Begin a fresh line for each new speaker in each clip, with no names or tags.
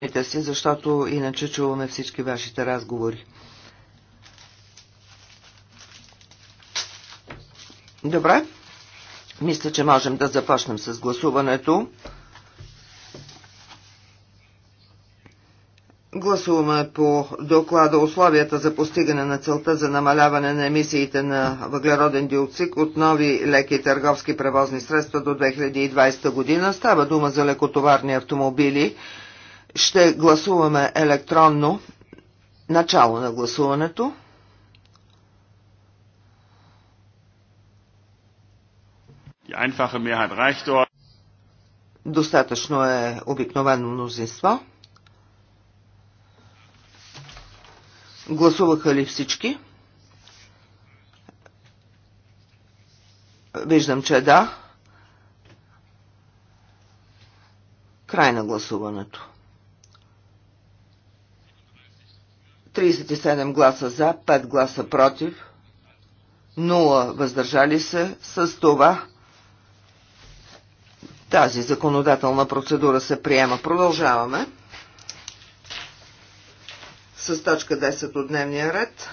Питайте се, защото иначе чуваме всички вашите разговори. Добре. Мисля, че можем да започнем с гласуването. Гласуваме по доклада условията за постигане на целта за намаляване на емисиите на въглероден диоксид от нови леки търговски превозни средства до 2020 година. Става дума за лекотоварни автомобили. Ще гласуваме електронно начало на гласуването. Достатъчно е обикновено мнозинство. Гласуваха ли всички? Виждам, че да. Край на гласуването. 37 гласа за, 5 гласа против, 0 въздържали се. С това тази законодателна процедура се приема. Продължаваме с точка 10 от дневния ред.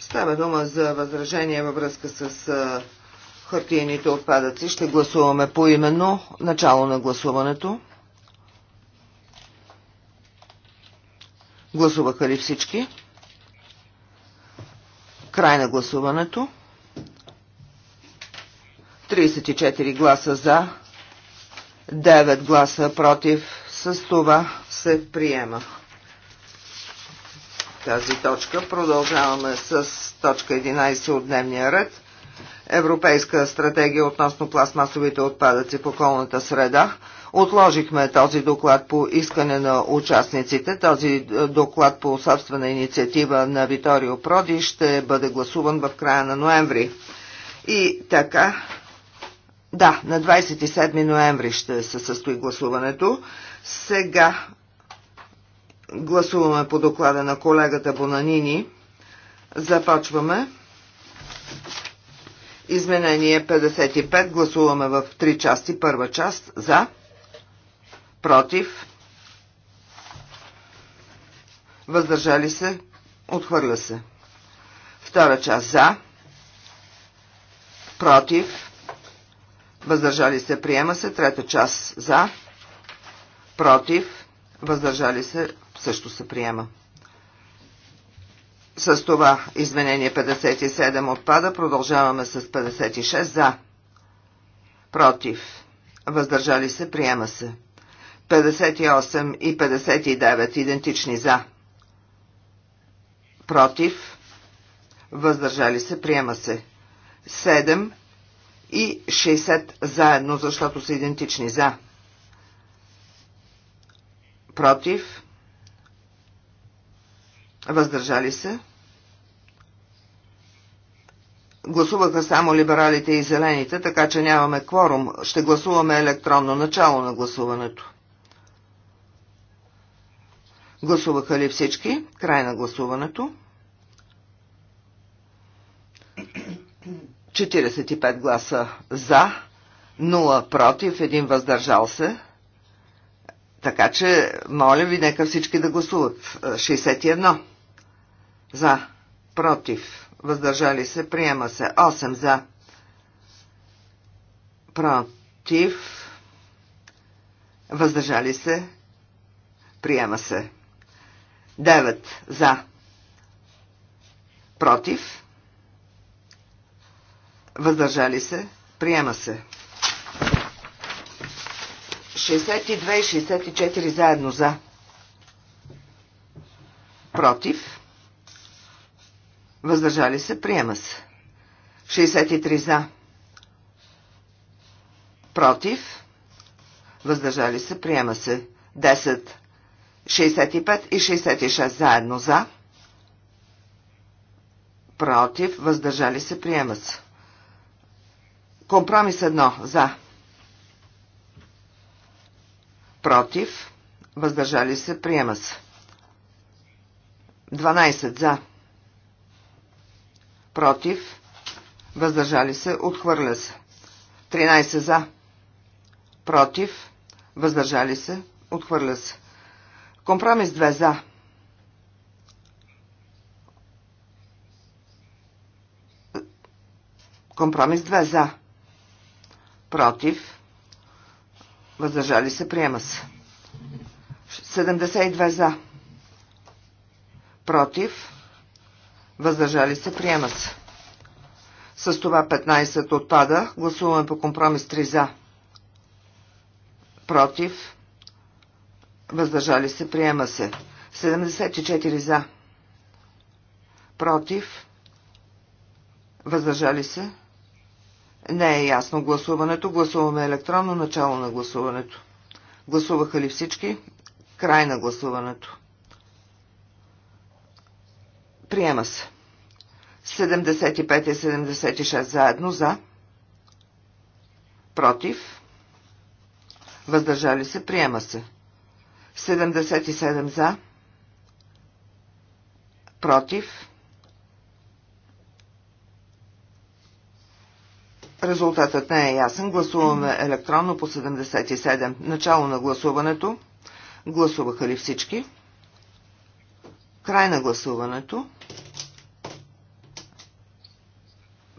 Става дума за възражение във връзка с хартиените отпадъци. Ще гласуваме по именно начало на гласуването. Гласуваха ли всички? Край на гласуването. 34 гласа за, 9 гласа против. С това се приема тази точка. Продължаваме с точка 11 от дневния ред. Европейска стратегия относно пластмасовите отпадъци в околната среда. Отложихме този доклад по искане на участниците. Този е, доклад по собствена инициатива на Виторио Проди ще бъде гласуван в края на ноември. И така, да, на 27 ноември ще се състои гласуването. Сега гласуваме по доклада на колегата Бонанини. Започваме. Изменение 55. Гласуваме в три части. Първа част за, против, въздържали се, отхвърля се. Втора част за, против, въздържали се, приема се. Трета част за, против, въздържали се, също се приема. С това изменение 57 отпада. Продължаваме с 56 за. Против. Въздържали се. Приема се. 58 и 59 идентични за. Против. Въздържали се. Приема се. 7 и 60 заедно, защото са идентични за. Против. Въздържали се. Гласуваха само либералите и зелените, така че нямаме кворум. Ще гласуваме електронно начало на гласуването. Гласуваха ли всички? Край на гласуването. 45 гласа за, 0 против, 1 въздържал се. Така че, моля ви, нека всички да гласуват. 61 за, против, въздържали се, приема се. 8 за, против, въздържали се, приема се. 9 за, против, въздържали се, приема се. 62 и 64 заедно за. Против. Въздържали се, приема се. 63 за. Против. Въздържали се, приема се. 10. 65 и 66 заедно за. Против. Въздържали се, приема се. Компромис 1 за. Против. Въздържали се, приема се. 12 за против, въздържали се, отхвърля се. 13 за, против, въздържали се, отхвърля се. Компромис 2 за. Компромис 2 за. Против. Въздържали се, приема се. 72 за. Против въздържали се, приема се. С това 15 отпада. Гласуваме по компромис 3 за. Против. Въздържали се. Приема се. 74 за. Против. Въздържали се. Не е ясно гласуването. Гласуваме електронно начало на гласуването. Гласуваха ли всички? Край на гласуването. Приема се. 75 и 76 заедно за. Против. Въздържали се. Приема се. 77 за. Против. Резултатът не е ясен. Гласуваме електронно по 77. Начало на гласуването. Гласуваха ли всички? Край на гласуването.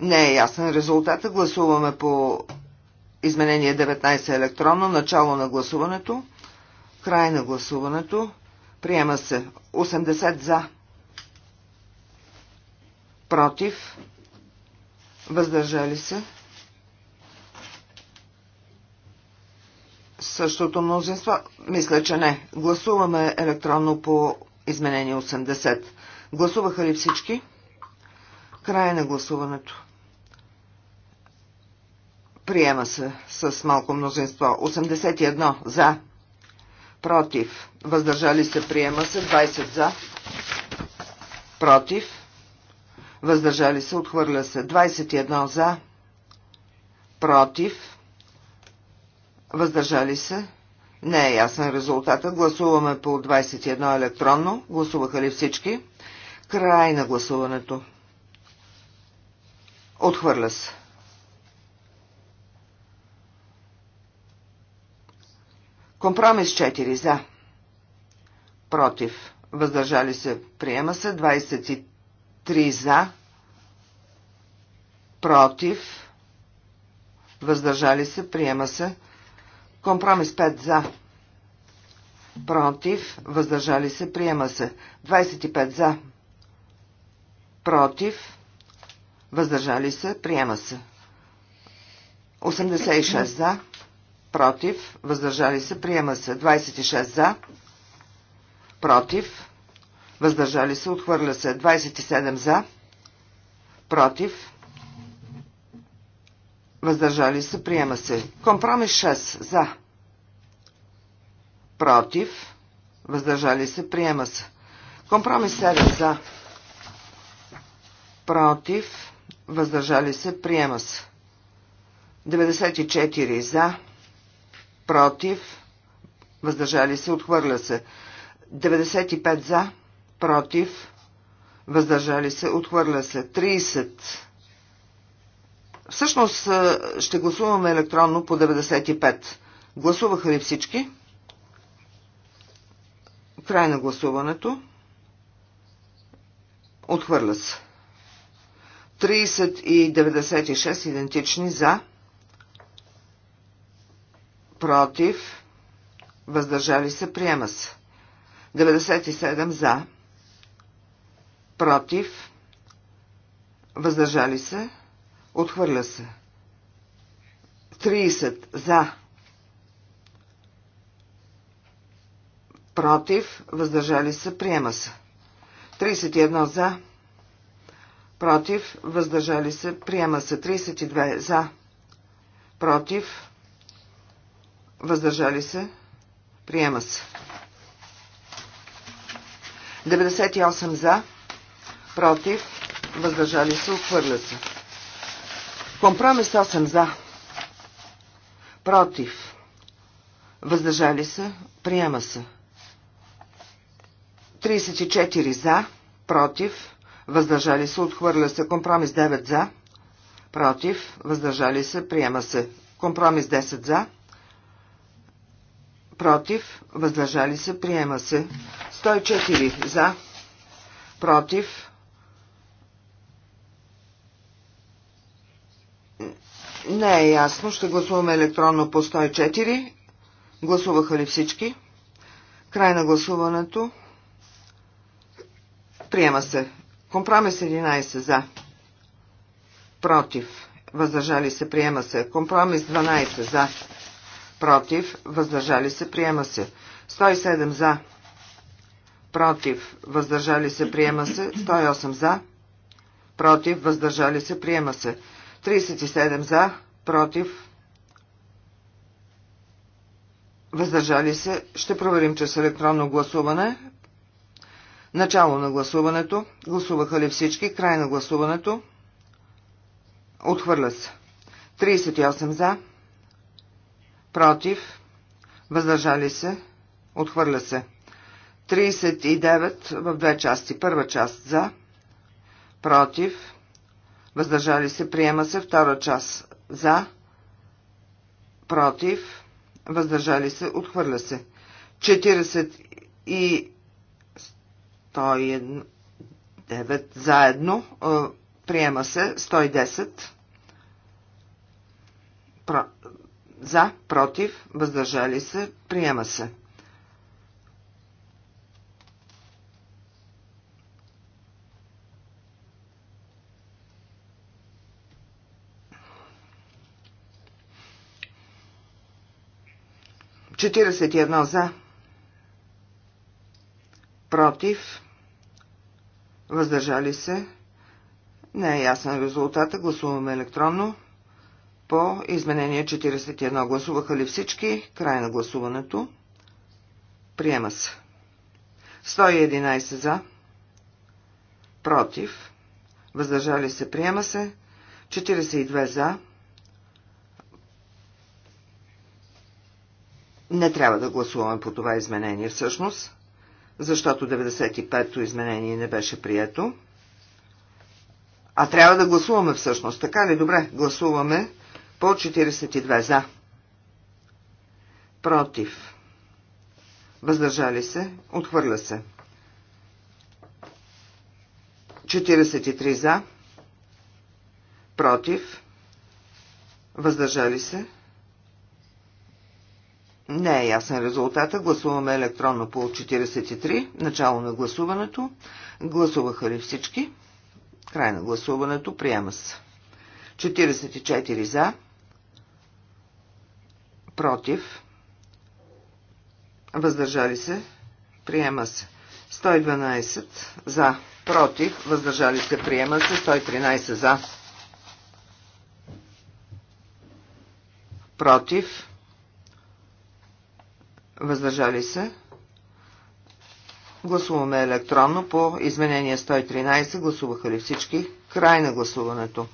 Не е ясен резултата. Гласуваме по изменение 19 електронно. Начало на гласуването. Край на гласуването. Приема се 80 за. Против. Въздържали се. Същото мнозинство? Мисля, че не. Гласуваме електронно по изменение 80. Гласуваха ли всички? Край на гласуването. Приема се с малко мнозинство. 81 за. Против. Въздържали се. Приема се. 20 за. Против. Въздържали се. Отхвърля се. 21 за. Против. Въздържали се. Не е ясен резултата. Гласуваме по 21 електронно. Гласуваха ли всички? Край на гласуването. Отхвърля се. Компромис 4 за. Против. Въздържали се. Приема се. 23 за. Против. Въздържали се. Приема се. Компромис 5 за. Против. Въздържали се. Приема се. 25 за. Против. Въздържали се. Приема се. 86 за против, въздържали се, приема се. 26 за, против, въздържали се, отхвърля се. 27 за, против, въздържали се, приема се. Компромис 6 за, против, въздържали се, приема се. Компромис 7 за, против, въздържали се, приема се. 94 за, против, въздържали се, отхвърля се. 95 за, против, въздържали се, отхвърля се. 30. Всъщност ще гласуваме електронно по 95. Гласуваха ли всички? Край на гласуването. Отхвърля се. 30 и 96 идентични за, против, въздържали се, приема се. 97 за, против, въздържали се, отхвърля се. 30 за, против, въздържали се, приема се. 31 за, против, въздържали се, приема се. 32 за, против, въздържали се, приема се. 98 за, против, въздържали се, отхвърля се. Компромис 8 за, против, въздържали се, приема се. 34 за, против, въздържали се, отхвърля се. Компромис 9 за, против, въздържали се, приема се. Компромис 10 за, против, въздържали се, приема се. 104 за, против, не е ясно, ще гласуваме електронно по 104. Гласуваха ли всички? Край на гласуването. Приема се. Компромис 11 за. Против. Въздържали се. Приема се. Компромис 12 за против, въздържали се, приема се. 107 за, против, въздържали се, приема се. 108 за, против, въздържали се, приема се. 37 за, против, въздържали се. Ще проверим че с електронно гласуване. Начало на гласуването. Гласуваха ли всички? Край на гласуването. Отхвърля се. 38 за, против, въздържали се, отхвърля се. 39 в две части. Първа част за, против, въздържали се, приема се. Втора част за, против, въздържали се, отхвърля се. 40 и 109 заедно. Е, приема се 110. За, против, въздържали се, приема се. Четиридесет и едно за, против, въздържали се, не е ясен резултата, гласуваме електронно по изменение 41. Гласуваха ли всички? Край на гласуването. Приема се. 111 за. Против. Въздържали се. Приема се. 42 за. Не трябва да гласуваме по това изменение всъщност, защото 95-то изменение не беше прието. А трябва да гласуваме всъщност, така ли? Добре, гласуваме по 42 за. Против. Въздържали се. Отхвърля се. 43 за. Против. Въздържали се. Не е ясен резултата. Гласуваме електронно по 43. Начало на гласуването. Гласуваха ли всички? Край на гласуването. Приема се. 44 за против, въздържали се, приема се. 112 за, против, въздържали се, приема се. 113 за, против, въздържали се. Гласуваме електронно по изменение 113. Гласуваха ли всички? Край на гласуването.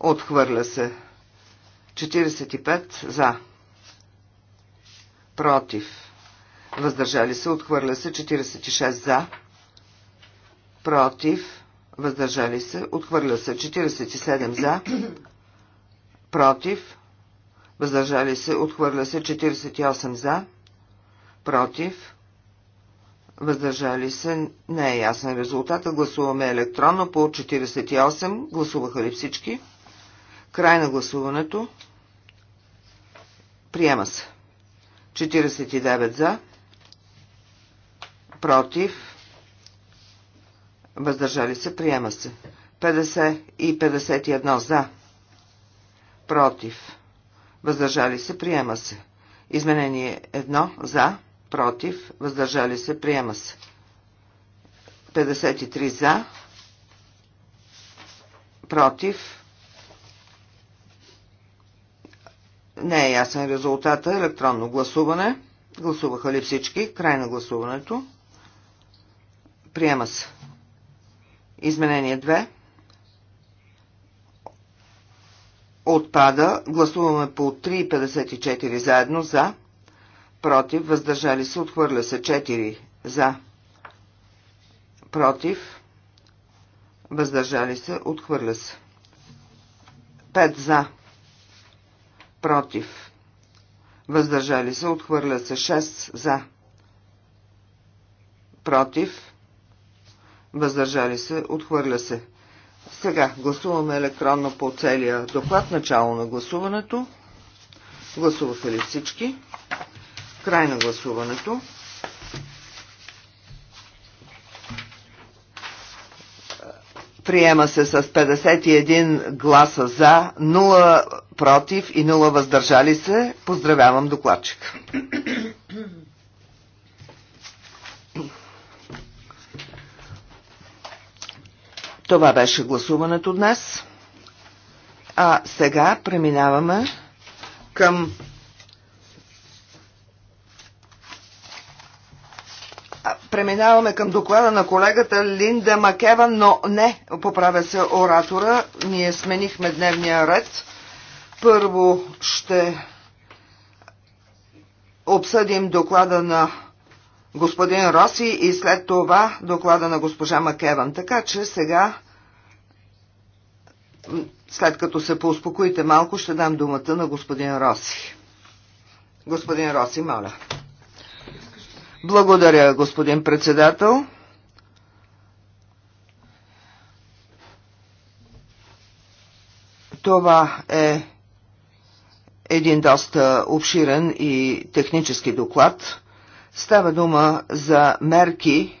Отхвърля се. 45 за. Против. Въздържали се. Отхвърля се. 46 за. Против. Въздържали се. Отхвърля се. 47 за. Против. Въздържали се. Отхвърля се. 48 за. Против. Въздържали се. Не е ясен резултата. Гласуваме електронно по 48. Гласуваха ли всички? Край на гласуването. Приема се. 49 за. Против. Въздържали се. Приема се. 50 и 51 за. Против. Въздържали се. Приема се. Изменение 1 за. Против. Въздържали се. Приема се. 53 за. Против. Не е ясен резултата. Електронно гласуване. Гласуваха ли всички? Край на гласуването. Приема се. Изменение 2. Отпада. Гласуваме по 3,54 заедно за. Против. Въздържали се. Отхвърля се 4 за. Против. Въздържали се. Отхвърля се. 5 за против, въздържали се, отхвърля се 6 за, против, въздържали се, отхвърля се. Сега гласуваме електронно по целия доклад, начало на гласуването. Гласуваха ли всички? Край на гласуването. Приема се с 51 гласа за, 0 против и 0 въздържали се. Поздравявам докладчик. Това беше гласуването днес. А сега преминаваме към Преминаваме към доклада на колегата Линда Макева, но не, поправя се оратора. Ние сменихме дневния ред. Първо ще обсъдим доклада на господин Роси и след това доклада на госпожа Макеван. Така че сега, след като се поуспокоите малко, ще дам думата на господин Роси. Господин Роси, моля. Благодаря, господин председател. Това е един доста обширен и технически доклад. Става дума за мерки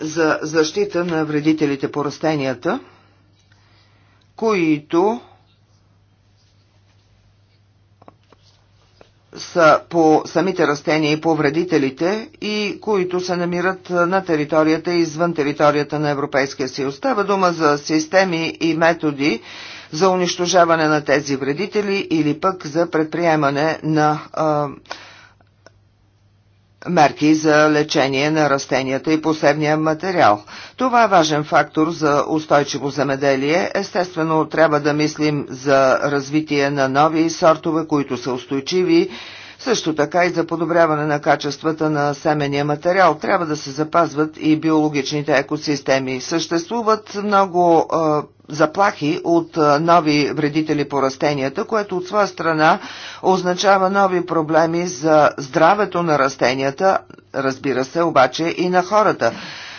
за защита на вредителите по растенията, които са по самите растения и по вредителите и които се намират на територията и извън територията на Европейския съюз. Става дума за системи и методи за унищожаване на тези вредители или пък за предприемане на а, мерки за лечение на растенията и посевния материал. Това е важен фактор за устойчиво земеделие. Естествено, трябва да мислим за развитие на нови сортове, които са устойчиви също така и за подобряване на качествата на семения материал. Трябва да се запазват и биологичните екосистеми. Съществуват много заплахи от нови вредители по растенията, което от своя страна означава нови проблеми за здравето на растенията, разбира се, обаче и на хората.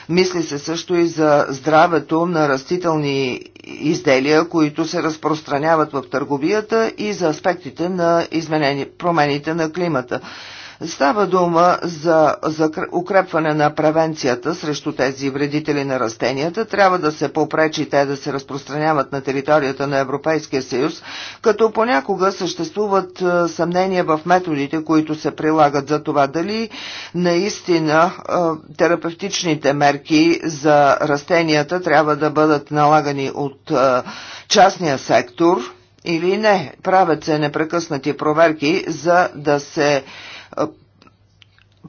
Мисли се също и за здравето на растителни изделия, които се разпространяват в търговията и за аспектите на промените на климата. Става дума за, за укрепване на превенцията срещу тези вредители на растенията. Трябва да се попречи те да се разпространяват на територията на Европейския съюз, като понякога съществуват е, съмнения в методите, които се прилагат за това дали наистина е, терапевтичните мерки за растенията трябва да бъдат налагани от е, частния сектор или не. Правят се непрекъснати проверки, за да се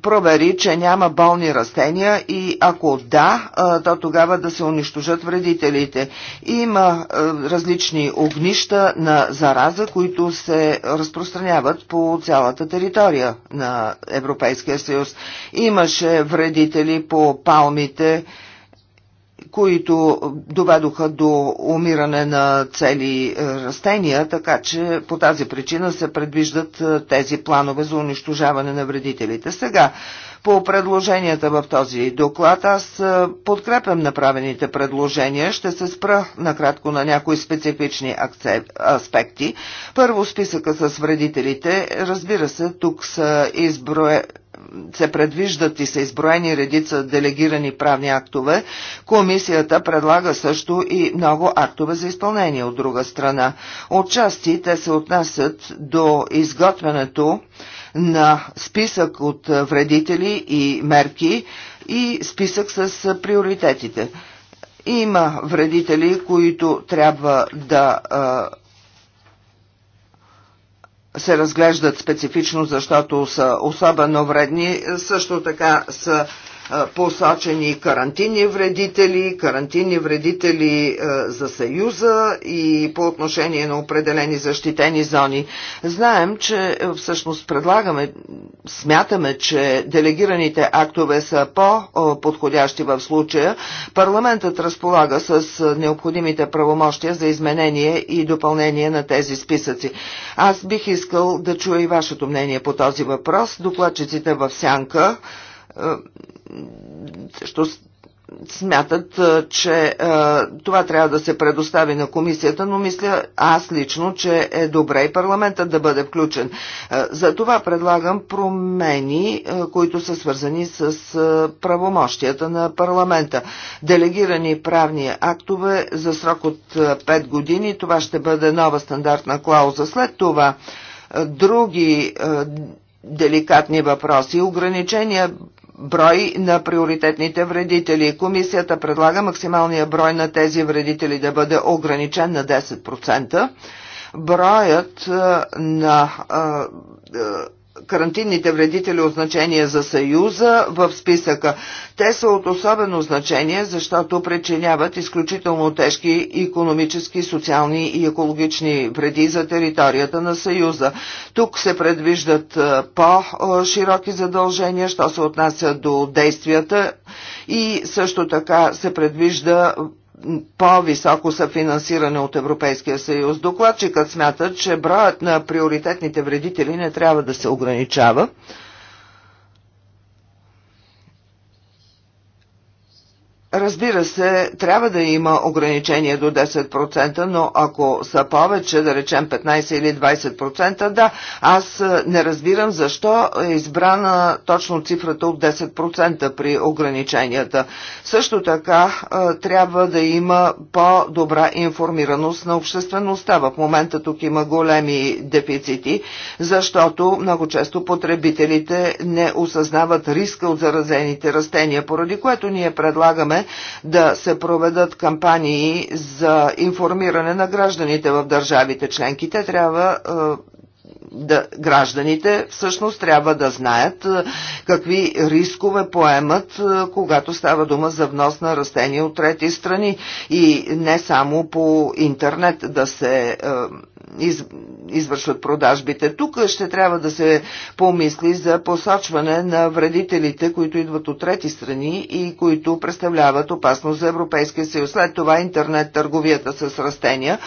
провери, че няма болни растения и ако да, то тогава да се унищожат вредителите. Има различни огнища на зараза, които се разпространяват по цялата територия на Европейския съюз. Имаше вредители по палмите, които доведоха до умиране на цели е, растения, така че по тази причина се предвиждат е, тези планове за унищожаване на вредителите. Сега, по предложенията в този доклад, аз е, подкрепям направените предложения. Ще се спра накратко на някои специфични аспекти. Първо списъка с вредителите. Разбира се, тук са изброени се предвиждат и са изброени редица делегирани правни актове, комисията предлага също и много актове за изпълнение от друга страна. Отчасти те се отнасят до изготвянето на списък от вредители и мерки и списък с приоритетите. Има вредители, които трябва да а, се разглеждат специфично, защото са особено вредни, също така са посочени карантинни вредители, карантинни вредители за Съюза и по отношение на определени защитени зони. Знаем, че е, всъщност предлагаме, смятаме, че делегираните актове са по-подходящи в случая. Парламентът разполага с необходимите правомощия за изменение и допълнение на тези списъци. Аз бих искал да чуя и вашето мнение по този въпрос. Докладчиците в Сянка също смятат, че това трябва да се предостави на комисията, но мисля аз лично, че е добре и парламентът да бъде включен. За това предлагам промени, които са свързани с правомощията на парламента. Делегирани правни актове за срок от 5 години, това ще бъде нова стандартна клауза. След това други деликатни въпроси, ограничения брой на приоритетните вредители. Комисията предлага максималния брой на тези вредители да бъде ограничен на 10%. Броят на карантинните вредители от значение за Съюза в списъка. Те са от особено значение, защото причиняват изключително тежки економически, социални и екологични вреди за територията на Съюза. Тук се предвиждат по-широки задължения, що се отнася до действията и също така се предвижда по-високо съфинансиране от Европейския съюз. Докладчикът смята, че броят на приоритетните вредители не трябва да се ограничава. Разбира се, трябва да има ограничение до 10%, но ако са повече, да речем 15 или 20%, да, аз е, не разбирам защо е избрана точно цифрата от 10% при ограниченията. Също така е, трябва да има по-добра информираност на обществеността. В момента тук има големи дефицити, защото много често потребителите не осъзнават риска от заразените растения, поради което ние предлагаме да се проведат кампании за информиране на гражданите в държавите членки. Те трябва е, да, гражданите всъщност трябва да знаят е, какви рискове поемат, е, когато става дума за внос на растения от трети страни и не само по интернет да се из, извършват продажбите. Тук ще трябва да се помисли за посочване на вредителите, които идват от трети страни и които представляват опасност за Европейския съюз. След това интернет търговията с растения.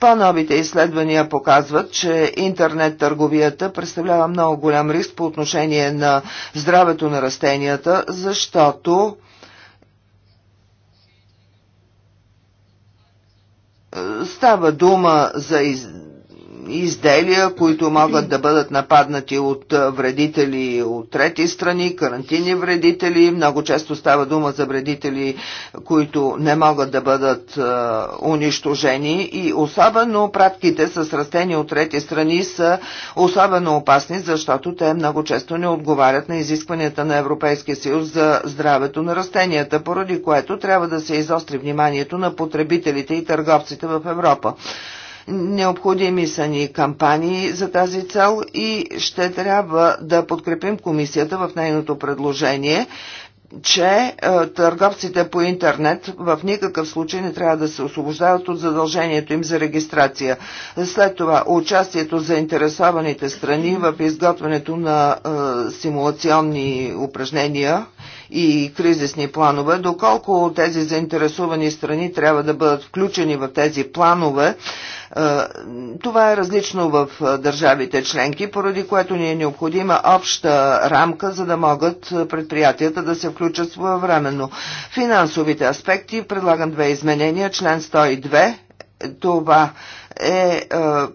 По-новите изследвания показват, че интернет търговията представлява много голям риск по отношение на здравето на растенията, защото Става дума за из изделия, които могат да бъдат нападнати от вредители от трети страни, карантини вредители. Много често става дума за вредители, които не могат да бъдат унищожени и особено пратките с растения от трети страни са особено опасни, защото те много често не отговарят на изискванията на Европейския съюз за здравето на растенията, поради което трябва да се изостри вниманието на потребителите и търговците в Европа. Необходими са ни кампании за тази цел и ще трябва да подкрепим комисията в нейното предложение, че е, търговците по интернет в никакъв случай не трябва да се освобождават от задължението им за регистрация. След това участието за интересованите страни в изготвянето на е, симулационни упражнения – и кризисни планове, доколко тези заинтересувани страни трябва да бъдат включени в тези планове, е, това е различно в е, държавите членки, поради което ни е необходима обща рамка, за да могат предприятията да се включат своевременно. Финансовите аспекти предлагам две изменения. Член 102 това е, е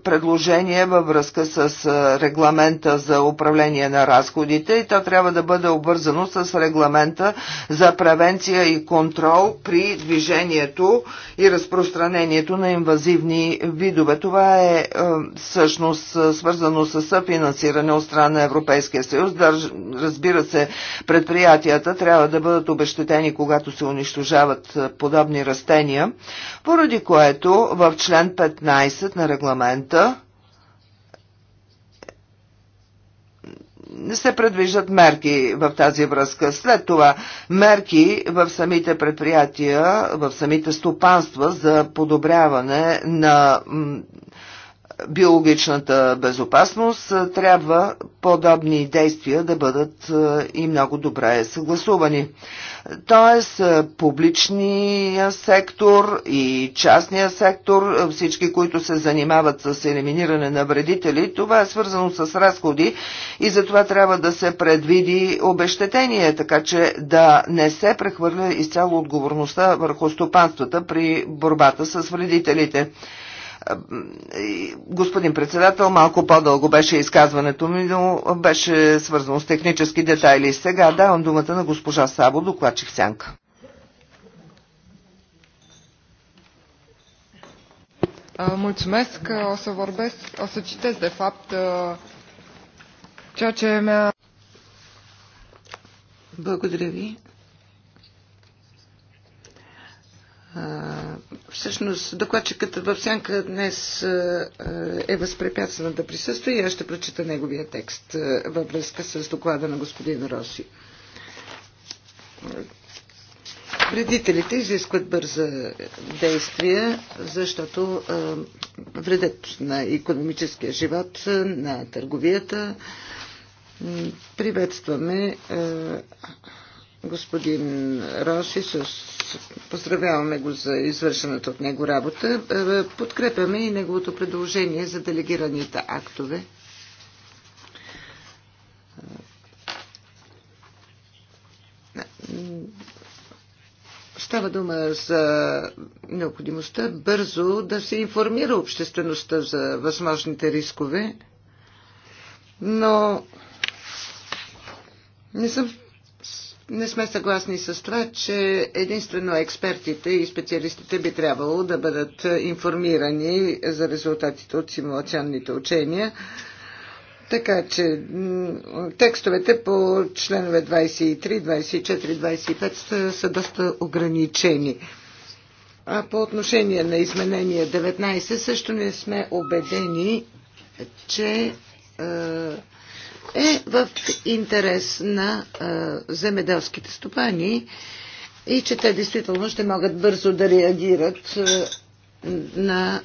предложение във връзка с е, регламента за управление на разходите и то трябва да бъде обвързано с регламента за превенция и контрол при движението и разпространението на инвазивни видове. Това е, е всъщност свързано с съфинансиране от страна на Европейския съюз. Разбира се, предприятията трябва да бъдат обещетени, когато се унищожават подобни растения, поради което в член 15 12 на регламента Не се предвиждат мерки в тази връзка. След това мерки в самите предприятия, в самите стопанства за подобряване на биологичната безопасност, е, трябва подобни действия да бъдат е, и много добре съгласувани. Тоест, е, публичния сектор и частния сектор, всички, които се занимават с елиминиране на вредители, това е свързано с разходи и затова трябва да се предвиди обещетение, така че да не се прехвърля изцяло отговорността върху стопанствата при борбата с вредителите. Господин председател, малко по-дълго беше изказването ми, но беше свързано с технически детайли. Сега давам думата на госпожа Сабо, докладчих сянка. Mulțumesc, o să vorbesc, o să citesc de fapt ceea ce
mi-a... Благодаря ви. Всъщност докладчикът в Сянка днес е възпрепятствана да присъства и аз ще прочета неговия текст във връзка с доклада на господин Роси. Вредителите изискват бърза действия, защото вредят на економическия живот, на търговията. Приветстваме господин Роши. С... Поздравяваме го за извършената от него работа. Е, е, подкрепяме и неговото предложение за делегираните актове. Е, става дума за необходимостта бързо да се информира обществеността за възможните рискове, но не съм не сме съгласни с това, че единствено експертите и специалистите би трябвало да бъдат информирани за резултатите от симулационните учения. Така че текстовете по членове 23, 24, 25 са, са доста ограничени. А по отношение на изменение 19 също не сме убедени, че е, е в интерес на земеделските стопани и че те действително ще могат бързо да реагират на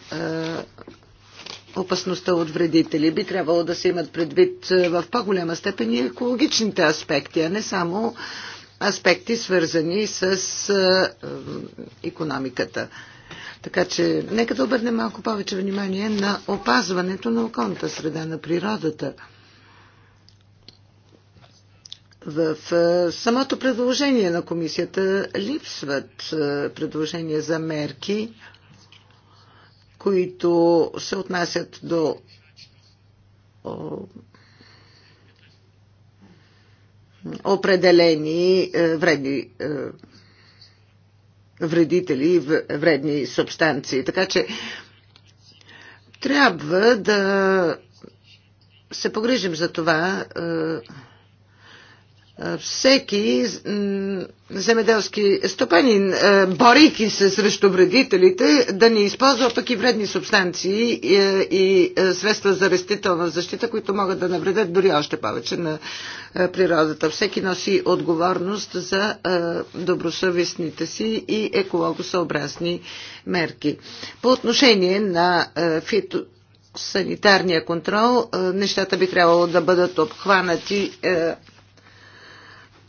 опасността от вредители. Би трябвало да се имат предвид в по-голяма степен и екологичните аспекти, а не само аспекти свързани с економиката. Така че нека да обърнем малко повече внимание на опазването на околната среда, на природата. В самото предложение на комисията липсват е, предложения за мерки, които се отнасят до определени е, вредни е, вредители и вредни субстанции. Така че трябва да се погрижим за това всеки земеделски стопанин, борейки се срещу вредителите, да не използва пък и вредни субстанции е, и, е, средства за растителна защита, които могат да навредят дори още повече на е, природата. Всеки носи отговорност за добросъвестните си и екологосъобразни мерки. По отношение на фито санитарния контрол, нещата би трябвало да бъдат обхванати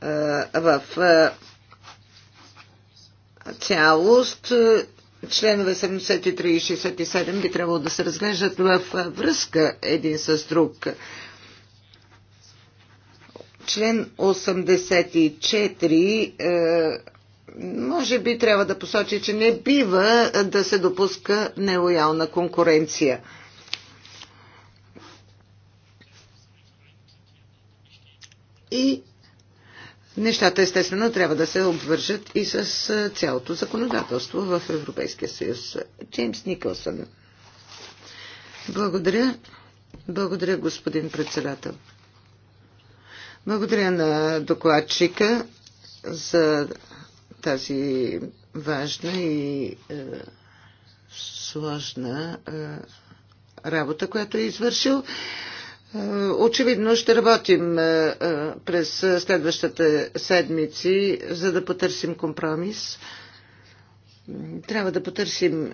е, в е, цялост. Е, членове 73 и 67 би трябвало да се разглеждат в връзка един с друг. Член 84 може би трябва да посочи, че не бива да се допуска нелоялна конкуренция. И Нещата естествено трябва да се обвържат и с цялото законодателство в Европейския съюз. Джеймс Никълсън. Благодаря. Благодаря, господин председател. Благодаря на докладчика за тази важна и е, сложна е, работа, която е извършил. Е, очевидно ще работим е, е, през следващите седмици, за да потърсим компромис. Трябва да потърсим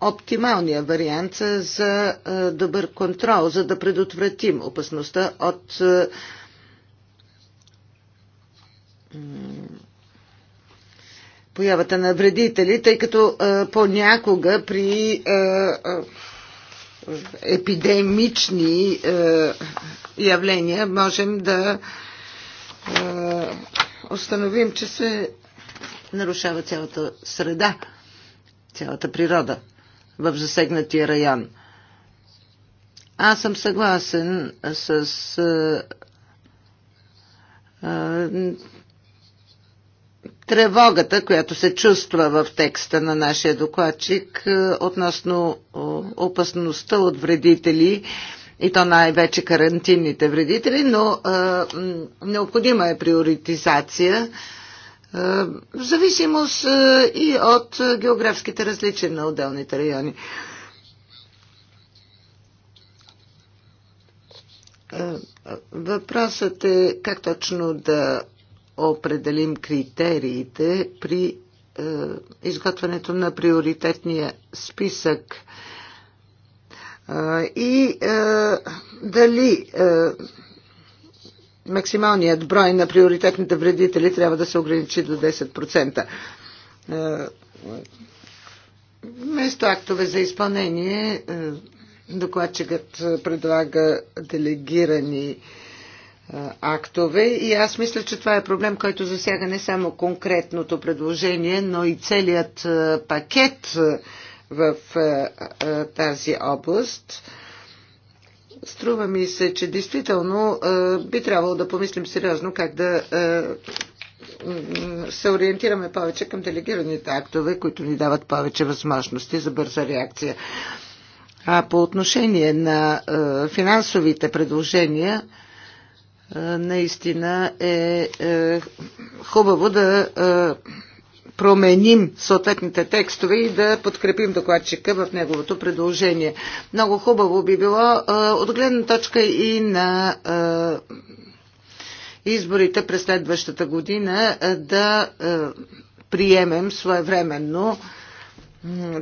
оптималния вариант за добър контрол, за да предотвратим опасността от появата на вредители, тъй като понякога при епидемични е, явления можем да е, установим, че се нарушава цялата среда, цялата природа в засегнатия район. Аз съм съгласен с е, тревогата, която се чувства в текста на нашия докладчик е, относно е, опасността от вредители и то най-вече карантинните вредители, но а, е, необходима е приоритизация а, в зависимост а, и от географските различия на отделните райони. Въпросът е как точно да определим критериите при е, изготвянето на приоритетния списък е, и е, дали е, максималният брой на приоритетните вредители трябва да се ограничи до 10%. Е, вместо актове за изпълнение, е, докладчикът предлага делегирани актове и аз мисля, че това е проблем, който засяга не само конкретното предложение, но и целият пакет в тази област. Струва ми се, че действително би трябвало да помислим сериозно как да се ориентираме повече към делегираните актове, които ни дават повече възможности за бърза реакция. А по отношение на финансовите предложения, е, наистина е, е, хубаво да е, променим съответните текстове и да подкрепим докладчика в неговото предложение. Много хубаво би било от гледна точка и на изборите през следващата година да приемем своевременно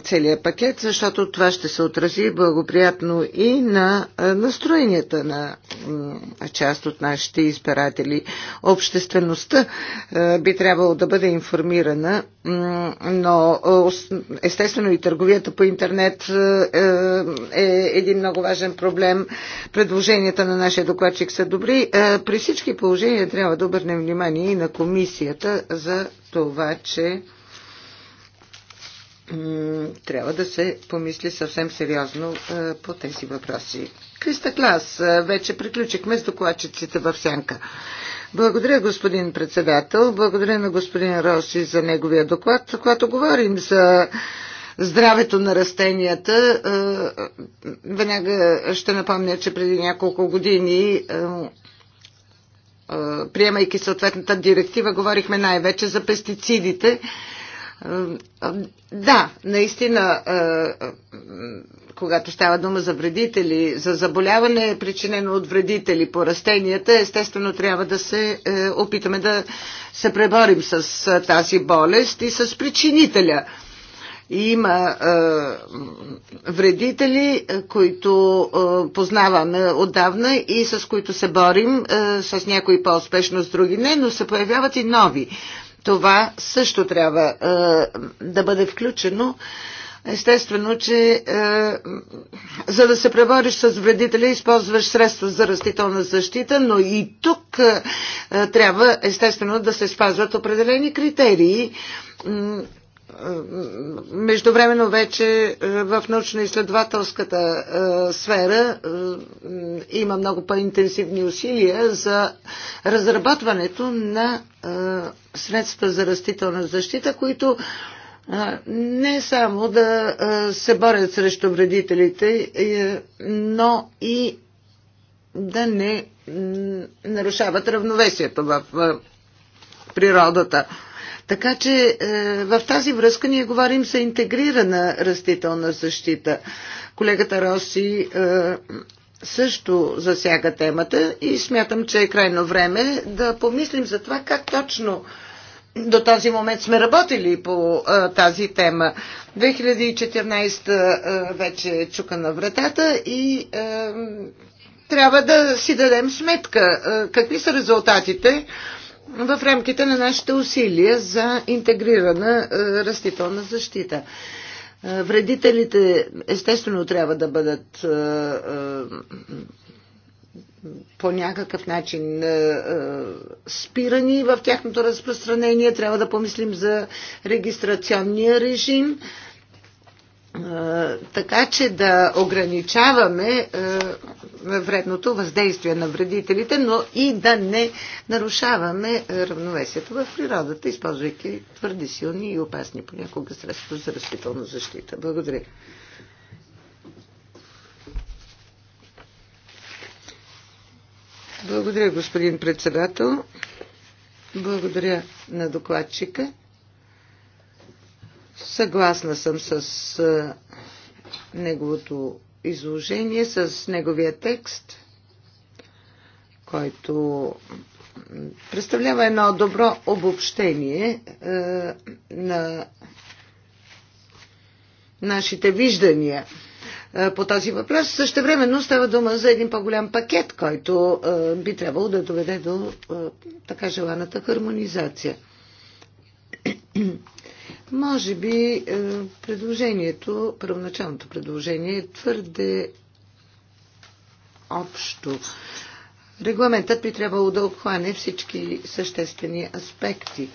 целия пакет, защото това ще се отрази благоприятно и на настроенията на част от нашите избиратели. Обществеността би трябвало да бъде информирана, но естествено и търговията по интернет е, е един много важен проблем. Предложенията на нашия докладчик са добри. При всички положения трябва да обърнем внимание и на комисията за това, че трябва да се помисли съвсем сериозно е, по тези въпроси. Криста Клас, е, вече приключихме с докладчиците в сянка. Благодаря, господин председател. Благодаря на господин Роси за неговия доклад. Когато говорим за здравето на растенията, е, веднага ще напомня, че преди няколко години приемайки съответната директива, говорихме най-вече за пестицидите да, наистина, когато става дума за вредители, за заболяване, причинено от вредители по растенията, естествено трябва да се е, опитаме да се преборим с тази болест и с причинителя. Има вредители, които познаваме отдавна и с които се борим, с някои по-успешно, с други не, но се появяват и нови това също трябва е, да бъде включено. Естествено, че е, за да се пребориш с вредителя, използваш средства за растителна защита, но и тук е, е трябва естествено да се спазват определени критерии е, междувременно вече е, в научно-изследователската е, сфера има много по-интенсивни усилия за разработването на средства за растителна защита, които не само да се борят срещу вредителите, но и да не нарушават равновесието в природата. Така че е, в тази връзка ние говорим за интегрирана растителна защита. Колегата Роси е, също засяга темата и смятам, че е крайно време да помислим за това как точно до този момент сме работили по а, е, тази тема. 2014 а, вече е чука на вратата и а, трябва да си дадем сметка а, какви са резултатите в рамките на нашите усилия за интегрирана е, растителна защита. Е, вредителите естествено трябва да бъдат е, по някакъв начин спирани в тяхното разпространение. Трябва да помислим за регистрационния режим така че да ограничаваме вредното въздействие на вредителите, но и да не нарушаваме равновесието в природата, използвайки твърде силни и опасни понякога средства за растителна защита. Благодаря. Благодаря, господин председател. Благодаря на докладчика. Съгласна съм с неговото изложение, с неговия текст, който представлява едно добро обобщение на нашите виждания по този въпрос. Също времено става дума за един по-голям пакет, който би трябвало да доведе до така желаната хармонизация. Може би е, предложението, първоначалното предложение е твърде общо. Регламентът би трябвало да обхване всички съществени аспекти.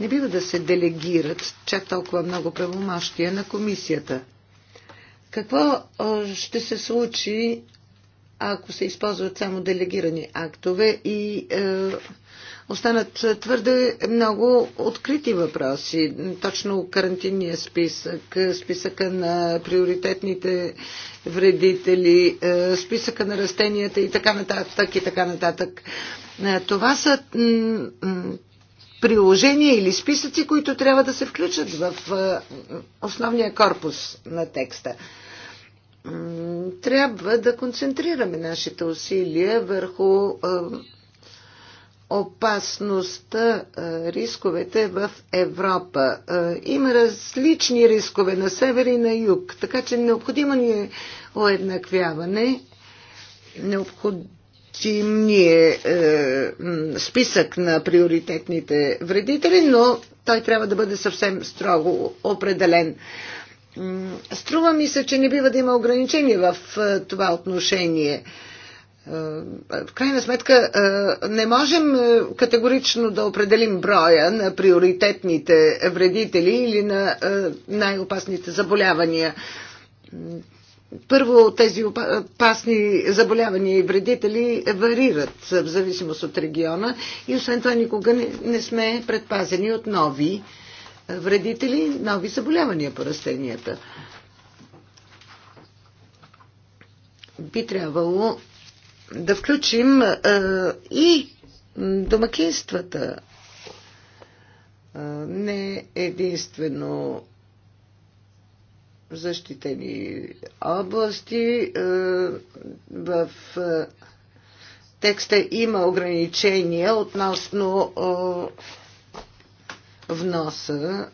Не бива да се делегират чак толкова много правомощия на комисията. Какво е, ще се случи, ако се използват само делегирани актове и е, останат твърде много открити въпроси. Точно карантинния списък, списъка на приоритетните вредители, е, списъка на растенията и така нататък и така нататък. Е, това са приложения или списъци, които трябва да се включат в е, основния корпус на текста трябва да концентрираме нашите усилия върху опасността, рисковете в Европа. Има различни рискове на север и на юг, така че необходимо ни е уеднаквяване, необходим ни е, е списък на приоритетните вредители, но той трябва да бъде съвсем строго определен. Струва ми се, че не бива да има ограничения в е, това отношение. Е, в крайна сметка е, не можем е, категорично да определим броя на приоритетните вредители или на най-опасните заболявания. Първо, тези опасни заболявания и вредители варират в зависимост от региона и освен това никога не, сме предпазени от нови вредители, нови заболявания по растенията. Би трябвало да включим и домакинствата. Не единствено защитени области. В текста има ограничения относно вноса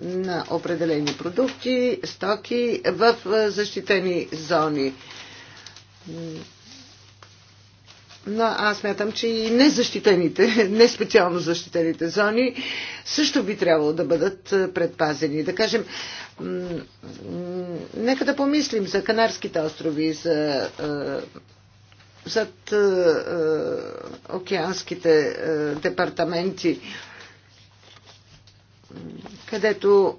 на определени продукти, стоки в защитени зони. Но аз мятам, че и незащитените, не специално защитените зони също би трябвало да бъдат предпазени. Да кажем, нека да помислим за Канарските острови, за зад океанските департаменти където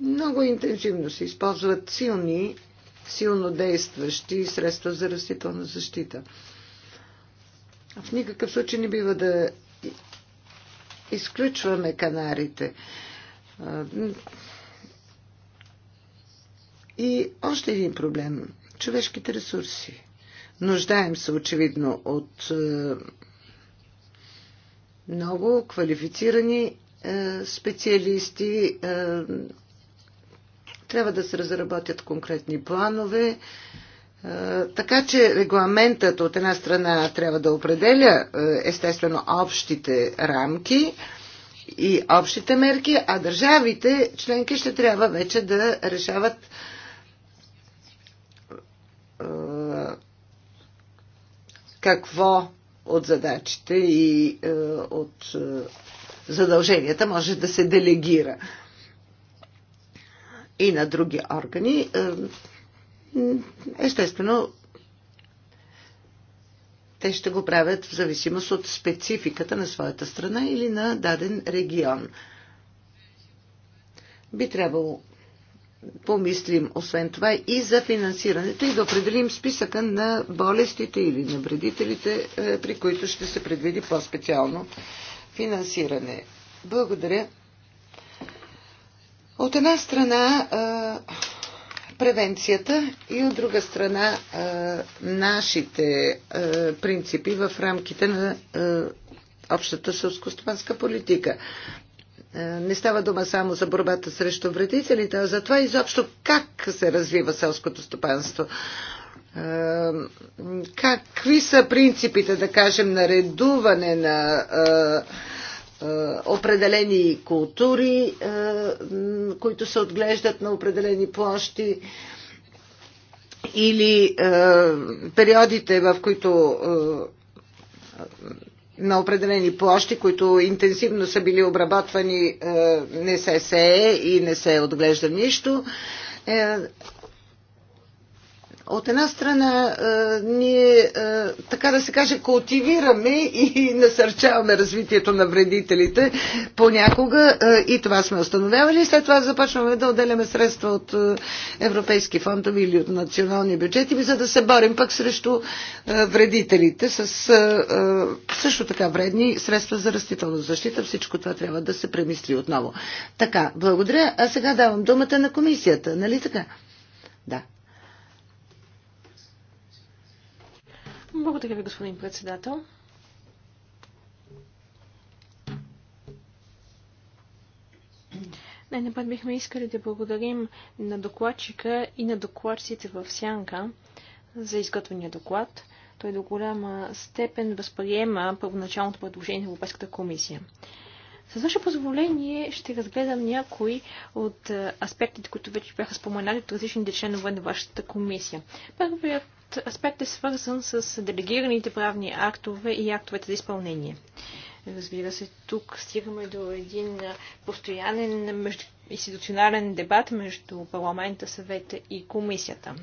много интензивно се използват силни, силно действащи средства за растителна защита. В никакъв случай не бива да изключваме канарите. И още един проблем човешките ресурси. Нуждаем се очевидно от много квалифицирани е, специалисти. Е, трябва да се разработят конкретни планове. Е, така че регламентът от една страна трябва да определя естествено общите рамки и общите мерки, а държавите членки ще трябва вече да решават какво от задачите и е, от е, задълженията може да се делегира и на други органи. Е, естествено, те ще го правят в зависимост от спецификата на своята страна или на даден регион. Би трябвало помислим освен това и за финансирането и да определим списъка на болестите или на вредителите, е, при които ще се предвиди по-специално финансиране. Благодаря. От една страна е, превенцията и от друга страна е, нашите принципи в рамките на общата сълскостопанска политика. Е, не става дума само за борбата срещу вредителите, а за това изобщо как се развива селското стопанство. Е, какви са принципите, да кажем, на редуване на е, определени култури, които се отглеждат на определени площи? или периодите, в които на определени площи, които интенсивно са били обработвани, е, не се сее и не се отглежда нищо. Е, от една страна ние, така да се каже, култивираме и насърчаваме развитието на вредителите понякога и това сме установявали. След това започваме да отделяме средства от европейски фондове или от национални бюджети, за да се борим пък срещу вредителите с също така вредни средства за растителна защита. Всичко това трябва да се премисли отново. Така, благодаря. А сега давам думата на комисията, нали така? Да.
Благодаря ви, господин председател. Най-напред бихме искали да благодарим на докладчика и на докладците в Сянка за изготвения доклад. Той до голяма степен възприема първоначалното предложение на Европейската комисия. С ваше позволение ще разгледам някои от аспектите, които вече бяха споменали от различните членове на вашата комисия. Първият аспект е свързан с делегираните правни актове и актовете за изпълнение. Разбира се, тук стигаме до един постоянен институционален дебат между парламента, съвета и комисията.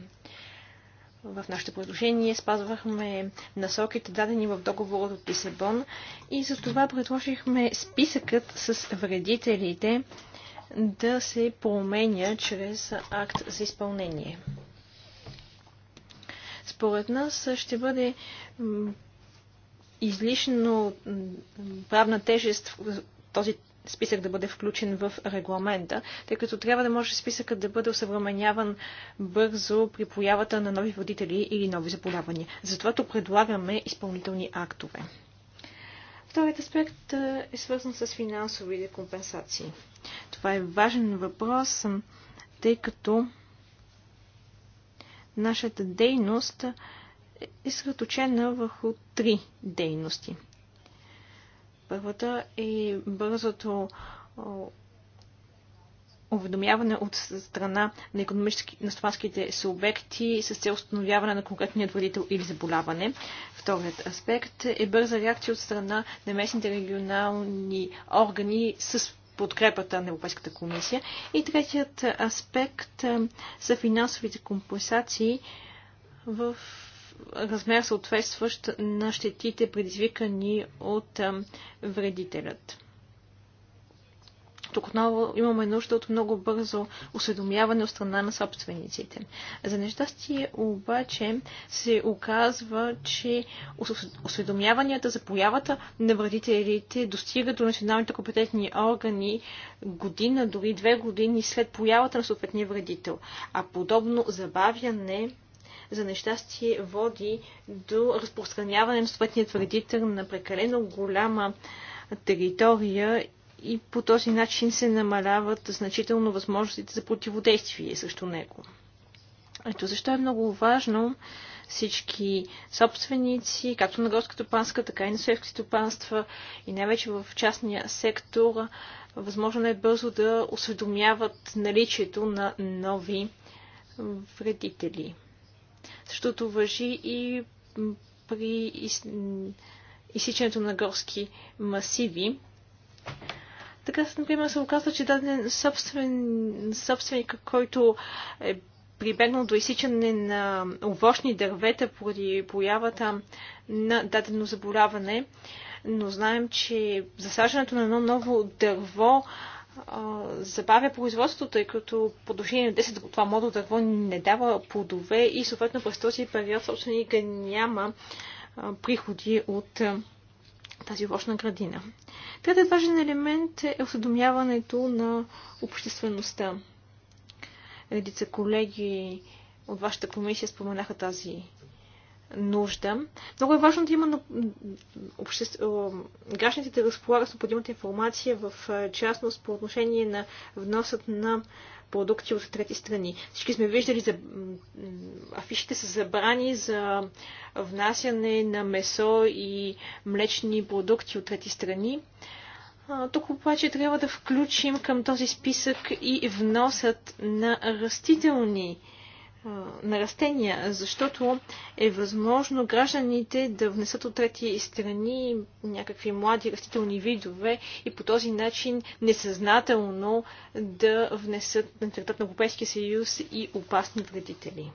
В нашите предложение спазвахме насоките, дадени в договорът от Лисабон и за това предложихме списъкът с вредителите да се променя чрез акт за изпълнение. Според нас ще бъде излишно правна тежест този списък да бъде включен в регламента, тъй като трябва да може списъкът да бъде усъвременяван бързо при появата на нови водители или нови заболявания. Затова тук предлагаме изпълнителни актове. Вторият аспект е свързан с финансовите компенсации. Това е важен въпрос, тъй като Нашата дейност е съсредоточена върху три дейности. Първата е бързото уведомяване от страна на економически на стопанските субекти с цел установяване на конкретния вредител или заболяване. Вторият аспект е бърза реакция от страна на местните регионални органи с подкрепата на Европейската комисия. И третият аспект са финансовите компенсации в размер съответстващ на щетите, предизвикани от вредителят. Тук отново имаме нужда от много бързо осведомяване от страна на собствениците. За нещастие обаче се оказва, че осведомяванията за появата на вредителите достигат до националните компетентни органи година, дори две години след появата на съответния вредител. А подобно забавяне за нещастие води до разпространяване на съответния вредител на прекалено голяма територия и по този начин се намаляват значително възможностите за противодействие срещу него. Ето защо е много важно всички собственици, както на горска стопанска така и на селски стопанства и най-вече в частния сектор, възможно е бързо да осведомяват наличието на нови вредители. Същото въжи и при изсичането на горски масиви. Така, например, се оказва, че даден собствен, собственик, който е прибегнал до изсичане на овощни дървета поради появата на дадено заболяване, но знаем, че засаждането на едно ново дърво а, забавя производството, тъй като продължение на 10 това модо дърво не дава плодове и съответно през този период собственика няма а, приходи от а, тази овощна градина. Третият важен елемент е осведомяването на обществеността. Редица колеги от вашата комисия споменаха тази нужда. Много е важно да има на гражданите да разполагат с необходимата информация в е, частност по отношение на вносът на продукти от трети страни. Всички сме виждали за афишите са забрани за внасяне на месо и млечни продукти от трети страни. Тук обаче трябва да включим към този списък и вносът на растителни продукти на растения, защото е възможно гражданите да внесат от трети страни някакви млади растителни видове и по този начин несъзнателно да внесат на територията на Европейския съюз и опасни вредители.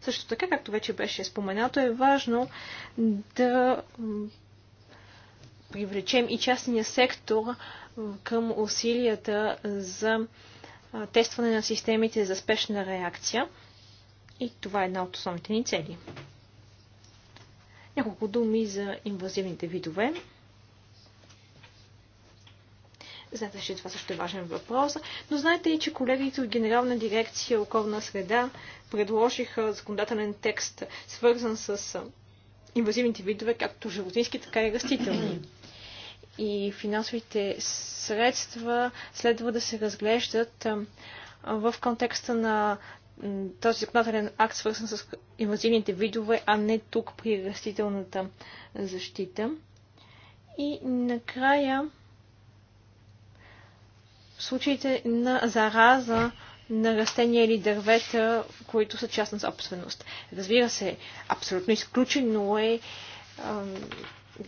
Също така, както вече беше споменато, е важно да привлечем и частния сектор към усилията за тестване на системите за спешна реакция. И това е една от основните ни цели. Няколко думи за инвазивните видове. Знаете, че това също е важен въпрос. Но знаете и, че колегите от Генерална дирекция околна среда предложиха законодателен текст, свързан с инвазивните видове, както животински, така и растителни и финансовите средства следва да се разглеждат в контекста на този законодателен акт, свързан с инвазивните видове, а не тук при растителната защита. И накрая случаите на зараза на растения или дървета, които са частна собственост. Разбира се, абсолютно изключено е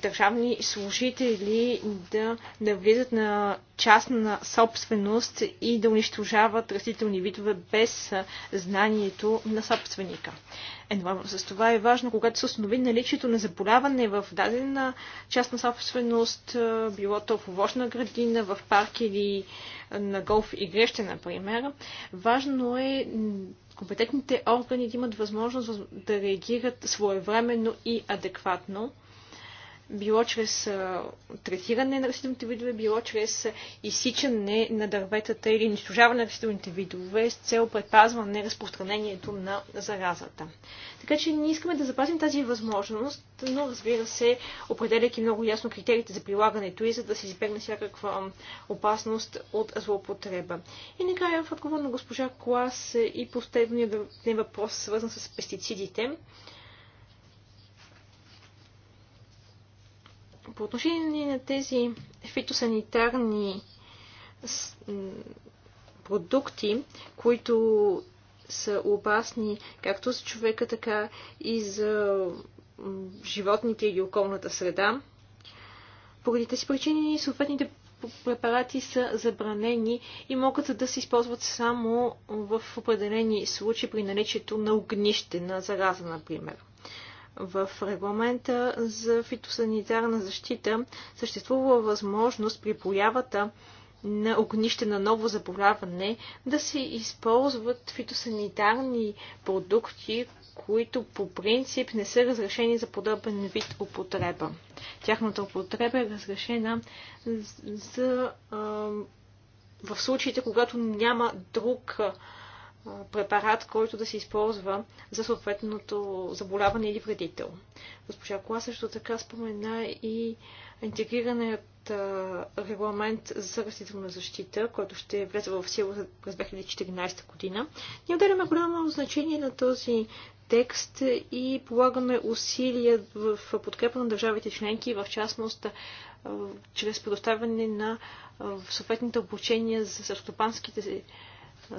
държавни служители да навлизат на частна собственост и да унищожават растителни видове без знанието на собственика. Едновременно с това е важно, когато се установи наличието на заболяване в дадена частна собственост, е, било то в овощна градина, в парк или е, на голф игрище, например, важно е компетентните органи да имат възможност да реагират своевременно и адекватно било чрез третиране на растителните видове, било чрез изсичане на дърветата или унищожаване на растителните видове с цел предпазване разпространението на заразата. Така че ние искаме да запазим тази възможност, но разбира се, определяйки много ясно критериите за прилагането и за да се избегне всякаква опасност от злоупотреба. И накрая в отговор на госпожа Клас и последния въпрос, свързан с пестицидите. По отношение на тези фитосанитарни продукти, които са опасни както за човека, така и за животните или околната среда. Поради тези причини съответните препарати са забранени и могат да се използват само в определени случаи при наличието на огнище на зараза, например. В регламента за фитосанитарна защита съществува възможност при появата на огнище на ново заболяване да се използват фитосанитарни продукти, които по принцип не са разрешени за подобен вид употреба. Тяхната употреба е разрешена за, а, в случаите, когато няма друг препарат, който да се използва за съответното заболяване или вредител. Госпожа Кола също така спомена и интегрираният регламент за растителна защита, който ще влезе в сила през 2014 година. Ние отделяме голямо значение на този текст и полагаме усилия в подкрепа на държавите членки, в частност чрез предоставяне на съответните обучения за сърстопанските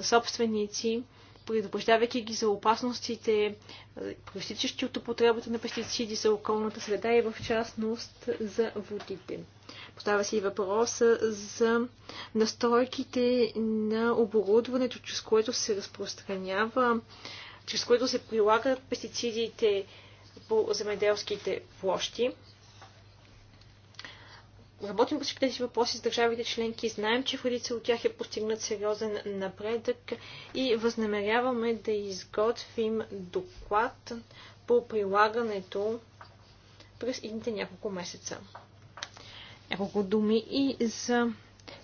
собственици, предупреждавайки ги за опасностите, проистичащи от употребата на пестициди за околната среда и в частност за водите. Поставя се и въпроса за настройките на оборудването, чрез което се разпространява, чрез което се прилагат пестицидите по земеделските площи работим по всички тези въпроси с държавите членки, знаем, че в редица от тях е постигнат сериозен напредък и възнамеряваме да изготвим доклад по прилагането през едните няколко месеца. Няколко думи и за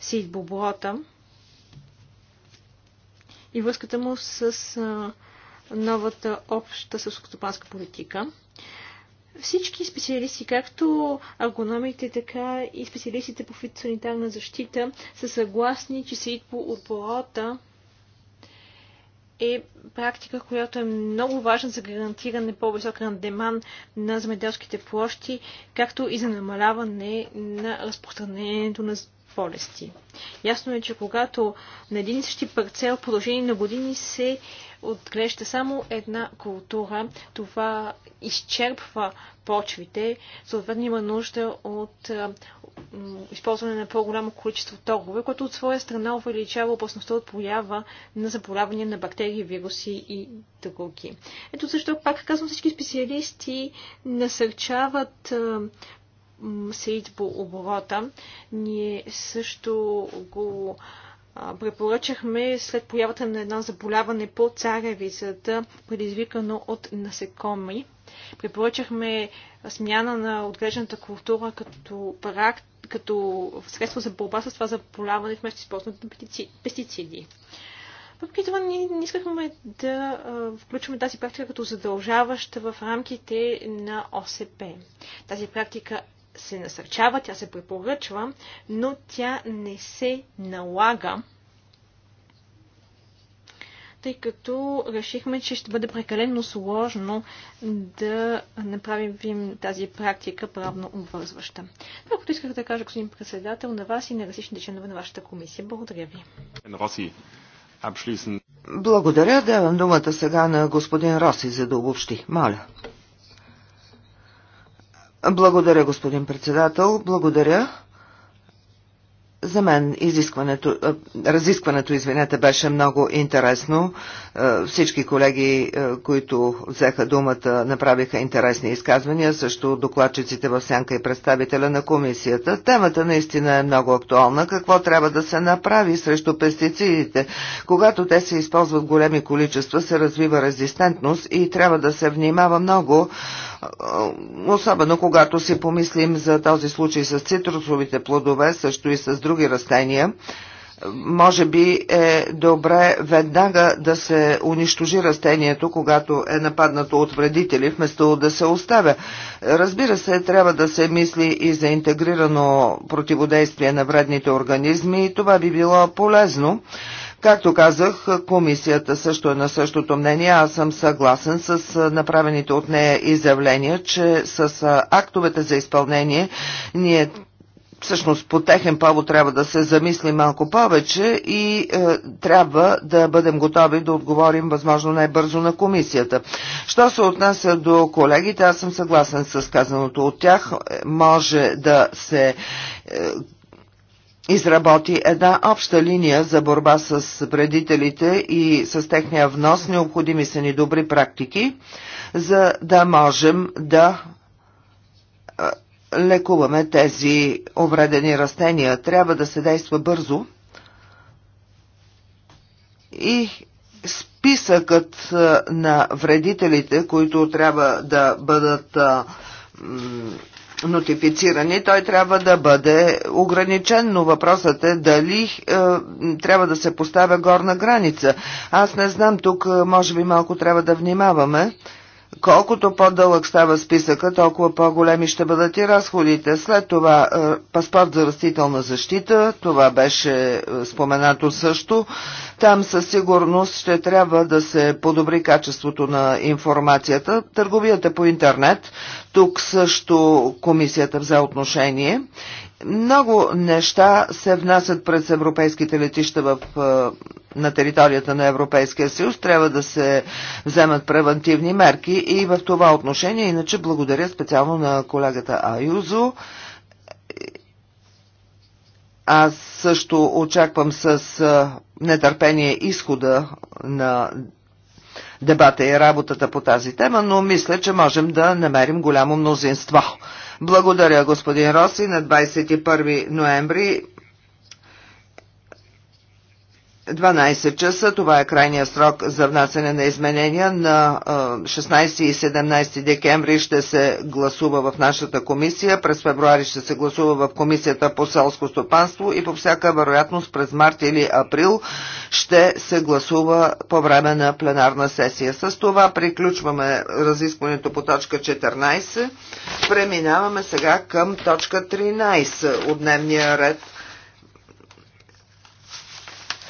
Сид Боброта и връзката му с новата обща селскостопанска политика всички специалисти, както агономите, така и специалистите по фитосанитарна защита, са съгласни, че се по опорота е практика, която е много важна за гарантиране по-висок рандеман на земеделските площи, както и за намаляване на разпространението на болести. Ясно е, че когато на един и същи парцел в продължение на години се отглежда само една култура, това изчерпва почвите, съответно има нужда от използване на по-голямо количество торове, което от своя страна увеличава опасността от поява на заболявания на бактерии, вируси и други. Ето защо, пак казвам, всички специалисти насърчават сеитбо оборота. Ние също го препоръчахме след появата на едно заболяване по царевицата, предизвикано от насекоми. Препоръчахме смяна на отглежданата култура като, парак, като средство за борба с това заболяване вместо използването на пестициди. Въпреки това ние не искахме да включваме тази практика като задължаваща в рамките на ОСП. Тази практика се насърчава, тя се препоръчва, но тя не се налага, тъй като решихме, че ще бъде прекалено сложно да направим тази практика правно обвързваща. Това, което исках да кажа, господин председател, на вас и на различните членове на вашата комисия. Благодаря ви.
Благодаря. Давам думата сега на господин Роси, за да обобщи. Моля. Благодаря, господин председател. Благодаря. За мен изискването, разискването, извинете, беше много интересно. Всички колеги, които взеха думата, направиха интересни изказвания, също докладчиците в сянка и представителя на комисията. Темата наистина е много актуална. Какво трябва да се направи срещу пестицидите? Когато те се използват големи количества, се развива резистентност и трябва да се внимава много особено когато си помислим за този случай с цитрусовите плодове, също и с други растения може би е добре веднага да се унищожи растението, когато е нападнато от вредители, вместо да се оставя. Разбира се, трябва да се мисли и за интегрирано противодействие на вредните организми и това би било полезно. Както казах, комисията също е на същото мнение. Аз съм съгласен с направените от нея изявления, че с актовете за изпълнение ние всъщност по техен повод трябва да се замисли малко повече и е, трябва да бъдем готови да отговорим възможно най-бързо на комисията. Що се отнася до колегите, аз съм съгласен с казаното от тях. Е, може да се е, изработи една обща линия за борба с вредителите и с техния внос. Необходими са ни добри практики, за да можем да лекуваме тези увредени растения. Трябва да се действа бързо и списъкът на вредителите, които трябва да бъдат нотифицирани, той трябва да бъде ограничен, но въпросът е дали е, трябва да се поставя горна граница. Аз не знам, тук е, може би малко трябва да внимаваме. Колкото по-дълъг става списъка, толкова по-големи ще бъдат и разходите. След това е, паспорт за растителна защита, това беше е, споменато също. Там със сигурност ще трябва да се подобри качеството на информацията. Търговията по интернет, тук също комисията взе отношение. Много неща се внасят през европейските летища в, е, на територията на Европейския съюз. Трябва да се вземат превентивни мерки и в това отношение. Иначе благодаря специално на колегата Аюзо. Аз също очаквам с е, нетърпение изхода на дебата и работата по тази тема, но мисля, че можем да намерим голямо мнозинство. Благодаря, господин Роси. На 21 ноември 12 часа, това е крайния срок за внасене на изменения. На 16 и 17 декември ще се гласува в нашата комисия, през февруари ще се гласува в комисията по селско стопанство и по всяка вероятност през март или април ще се гласува по време на пленарна сесия. С това приключваме разискването по точка 14. Преминаваме сега към точка 13 от дневния ред –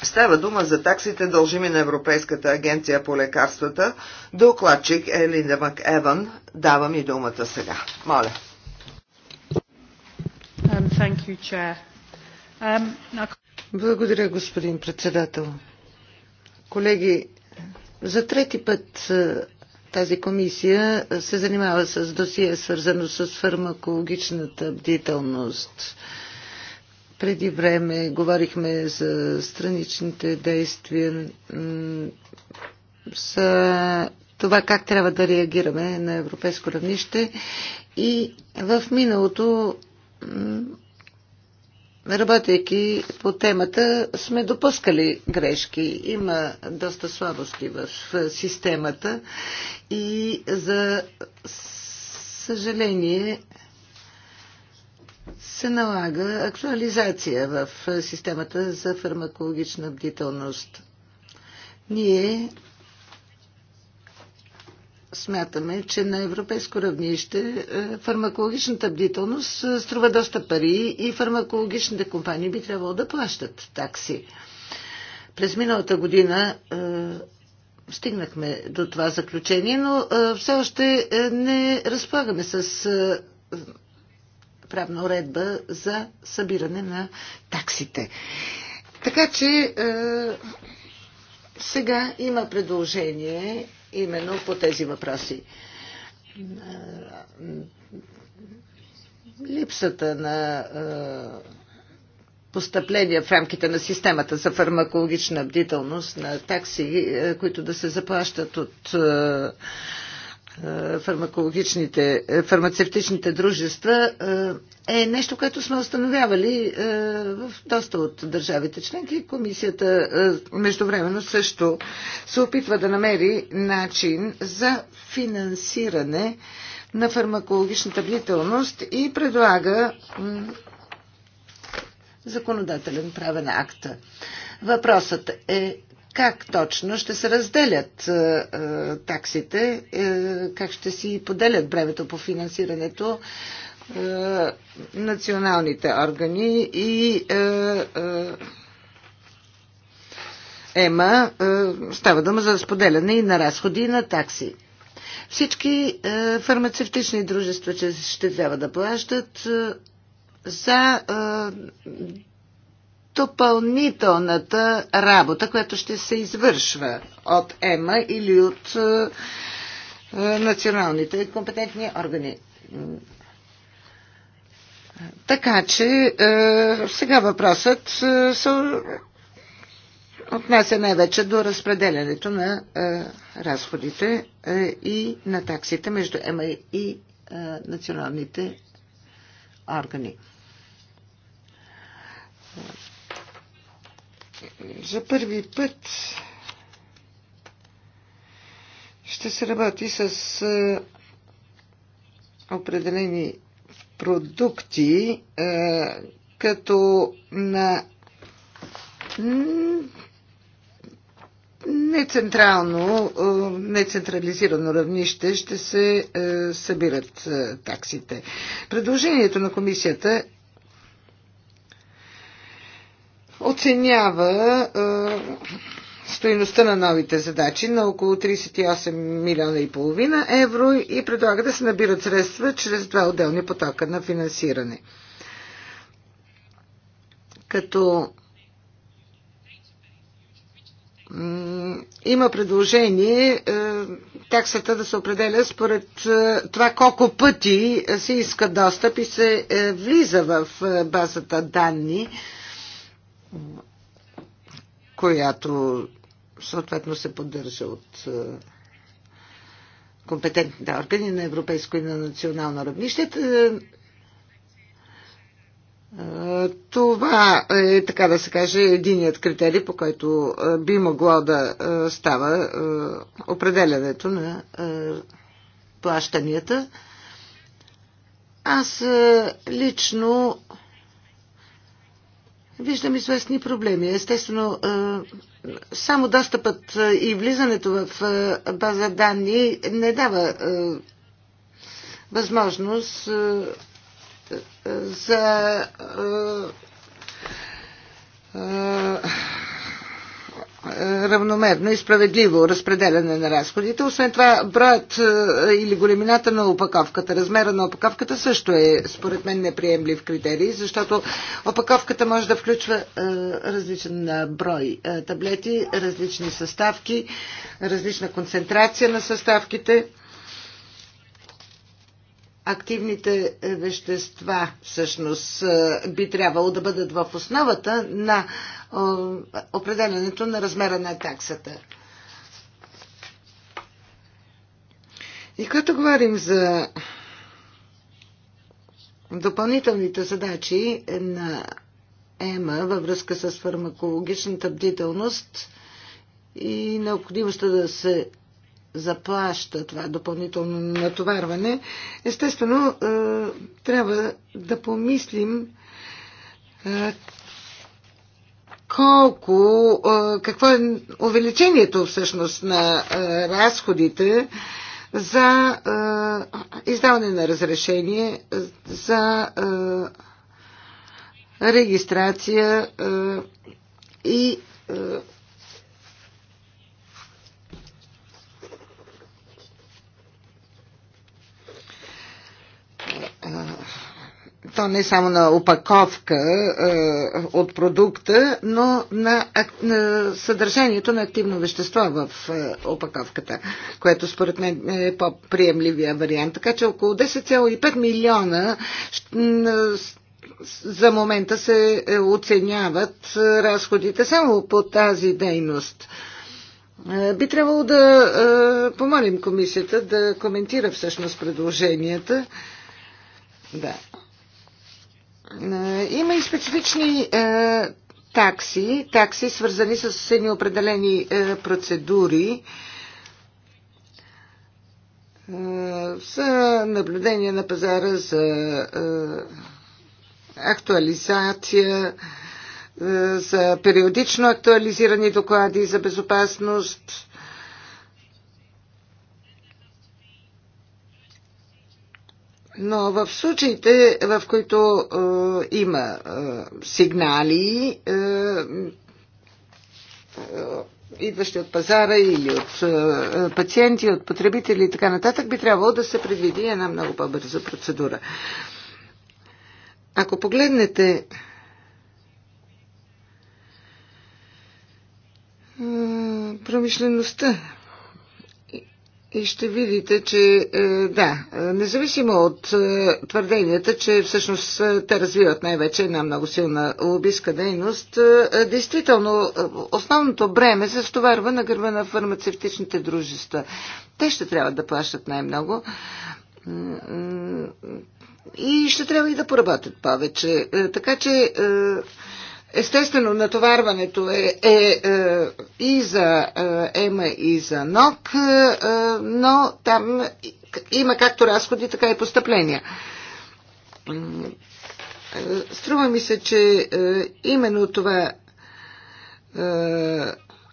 Става дума за таксите дължими на Европейската агенция по лекарствата. Докладчик Елинда мак МакЕван. Дава ми думата сега. Моля.
Um,
um, Благодаря, господин председател. Колеги, за трети път е, тази комисия се занимава с досие, свързано с фармакологичната бдителност. Преди време говорихме за страничните действия, за това как трябва да реагираме на европейско равнище и в миналото работейки по темата, сме допускали грешки. Има доста слабости в системата и за съжаление се налага актуализация в системата за фармакологична бдителност. Ние смятаме, че на европейско равнище е, фармакологичната бдителност е, струва доста пари и фармакологичните компании би трябвало да плащат такси. През миналата година е, стигнахме до това заключение, но все още не разполагаме с правна уредба за събиране на таксите. Така че е, сега има предложение именно по тези въпроси. Е, липсата на е, постъпления в рамките на системата за фармакологична бдителност на такси, е, които да се заплащат от е, е, фармакологичните, е, фармацевтичните дружества е, е нещо, което сме установявали в доста от държавите членки. Комисията междувременно също се опитва да намери начин за финансиране на фармакологичната бдителност и предлага законодателен правен акт. Въпросът е как точно ще се разделят е, е, таксите, е, как ще си поделят бремето по финансирането е, националните органи и е, е, ЕМА е, става дума за разподеляне и на разходи и на такси. Всички е, фармацевтични дружества ще, ще трябва да плащат е, за е, допълнителната работа, която ще се извършва от ЕМА или от е, е, националните компетентни органи. Така че е, сега въпросът се отнася най-вече до разпределянето на разходите и на таксите между ЕМА и националните органи за първи път ще се работи с определени продукти, като на нецентрално, нецентрализирано равнище ще се събират таксите. Предложението на комисията оценява стоиността на новите задачи на около 38 милиона и половина евро и предлага да се набират средства чрез два отделни потока на финансиране. Като има предложение таксата да се определя според това колко пъти се иска достъп и се е, влиза в базата данни която съответно се поддържа от е, компетентните органи на европейско и на национално равнище. Е, това е, така да се каже, единият критерий, по който е, би могло да става определянето на плащанията. Аз лично Виждам известни проблеми. Естествено, само достъпът и влизането в база данни не дава възможност за е, равномерно и справедливо разпределяне на разходите. Освен това, броят е, или големината на опаковката, размера на опаковката също е, според мен, неприемлив критерий, защото опаковката може да включва е, различен брой таблети, различни съставки, различна концентрация на съставките. Активните вещества всъщност би трябвало да бъдат в основата на определенето на размера на таксата. И като говорим за допълнителните задачи на ЕМА във връзка с фармакологичната бдителност и необходимостта да се заплаща това допълнително натоварване, естествено трябва да помислим колко, какво е увеличението всъщност на разходите за издаване на разрешение за регистрация и то не само на опаковка е, от продукта, но на, на съдържанието на активно вещество в е, опаковката, което според мен е по-приемливия вариант. Така че около 10,5 милиона за момента се е, оценяват е, разходите само по тази дейност. Е, би трябвало да помолим комисията да коментира всъщност предложенията. Да. Е, има и специфични е, такси, такси свързани с едни определени е, процедури за наблюдение на пазара, за актуализация, за периодично актуализирани доклади за безопасност, Но в случаите, в които е, има е, сигнали, е, е, идващи от пазара или от е, е, пациенти, от потребители и така нататък, би трябвало да се предвиди една много по-бърза процедура. Ако погледнете е, промишлеността и ще видите, че е, да, е, независимо от е, твърденията, че всъщност те развиват най-вече една много силна лобистка дейност, действително основното бреме се стоварва на гърба на фармацевтичните дружества. Те ще трябва да плащат най-много и ще трябва и да поработят повече. Така че Естествено, натоварването е, е, е и за е, ЕМА, и за НОК, е, е, но там има както разходи, така и постъпления. Струва ми се, че е, именно това е,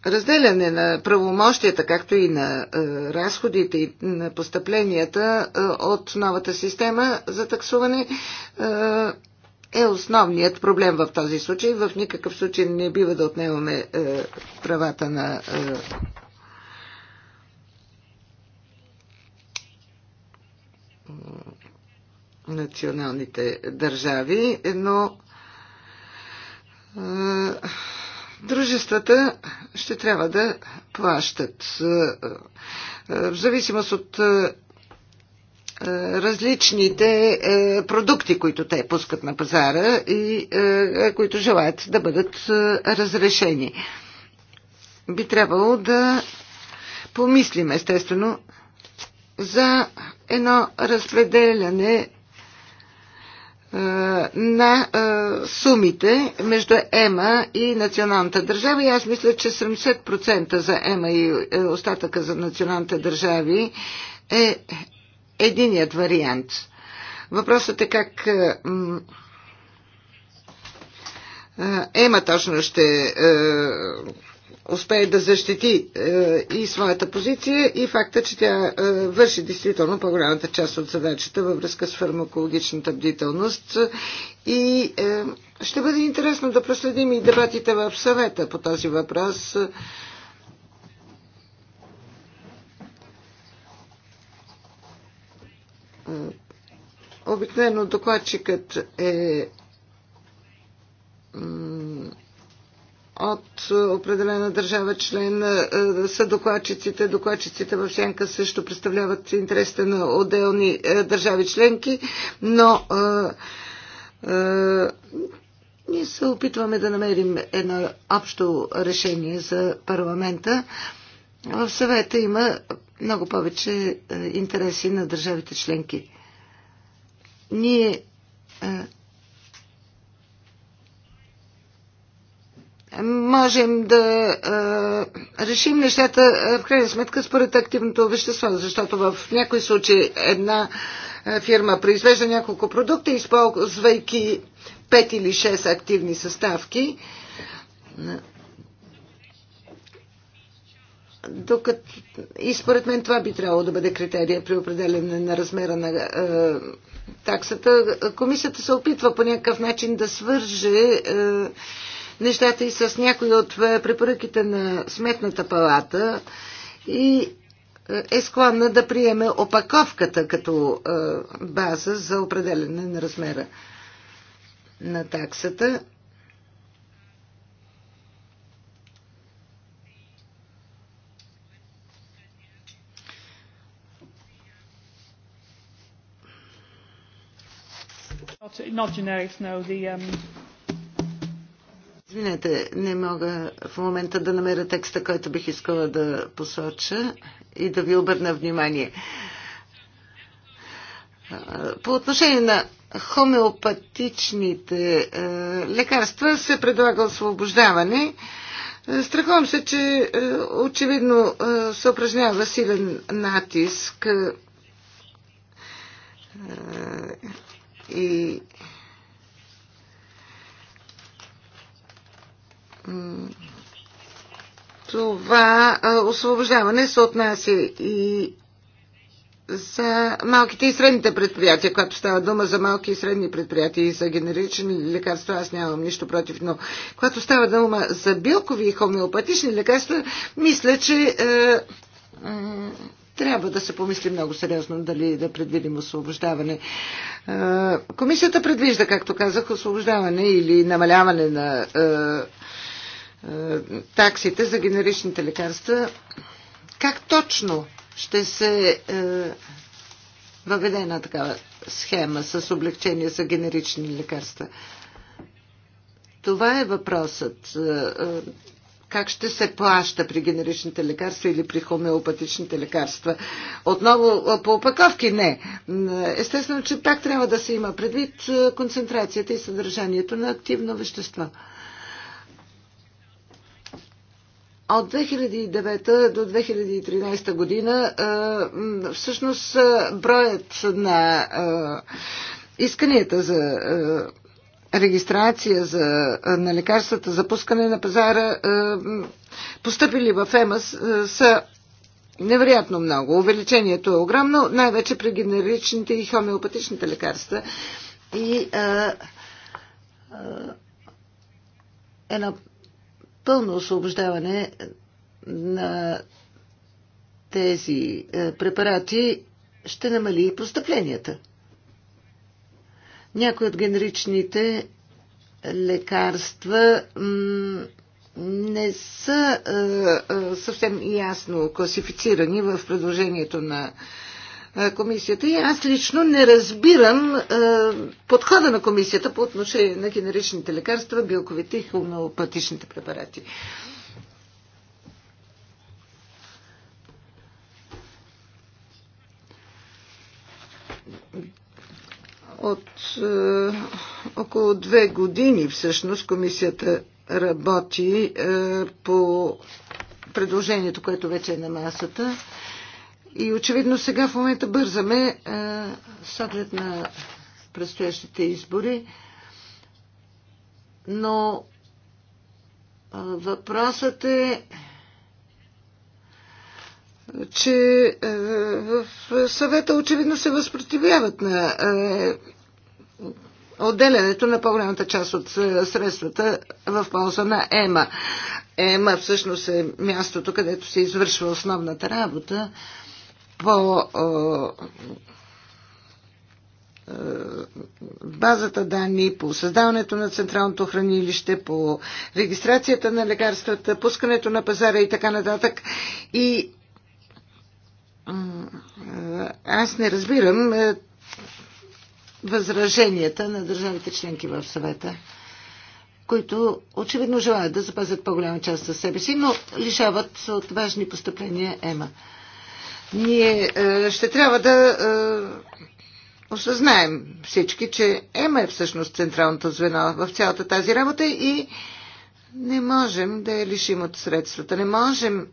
разделяне на правомощията, както и на е, разходите и на постъпленията е, от новата система за таксуване е, е основният проблем в този случай. В никакъв случай не бива да отнемаме е, правата на. Е, националните държави, но е, дружествата ще трябва да плащат. Е, е в зависимост от е, е, различните е, продукти, които те пускат на пазара и е, които желаят да бъдат разрешени. Би трябвало да помислим, естествено, за едно разпределяне на сумите между ЕМА и националната държава. И аз мисля, че 70% за ЕМА и остатъка за националните държави е единият вариант. Въпросът е как е, е, Ема точно ще е, успее да защити и своята позиция и факта, че тя върши действително по-голямата част от задачата във връзка с фармакологичната бдителност. И ще бъде интересно да проследим и дебатите в съвета по този въпрос. Обикновено докладчикът е от определена държава член е, са докладчиците. Докладчиците в Сянка също представляват интересите на отделни е, държави членки, но е, ние се опитваме да намерим едно общо решение за парламента. В съвета има много повече е, интереси на държавите членки. Ние е, можем да а, е, решим нещата в крайна сметка според активното вещество, защото в някои случаи една фирма произвежда няколко продукта, използвайки 5 или 6 активни съставки докато и според мен това би трябвало да бъде критерия при определене на размера на е, таксата. Комисията се опитва по някакъв начин да свърже е, нещата и с някои от е, препоръките на Сметната палата и е, е склонна да приеме опаковката като е, база за определене на размера на таксата.
not generics, no, the... Um...
Извинете, не мога в момента да намеря текста, който бих искала да посоча и да ви обърна внимание. По отношение на хомеопатичните е, лекарства се предлага освобождаване. Страхувам се, че е, очевидно е, се упражнява силен натиск и това освобождаване се отнася и за малките и средните предприятия, когато става дума за малки и средни предприятия и за генерични лекарства, аз нямам нищо против, но когато става дума за билкови и хомеопатични лекарства, мисля, че е, е, трябва да се помисли много сериозно дали да предвидим освобождаване. Комисията предвижда, както казах, освобождаване или намаляване на таксите за генеричните лекарства. Как точно ще се въведе една такава схема с облегчение за генерични лекарства? Това е въпросът как ще се плаща при генеричните лекарства или при хомеопатичните лекарства. Отново по опаковки не. Естествено, че пак трябва да се има предвид концентрацията и съдържанието на активно вещество. От 2009 до 2013 година всъщност броят на исканията за регистрация за, на лекарствата за пускане на пазара, поступили в ЕМА, са невероятно много. Увеличението е огромно, най-вече при генеричните и хомеопатичните лекарства. И а, а, едно пълно освобождаване на тези препарати ще намали и постъпленията. Някои от генеричните лекарства не са съвсем ясно класифицирани в предложението на комисията. И аз лично не разбирам подхода на комисията по отношение на генеричните лекарства, билковите и хомеопатичните препарати. От е, около две години всъщност комисията работи е, по предложението, което вече е на масата. И очевидно сега в момента бързаме е, с оглед на предстоящите избори. Но е, въпросът е че е, в съвета очевидно се възпротивяват на е, отделянето на по-голямата част от е, средствата в полза на ЕМА. ЕМА всъщност е мястото, където се извършва основната работа по базата данни, по създаването на централното хранилище, по регистрацията на лекарствата, пускането на пазара и така нататък. И аз не разбирам е, възраженията на държавите членки в съвета, които очевидно желаят да запазят по-голяма част със себе си, но лишават от важни постъпления ЕМА. Ние е, ще трябва да е, осъзнаем всички, че ЕМА е всъщност централното звено в цялата тази работа и не можем да я лишим от средствата. Не можем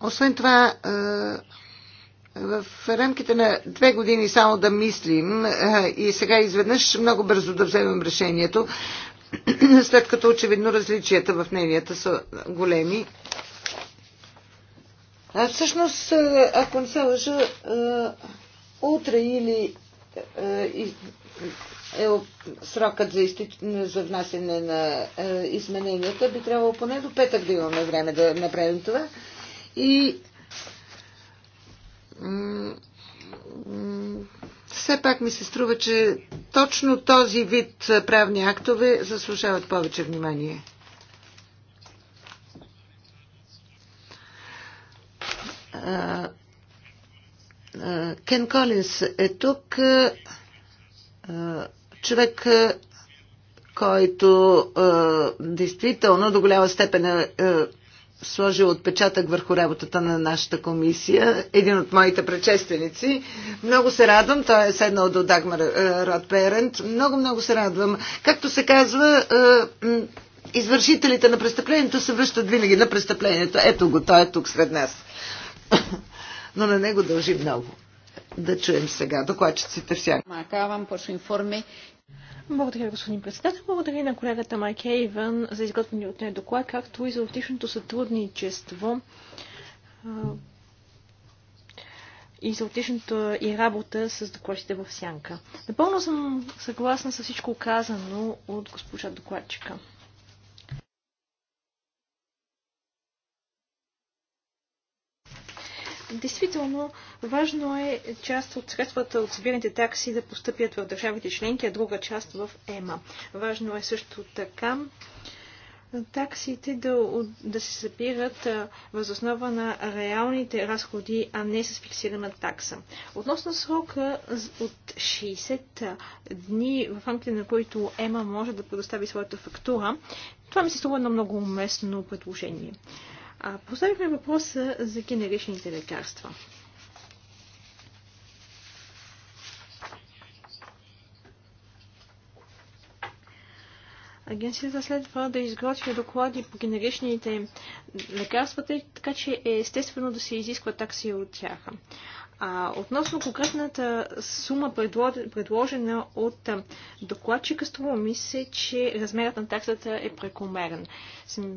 освен това, е, в рамките на две години само да мислим е, и сега изведнъж много бързо да вземем решението, след като очевидно различията в мненията са големи. А всъщност, е, ако не се лъжа, утре или е срокът за, изти... за внасяне на измененията, би трябвало поне до петък да имаме време да направим това и все пак ми се струва, че точно този вид правни актове заслужават повече внимание. Кен Колинс е тук. Човек, който действително до голяма степен е сложил отпечатък върху работата на нашата комисия. Един от моите предшественици. Много се радвам. Той е седнал до Дагмар е, Род Перент. Много, много се радвам. Както се казва, е, извършителите на престъплението се връщат винаги на престъплението. Ето го, той е тук сред нас. Но на него дължи много. Да чуем сега докладчиците
пошу информи, благодаря, господин председател. Благодаря на колегата Майк Ейвън за изготвени от нея доклад, както и за отличното сътрудничество и за отличната и работа с докладчите в сянка. Напълно съм съгласна с всичко казано от госпожа докладчика. Действително, важно е част от средствата от събираните такси да поступят в държавите членки, а друга част в ЕМА. Важно е също така таксите да, да се събират възоснова на реалните разходи, а не с фиксирана такса. Относно срока от 60 дни, в рамките на които ЕМА може да предостави своята фактура, това ми се струва едно много уместно предложение. А поставихме въпроса за генеричните лекарства. Агенцията следва да изготвя доклади по генеричните лекарства, така че е естествено да се изисква такси от тях. А относно конкретната сума, предложена от докладчика, струва ми се, че размерът на таксата е прекомерен.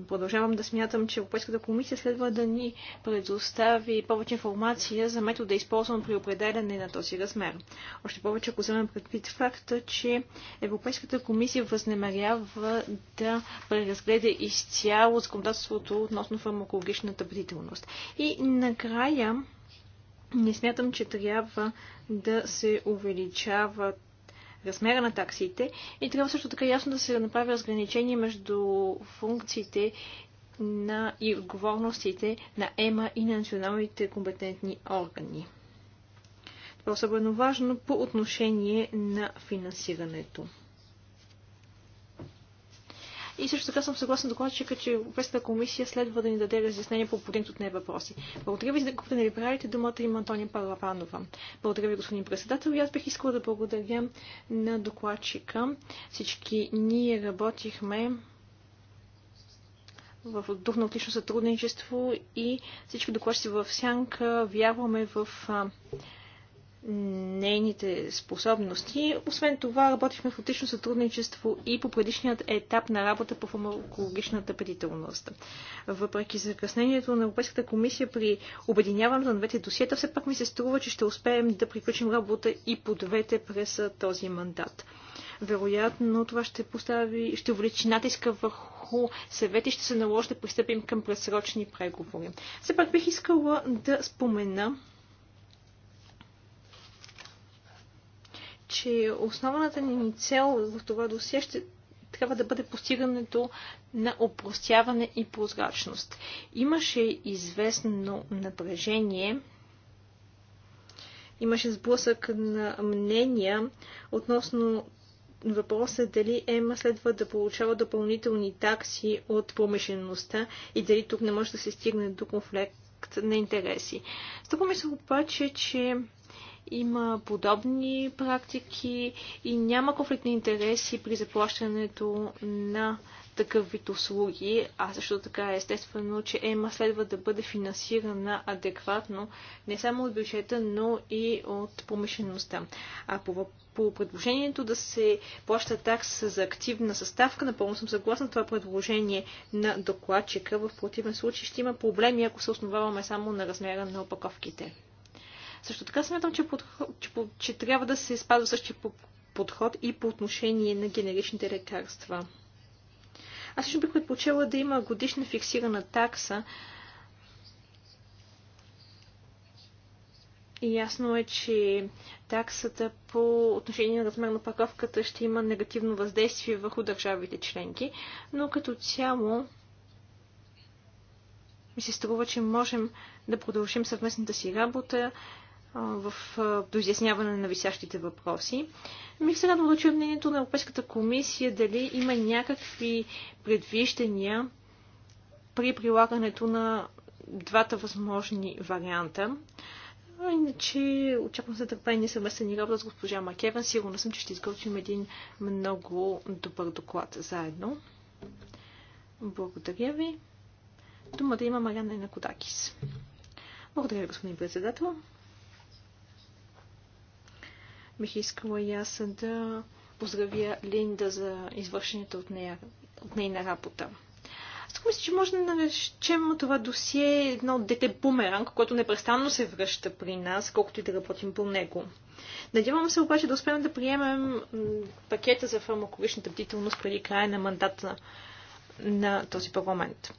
Продължавам да смятам, че Европейската комисия следва да ни предостави повече информация за метода, използван при определяне на този размер. Още повече, ако вземем предвид факта, че Европейската комисия възнамерява да преразгледа изцяло законодателството относно фармакологичната бдителност. И накрая, не смятам, че трябва да се увеличават размера на таксите и трябва също така ясно да се направи разграничение между функциите на и отговорностите на ЕМА и на националните компетентни органи. Това е особено важно по отношение на финансирането. И също така съм съгласна с докладчика, че Европейската комисия следва да ни даде разяснение по подинт от нея въпроси. Благодаря ви за групата на либералите. Думата има Антония Парапанова. Благодаря ви, господин председател. И аз бих искала да благодаря на докладчика. Всички ние работихме в дух на отлично сътрудничество и всички докладчици в сянка вярваме в нейните способности. Освен това, работихме в отлично сътрудничество и по предишният етап на работа по фармакологичната предителност. Въпреки закъснението на Европейската комисия при обединяването на двете досиета, все пак ми се струва, че ще успеем да приключим работа и по двете през този мандат. Вероятно, това ще постави, ще увеличи натиска върху съвет и ще се наложи да пристъпим към предсрочни преговори. Все пак бих искала да спомена че основната ни цел в това досие ще трябва да бъде постигането на опростяване и прозрачност. Имаше известно напрежение, имаше сблъсък на мнения относно Въпросът е дали Ема следва да получава допълнителни такси от промишлеността и дали тук не може да се стигне до конфликт на интереси. Струва ми се обаче, че има подобни практики и няма конфликт на интереси при заплащането на такъв вид услуги, а също така е естествено, че ЕМА следва да бъде финансирана адекватно не само от бюджета, но и от промишлеността. А по, по предложението да се плаща такса за активна съставка, напълно съм съгласна това предложение на докладчика. В противен случай ще има проблеми, ако се основаваме само на размера на опаковките. Също така смятам, че, подход, че, че трябва да се спазва същия подход и по отношение на генеричните лекарства. Аз също бих предпочела да има годишна фиксирана такса. И ясно е, че таксата по отношение на размер на паковката ще има негативно въздействие върху държавите членки, но като цяло ми се струва, че можем да продължим съвместната си работа в доизясняване на висящите въпроси. Мих се радвало да чуя мнението на Европейската комисия дали има някакви предвиждания при прилагането на двата възможни варианта. иначе очаквам за търпение съвместен и работа с госпожа Макеван. Сигурна съм, че ще изготвим един много добър доклад заедно. Благодаря ви. Думата има Мариана Енакодакис. Благодаря ви, господин председател. Бих искала и аз да поздравя Линда за извършените от нея, от нейна работа. Аз тук мисля, че може да наречем това досие едно дете бумеранг, което непрестанно се връща при нас, колкото и да работим по него. Надявам се обаче да успеем да приемем пакета за фармакологичната бдителност преди края на мандата на този парламент.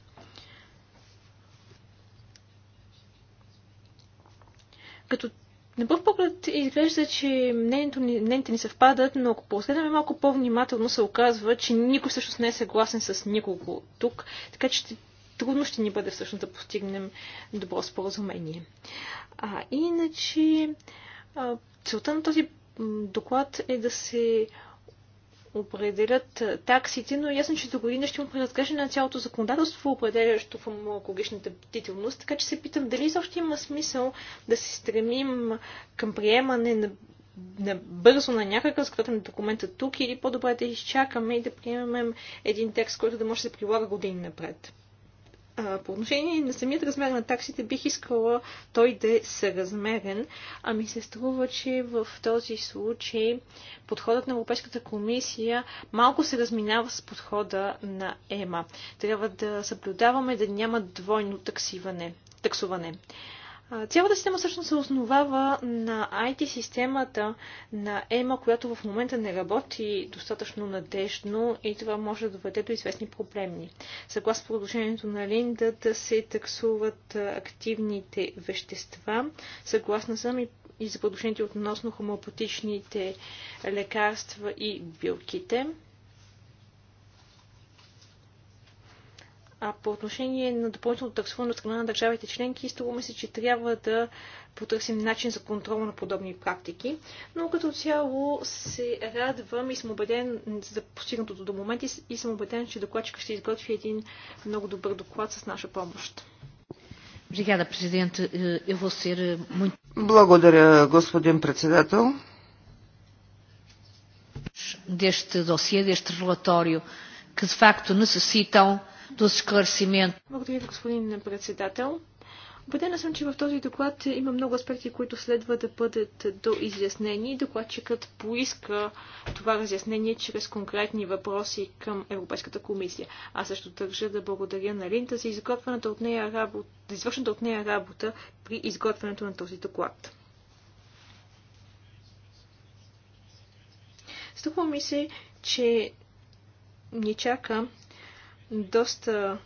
Като на първ поглед изглежда, че мнението ни, мнените ни съвпадат, но ако последваме малко по-внимателно, се оказва, че никой всъщност не е съгласен с никого тук, така че трудно ще ни бъде всъщност да постигнем добро споразумение. А иначе, целта на този доклад е да се определят таксите, но е ясно, че до година ще има преразглеждане на цялото законодателство, определящо фармакологичната бдителност, така че се питам дали изобщо има смисъл да се стремим към приемане на на бързо на някакъв на документ тук или по-добре да изчакаме и да приемем един текст, който да може да се прилага години напред. По отношение на самият размер на таксите бих искала той да е съразмерен, а ми се струва, че в този случай подходът на Европейската комисия малко се разминава с подхода на ЕМА. Трябва да съблюдаваме да няма двойно таксиване, таксуване. Цялата система всъщност се основава на IT-системата на ЕМА, която в момента не работи достатъчно надежно и това може да доведе до известни проблеми. Съгласно продължението на Линда да се таксуват активните вещества. Съгласна съм и и за относно хомопатичните лекарства и билките. А по отношение на допълнителното таксуване от страна на държавите членки, струва се, че трябва да потърсим начин за контрол на подобни практики. Но като цяло се радвам и съм убеден за постигнатото до момента и съм убеден, че докладчика ще изготви един много добър доклад с наша помощ.
Благодаря, господин председател.
Deste dossiê, deste relatório, que de facto necessitam do esclarecimento.
Благодаря ви, господин председател. Убедена съм, че в този доклад има много аспекти, които следва да бъдат доизяснени. Докладчикът поиска това разяснение чрез конкретни въпроси към Европейската комисия. Аз също държа да благодаря на Линта за изготвената от нея работа, за извършената от нея работа при изготвянето на този доклад. Стъпва ми се, че ни чака доста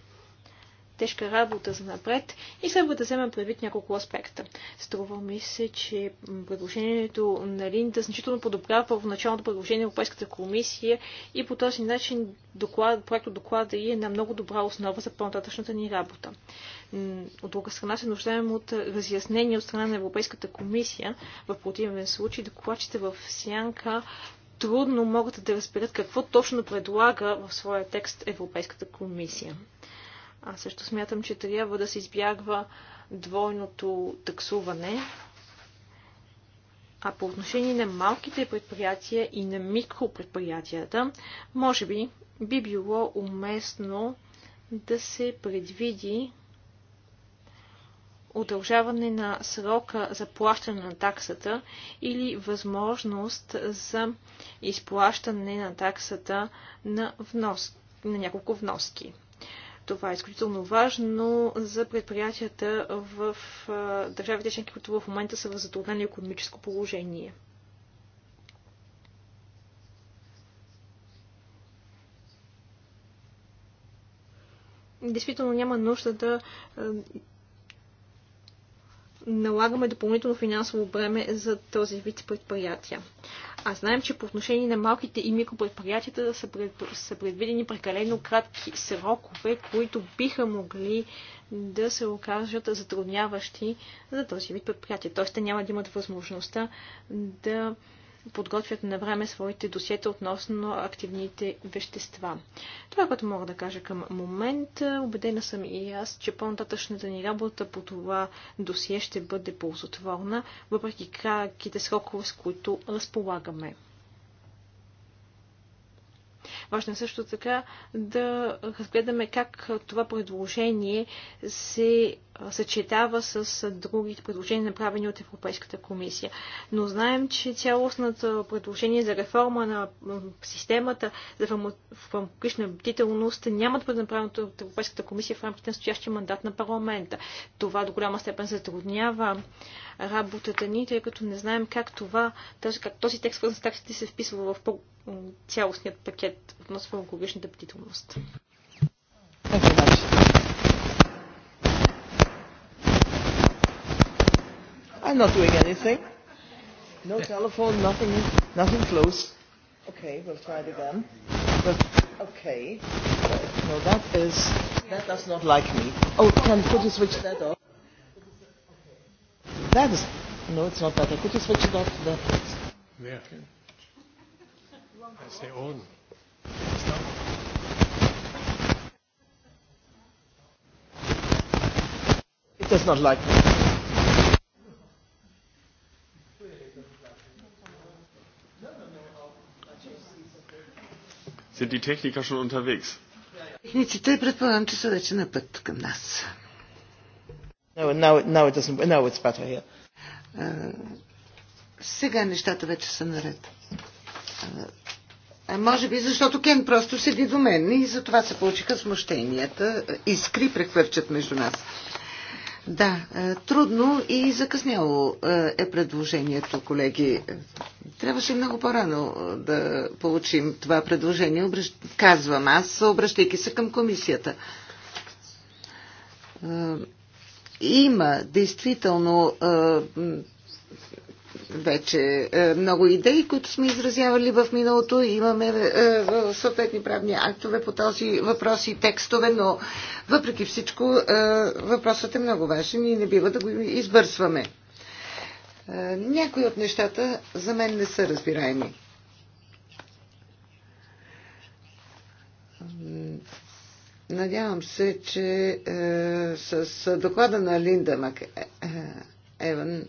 тежка работа за напред и следва да вземем предвид няколко аспекта. Струва ми се, че предложението на Линда значително подобрява в началното предложение на Европейската комисия и по този начин доклад, проектът доклада и е на много добра основа за по-нататъчната ни работа. От друга страна се нуждаем от разяснение от страна на Европейската комисия. В противен случай докладчите в Сянка трудно могат да разберат какво точно предлага в своя текст Европейската комисия. Аз също смятам, че трябва да се избягва двойното таксуване. А по отношение на малките предприятия и на микропредприятията, може би би било уместно да се предвиди удължаване на срока за плащане на таксата или възможност за изплащане на таксата на, внос, на няколко вноски. Това е изключително важно за предприятията в държавите членки, които в момента са в затруднено економическо положение. Действително няма нужда да налагаме допълнително финансово бреме за този вид предприятия. А знаем, че по отношение на малките и микропредприятията са, пред, са предвидени прекалено кратки срокове, които биха могли да се окажат затрудняващи за този вид предприятия. Тоест, те няма да имат възможността да подготвят на време своите досиета относно активните вещества. Това, е, което мога да кажа към момента, убедена съм и аз, че по-нататъчната ни работа по това досие ще бъде ползотворна, въпреки краките срокове, с които разполагаме. Важно е също така да разгледаме как това предложение се съчетава с другите предложения, направени от Европейската комисия. Но знаем, че цялостното предложение за реформа на системата за фармакологична бдителност няма да бъде направено от Европейската комисия в рамките на стоящия мандат на парламента. Това до голяма степен затруднява работата ни, тъй като не знаем как това, този, как този текст свързан с таксите се вписва в цялостният пакет относно екологичната бдителност.
I'm not doing anything. No telephone, nothing, nothing close. Okay, we'll try it again. But okay,
no, that is that does not like me. Oh, can put the switch that off. That is, no, it's not better. Could you switch it off there, please?
Merkel. That's It does not like me. Sind die Techniker schon unterwegs?
Техниците предполагам, че са вече на път към нас. No, now, now it doesn't, now it's better here. Uh, сега нещата вече са наред. а може би защото Кен просто седи до мен и за това се получиха смущенията. Искри прехвърчат между нас. Да, трудно и закъсняло е предложението, колеги. Трябваше много по-рано да получим това предложение, казвам аз, обръщайки се към комисията има действително вече много идеи, които сме изразявали в миналото. Имаме съответни правни актове по този въпрос и текстове, но въпреки всичко въпросът е много важен и не бива да го избърсваме. Някои от нещата за мен не са разбираеми. Надявам се, че е, с доклада на Линда Мак е, е, Еван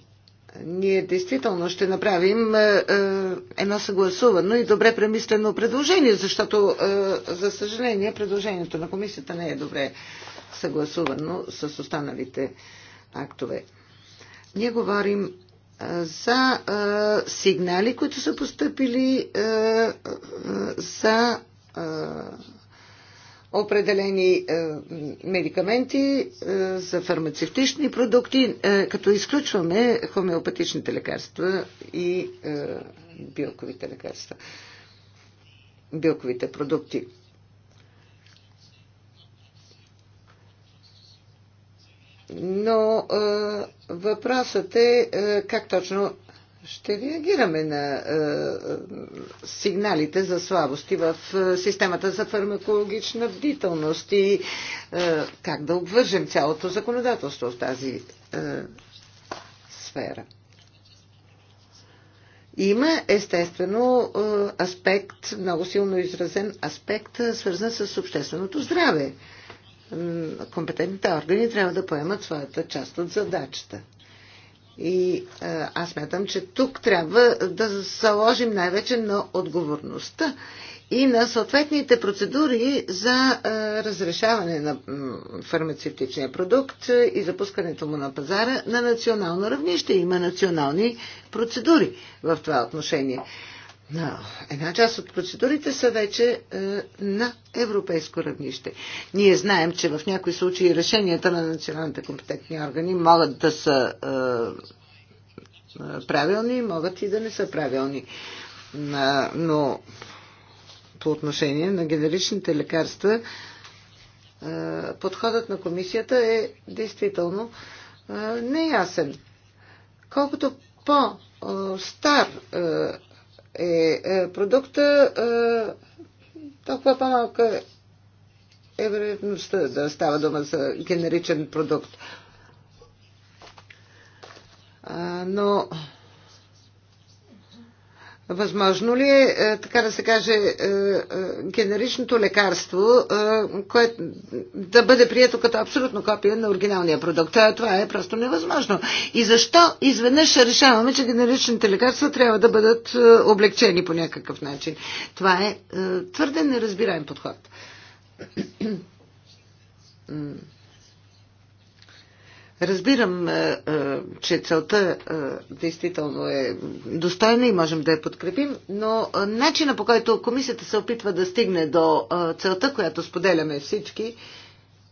ние действително ще направим е, е, едно съгласувано и добре премислено предложение, защото, е, за съжаление, предложението на комисията не е добре съгласувано с останалите актове. Ние говорим е, за сигнали, които са поступили за определени е, медикаменти е, за фармацевтични продукти, е, като изключваме хомеопатичните лекарства и билковите лекарства, билковите продукти. Но въпросът е как точно ще реагираме на е, сигналите за слабости в е, системата за фармакологична бдителност и е, как да обвържем цялото законодателство в тази е, сфера. Има естествено е, аспект, много силно изразен аспект, е, свързан с общественото здраве. Компетентните органи трябва да поемат своята част от задачата. И аз мятам, че тук трябва да заложим най-вече на отговорността и на съответните процедури за разрешаване на фармацевтичния продукт и запускането му на пазара на национално равнище. Има национални процедури в това отношение на една част от процедурите са вече е, на европейско равнище. Ние знаем, че в някои случаи решенията на националните компетентни органи могат да са е, е правилни, могат и да не са правилни. Но по отношение на генеричните лекарства, е, подходът на комисията е действително е, неясен. Колкото по-стар е, е продукта, е, толкова по-малка е вероятността да става дума за генеричен продукт. Но Възможно ли е, е, така да се каже, е, е, генеричното лекарство, което да бъде прието като абсолютно копия на оригиналния продукт? Това е просто невъзможно. И защо изведнъж решаваме, че генеричните лекарства трябва да бъдат облегчени по някакъв начин? Това е твърде неразбираем подход. Разбирам, е, е, че целта е, действително е достойна и можем да я подкрепим, но начина по който комисията се опитва да стигне до целта, която споделяме всички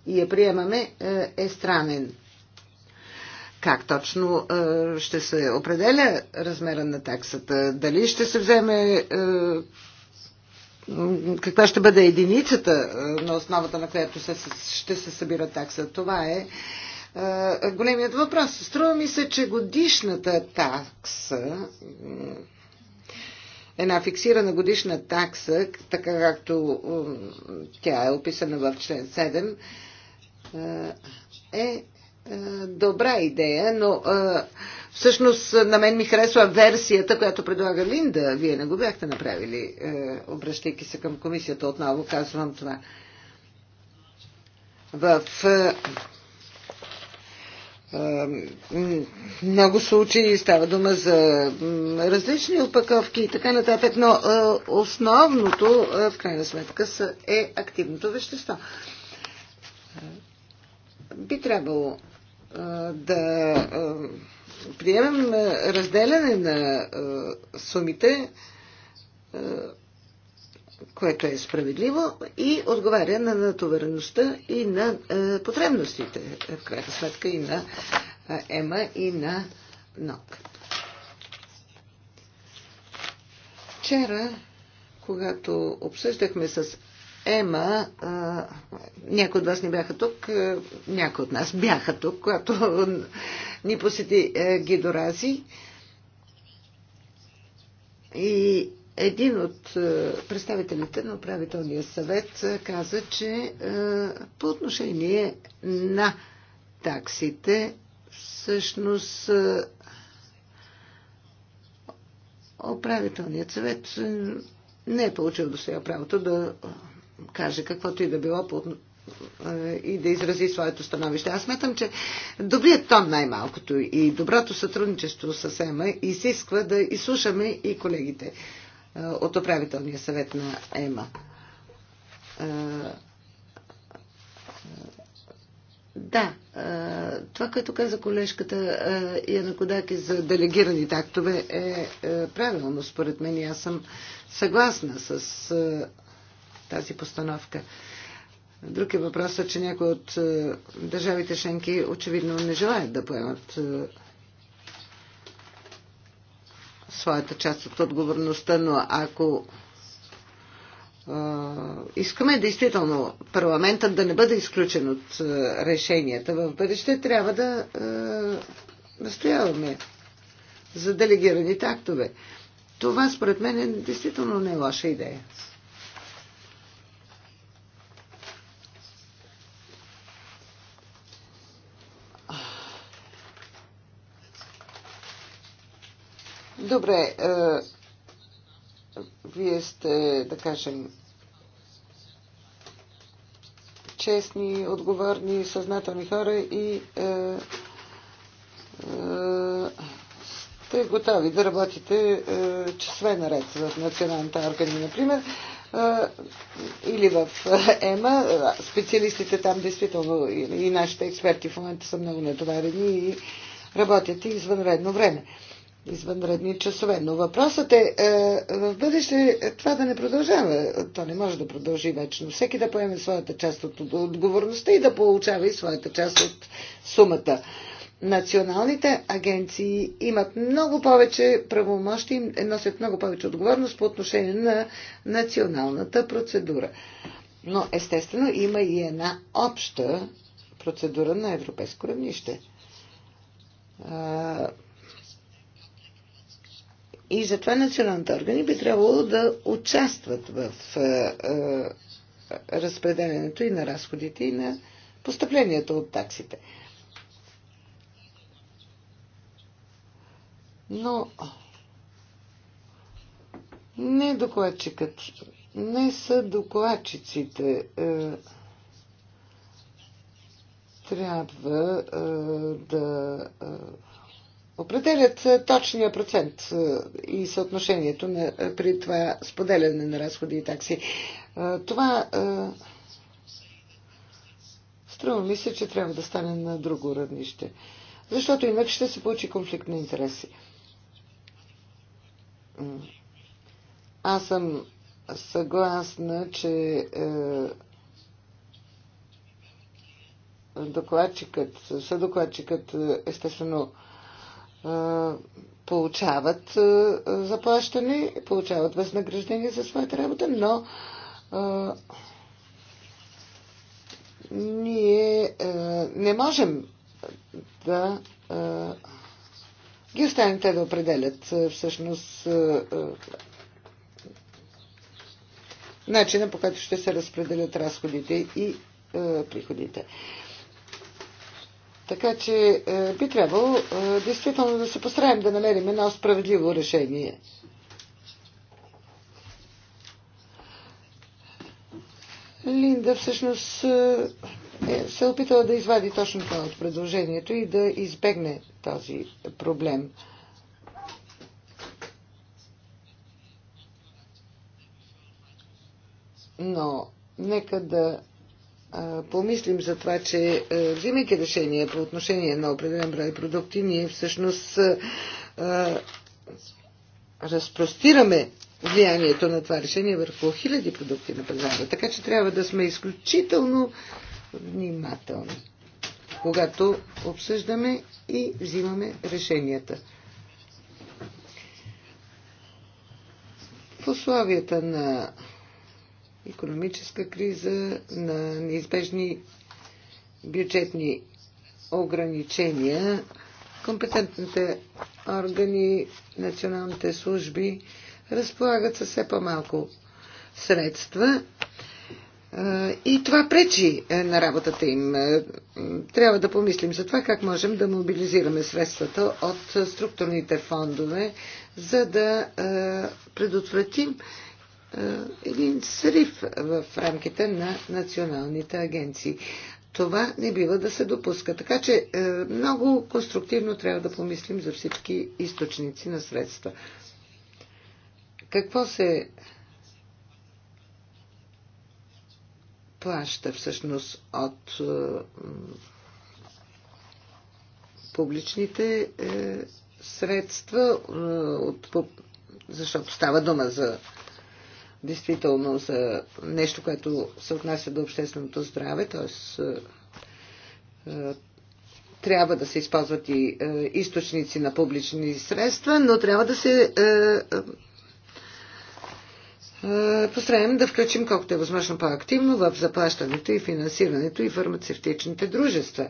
и я приемаме, е странен. Как точно ще се определя размера на таксата? Дали ще се вземе каква ще бъде единицата на основата на която се, ще се събира такса? Това е е, големият въпрос. Струва ми се, че годишната такса, една фиксирана годишна такса, така както е, тя е описана в член 7, е, е добра идея, но всъщност на мен ми харесва версията, която предлага Линда. Вие не го бяхте направили, обръщайки се към комисията. Отново казвам това. В много случаи става дума за различни опаковки и така нататък, но основното в крайна сметка е активното вещество. Би трябвало да приемем разделяне на сумите което е справедливо и отговаря на натовареността и на е, потребностите, е, в крайна сметка и на е, ЕМА и на НОК. Вчера, когато обсъждахме с Ема, е, някои от вас не бяха тук, е, някои от нас бяха тук, когато ни посети е, Гидорази. И един от е, представителите на управителния съвет е, каза, че е, по отношение на таксите всъщност управителният съвет не е получил до сега правото да каже каквото и да било по, и да изрази своето становище. Аз сметам, че добрият тон най-малкото и доброто сътрудничество с ЕМА изисква да изслушаме и колегите. Е, от управителния съвет на ЕМА. Е, е, да, това, което каза колежката Яна Кодаки за делегираните тактове е правилно, според мен. Аз съм съгласна с тази постановка. Друг е въпросът, че някои от държавите шенки, очевидно не желаят да поемат своята част от отговорността, но ако искаме действително парламентът да не бъде изключен от решенията в бъдеще, трябва да настояваме за делегираните актове. Това според мен е действително не е лоша идея. Добре, е, вие сте, да кажем, честни, отговорни, съзнателни хора и е, е, сте готови да работите е, часове наред в националните органи, например, е, или в е, ЕМА. Специалистите там действително и, и нашите експерти в момента са много натоварени и работят и извънредно време. Е, извънредни часове. Но въпросът е, е в бъдеще това да не продължава. То не може да продължи вечно. Всеки да поеме своята част от отговорността и да получава и своята част от сумата. Националните агенции имат много повече правомощи и носят много повече отговорност по отношение на националната процедура. Но естествено има и една обща процедура на европейско равнище и затова националните органи би трябвало да участват в е, е, разпределянето и на разходите, и на постъпленията от таксите. Но не докладчикът, не са докладчиците. Е, трябва е, да е, определят е, точния процент е, и съотношението на, е, при това споделяне на разходи и такси. Това струва ми се, че трябва да стане на друго равнище. Защото иначе ще се получи конфликт на интереси. Аз съм съгласна, че докладчикът, съдокладчикът, естествено, получават заплащане, получават възнаграждение за своята работа, но ние не можем да ги оставим те да определят всъщност начина по който ще се разпределят разходите и приходите. Така че е, би трябвало е, действително да се постараем да намерим едно справедливо решение. Линда всъщност е, е се опитала да извади точно това от предложението и да избегне този проблем. Но нека да помислим за това, че взимайки решение по отношение на определен брой продукти, ние всъщност разпростираме влиянието на това решение върху хиляди продукти на пазара. Така че трябва да сме изключително внимателни, когато обсъждаме и взимаме решенията. В условията на економическа криза, на неизбежни бюджетни ограничения, компетентните органи, националните служби разполагат със все по-малко средства и това пречи е, на работата им. Е, трябва да помислим за това как можем да мобилизираме средствата от структурните фондове, за да е, предотвратим е, един срив в рамките на националните агенции. Това не бива да се допуска. Така че е, много конструктивно трябва да помислим за всички източници на средства. Какво се плаща всъщност от е, публичните средства, от, защото става дума за действително за нещо, което се отнася до общественото здраве, т.е. Е, е, трябва да се използват и е, източници на публични средства, но трябва да се постараем да включим колкото е възможно по-активно в заплащането и финансирането и фармацевтичните дружества.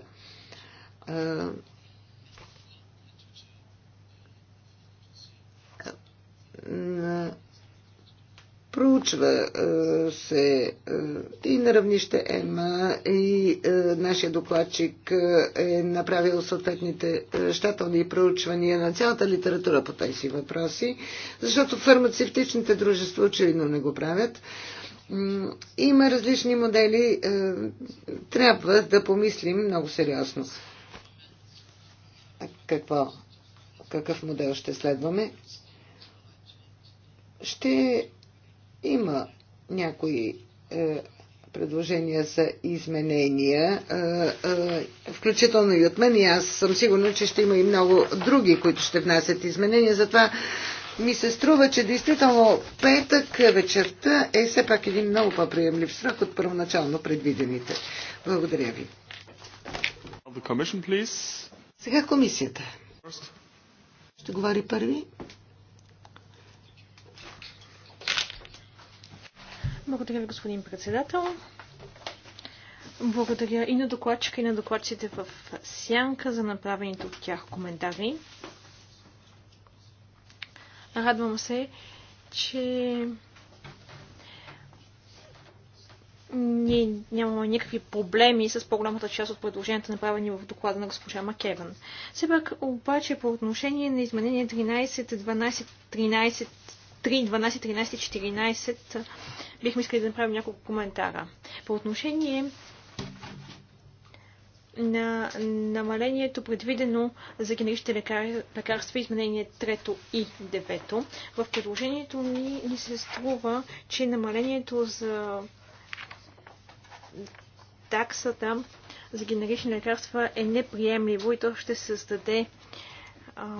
Проучва е, се е, и на равнище ЕМА, и е, нашия докладчик е направил съответните щателни проучвания на цялата литература по тези въпроси, защото фармацевтичните дружества очевидно не го правят. Има различни модели. Трябва да помислим много сериозно. Какво? Какъв модел ще следваме? Ще има някои е, предложения за изменения, е, е, включително и от мен, и аз съм сигурна, че ще има и много други, които ще внасят изменения. Затова ми се струва, че действително петък вечерта е все пак един много по-приемлив срок от първоначално
предвидените. Благодаря ви. Сега
комисията. Ще говори първи.
Благодаря ви, господин председател. Благодаря и на докладчика, и на докладчите в Сянка за направените от тях коментари. Радвам се, че ние нямаме никакви проблеми с по-голямата част от предложенията, направени в доклада на госпожа Макеван. Все пак обаче по отношение на изменение 13, 12, 13 3, 12, 13, 14 бихме искали да направим няколко коментара. По отношение на намалението, предвидено за генеричните лекарства, изменение 3 и 9. В предложението ни, ни се струва, че намалението за таксата за генерични лекарства е неприемливо и то ще създаде а,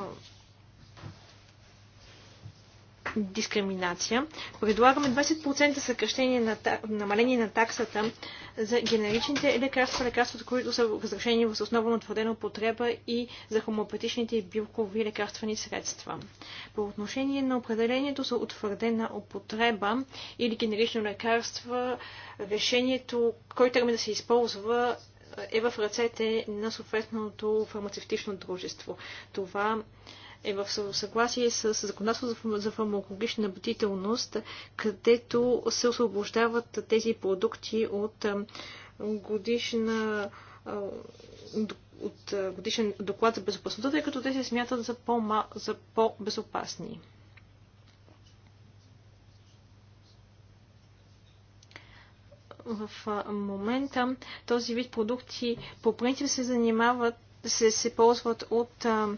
дискриминация. Предлагаме 20% съкръщение на намаление на таксата за генеричните лекарства, лекарствата, които са разрешени в основа на твърдена употреба и за хомопатичните и билкови лекарствени средства. По отношение на определението за утвърдена употреба или генерично лекарство, решението, кой термин да се използва, е в ръцете на съответното фармацевтично дружество. Това е в съгласие с законодателството за фармакологична бдителност, където се освобождават тези продукти от годишна от годишен доклад за безопасността, тъй като те се смятат за, по за по-безопасни. В момента този вид продукти по принцип се занимават, се, се ползват от а,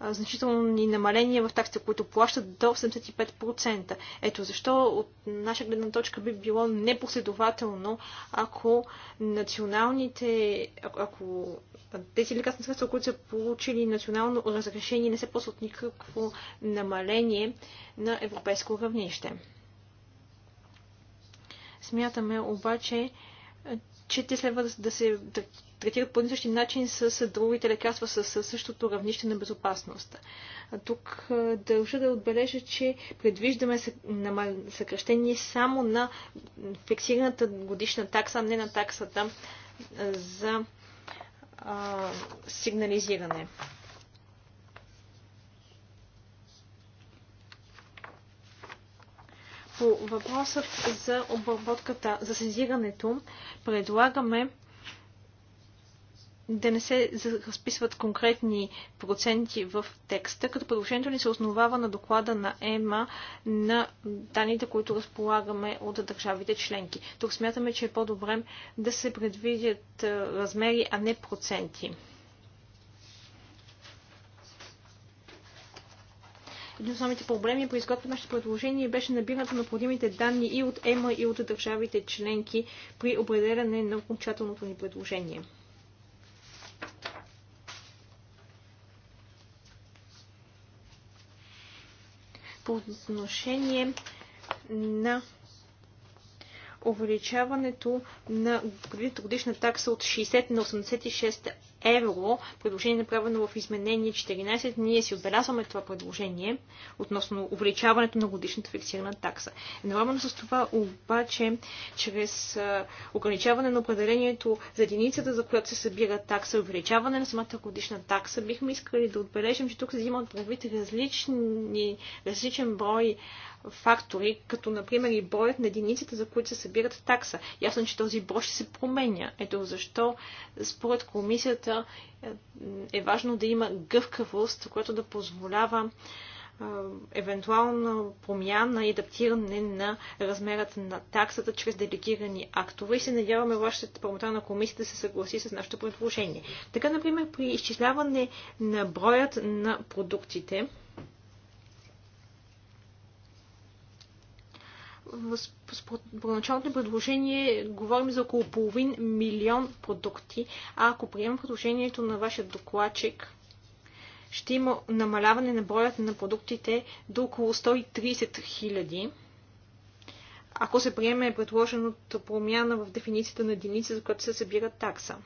значителни намаления в таксите, които плащат до 75%. Ето защо от наша гледна точка би било непоследователно, ако националните, ако тези лекарствени средства, които са получили национално разрешение, не се ползват никакво намаление на европейско равнище. Смятаме обаче, че те следва да се третират по един същи начин с другите лекарства с същото равнище на безопасност. Тук дължа да отбележа, че предвиждаме съкръщение само на фиксираната годишна такса, а не на таксата за сигнализиране. По въпросът за обработката, за сезирането, предлагаме да не се разписват конкретни проценти в текста, като предложението ни се основава на доклада на ЕМА на данните, които разполагаме от държавите членки. Тук смятаме, че е по-добре да се предвидят размери, а не проценти. Един от основните проблеми при изготвяне на нашето предложение беше набирането на необходимите данни и от ЕМА, и от държавите членки при определяне на окончателното ни предложение. По отношение на увеличаването на годишна такса от 60 на 86 евро, предложение направено в изменение 14, ние си отбелязваме това предложение относно увеличаването на годишната фиксирана такса. Едновременно с това обаче, чрез ограничаване на определението за единицата, за която се събира такса, увеличаване на самата годишна такса, бихме искали да отбележим, че тук се взимат предвид различни, различен брой фактори, като например и броят на единицата, за които се събират такса. Ясно, че този брой ще се променя. Ето защо според комисията да е, е важно да има гъвкавост, която да позволява е, евентуална промяна и адаптиране на размерът на таксата чрез делегирани актове и се надяваме вашата парламентарна комисия да се съгласи с нашето предложение. Така, например, при изчисляване на броят на продуктите, първоначалното предложение говорим за около половин милион продукти, а ако приемем предложението на вашия докладчик, ще има намаляване на броят на продуктите до около 130 хиляди. Ако се приеме предложената промяна в дефиницията на единица, за която се събира такса.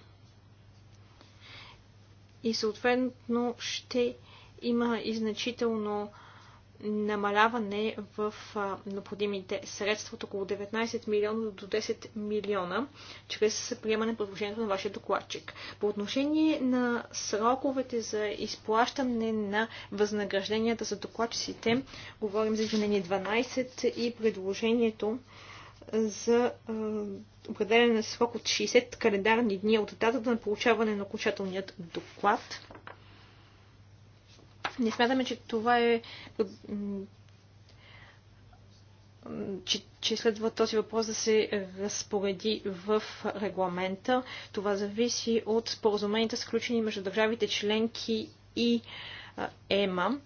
И съответно ще има и значително намаляване в необходимите средства от около 19 милиона до 10 милиона, чрез приемане на предложението на вашия докладчик. По отношение на сроковете за изплащане на възнагражденията за докладчиците, говорим за изменение 12 и предложението за определен срок от 60 календарни дни от датата на получаване на окончателният доклад. Не смятаме, че това е че, че следва този въпрос да се разпореди в регламента. Това зависи от споразуменията, сключени между държавите членки и е, ЕМА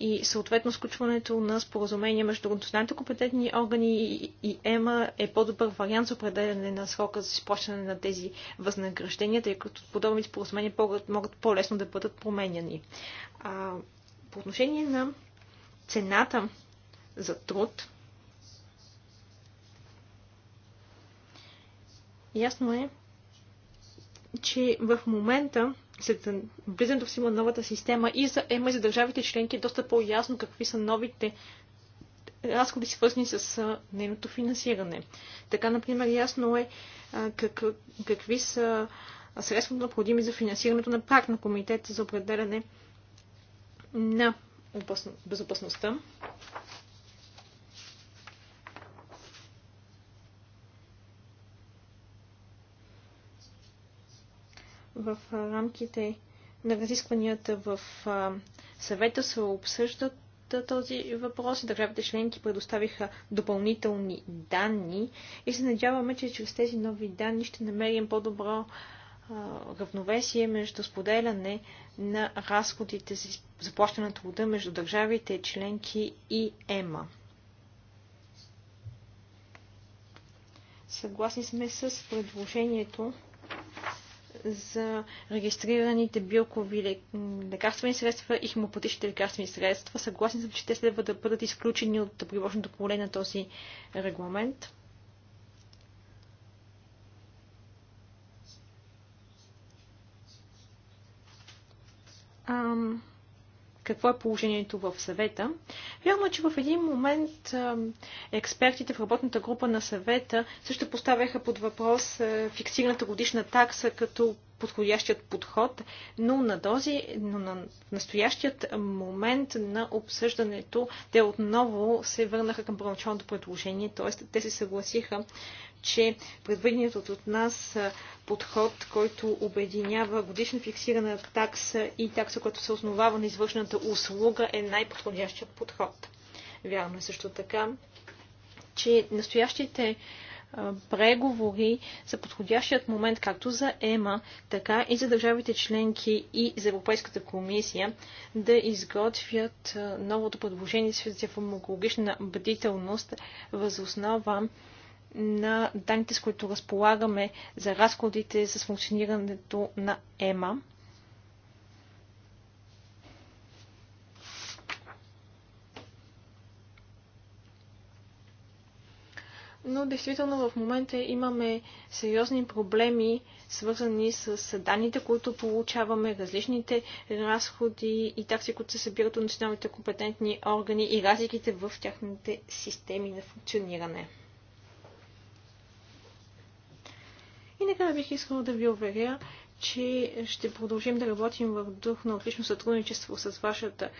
и съответно сключването на споразумение между националните компетентни органи и ЕМА е по-добър вариант за определене на срока за изплащане на тези възнаграждения, тъй като подобни споразумения могат по-лесно да бъдат променяни. А, по отношение на цената за труд, ясно е, че в момента след влизането в сила новата система и за ЕМА и за държавите членки е доста по-ясно какви са новите разходи, свързани с нейното финансиране. Така, например, ясно е как, какви са средствата необходими за финансирането на прак на комитет за определяне на безопасността. в рамките на разискванията в съвета се обсъждат този въпрос. Държавите членки предоставиха допълнителни данни и се надяваме, че чрез тези нови данни ще намерим по-добро равновесие между споделяне на разходите за заплащане на труда между държавите членки и ЕМА. Съгласни сме с предложението за регистрираните билкови лекарствени средства и хемопатичните лекарствени средства. Съгласни съм, че те следва да бъдат изключени от приложното поле на този регламент. Um какво е положението в съвета. Вярно е, че в един момент експертите в работната група на съвета също поставяха под въпрос фиксираната годишна такса като подходящият подход, но на този, но на настоящият момент на обсъждането те отново се върнаха към първоначалното предложение, т.е. те се съгласиха че предвиденият от нас подход, който обединява годишно фиксирана такса и такса, която се основава на извършената услуга, е най-подходящият подход. Вярно е също така, че настоящите преговори са подходящият момент както за ЕМА, така и за държавите членки и за Европейската комисия да изготвят новото предложение с фармакологична бдителност възоснова на данните, с които разполагаме за разходите с функционирането на ЕМА. но действително в момента имаме сериозни проблеми, свързани с данните, които получаваме, различните разходи и такси, които се събират от националните компетентни органи и разликите в тяхните системи на функциониране. И накрая бих искала да ви уверя, че ще продължим да работим в дух на отлично сътрудничество с вашата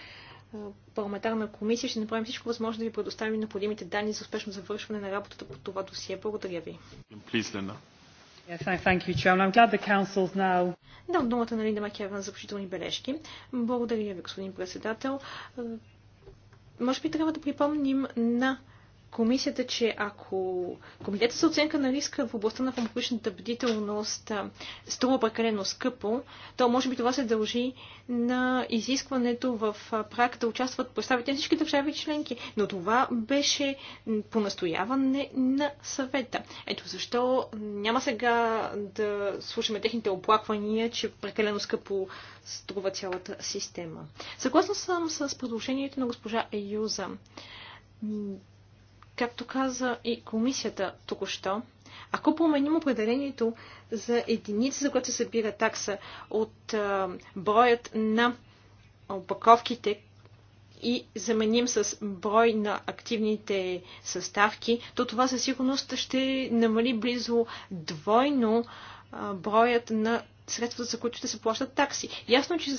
парламентарна комисия. Ще направим всичко възможно да ви предоставим необходимите данни за успешно завършване на работата по това досие. Благодаря ви.
Да, Yes,
Дам думата на Линда Макеван за включителни бележки. Благодаря ви, господин председател. Може би трябва да припомним на комисията, че ако комитета за оценка на риска в областта на фармакологичната бдителност струва прекалено скъпо, то може би това се дължи на изискването в прак да участват представители на всички държави членки. Но това беше по настояване на съвета. Ето защо няма сега да слушаме техните оплаквания, че прекалено скъпо струва цялата система. Съгласна съм с предложението на госпожа Еюза Както каза и комисията току-що, ако променим определението за единица, за която се събира такса от а, броят на опаковките и заменим с брой на активните съставки, то това със сигурност ще намали близо двойно а, броят на средствата, за които ще се плащат такси. Ясно, че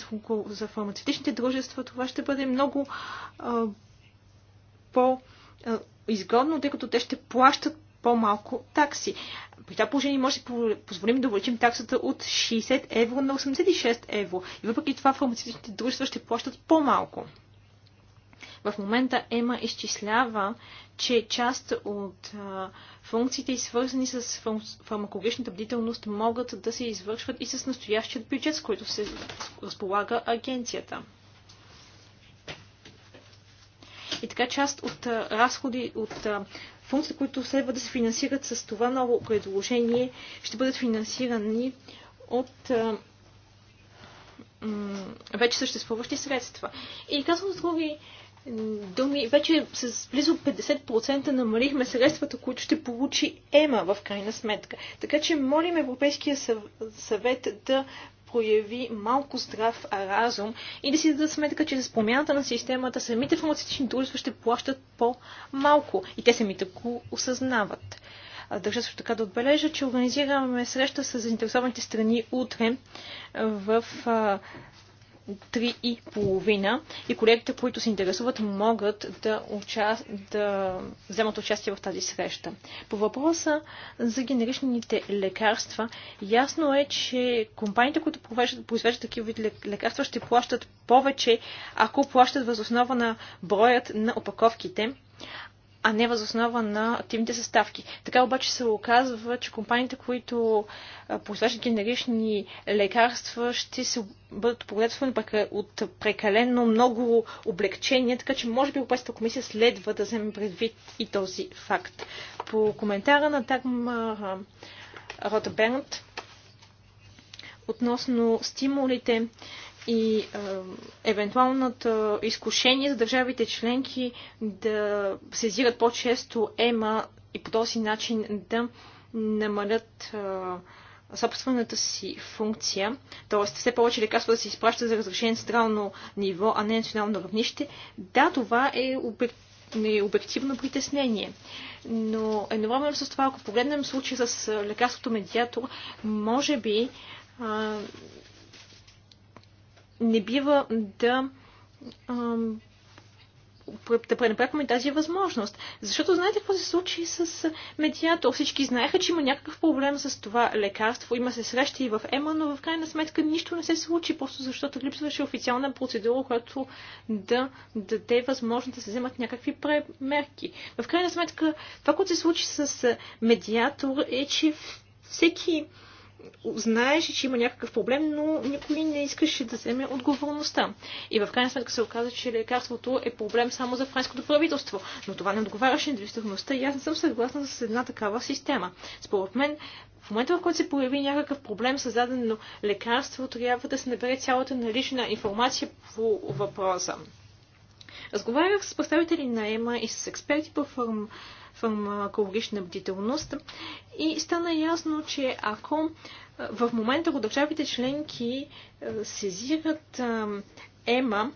за фармацевтичните дружества това ще бъде много а, по- изгодно, тъй като те ще плащат по-малко такси. При това положение може да си позволим да увеличим таксата от 60 евро на 86 евро. И въпреки това фармацевтичните дружества ще плащат по-малко. В момента Ема изчислява, че част от а, функциите, свързани с фарм... фармакологичната бдителност, могат да се извършват и с настоящият бюджет, с който се разполага агенцията. И така част от разходи, от функции, които следва да се финансират с това ново предложение, ще бъдат финансирани от вече съществуващи средства. И казвам с други думи, вече с близо 50% намалихме средствата, които ще получи ЕМА в крайна сметка. Така че молим Европейския съвет да прояви малко здрав разум и да си дадат сметка, че за промяната на системата самите фармацевтични дружества ще плащат по-малко и те самите го осъзнават. Държа също така да отбележа, че организираме среща с заинтересованите страни утре в 3,5 и колегите, които се интересуват, могат да, уча... да вземат участие в тази среща. По въпроса за генеричните лекарства, ясно е, че компаниите, които произвеждат такива вид лекарства, ще плащат повече, ако плащат възоснова на броят на опаковките, а не възоснова на активните съставки. Така обаче се оказва, че компаниите, които произвеждат генерични лекарства, ще се бъдат погледствани от прекалено много облегчения, така че може би Европейската комисия следва да вземе предвид и този факт. По коментара на Дагма Ротбернт относно стимулите и е, евентуалното изкушение за държавите членки да сезират по-често ЕМА и по този начин да намалят е, собствената си функция, т.е. все повече лекарства да се изплащат за разрешение централно ниво, а не национално равнище, да, това е, е обективно притеснение. Но едновременно с това, ако погледнем случая с лекарството медиатор, може би не бива да да пренебрегваме тази възможност. Защото знаете какво се случи с медиатор. Всички знаеха, че има някакъв проблем с това лекарство. Има се срещи и в ЕМА, но в крайна сметка нищо не се случи, просто защото липсваше официална процедура, която да даде възможност да се вземат някакви премерки. В крайна сметка това, което се случи с медиатор е, че всеки знаеше, че има някакъв проблем, но никой не искаше да вземе отговорността. И в крайна сметка се оказа, че лекарството е проблем само за френското правителство. Но това не отговаряше на действителността и аз не съм съгласна с една такава система. Според мен, в момента, в който се появи някакъв проблем, създадено лекарство, трябва да се набере цялата налична информация по въпроса. Разговарях с представители на ЕМА и с експерти по фармацевтика фармакологична бдителност. И стана ясно, че ако в момента, го държавите членки сезират ЕМА,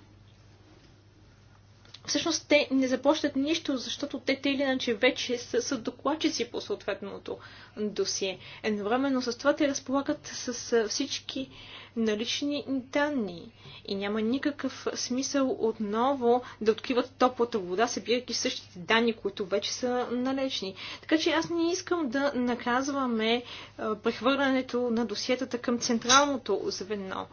всъщност те не заплащат нищо, защото те те или иначе вече са, са докладчици по съответното досие. Едновременно с това те разполагат с всички на лични данни. И няма никакъв смисъл отново да откриват топлата вода, събирайки същите данни, които вече са налечни. Така че аз не искам да наказваме прехвърлянето на досиетата към централното звено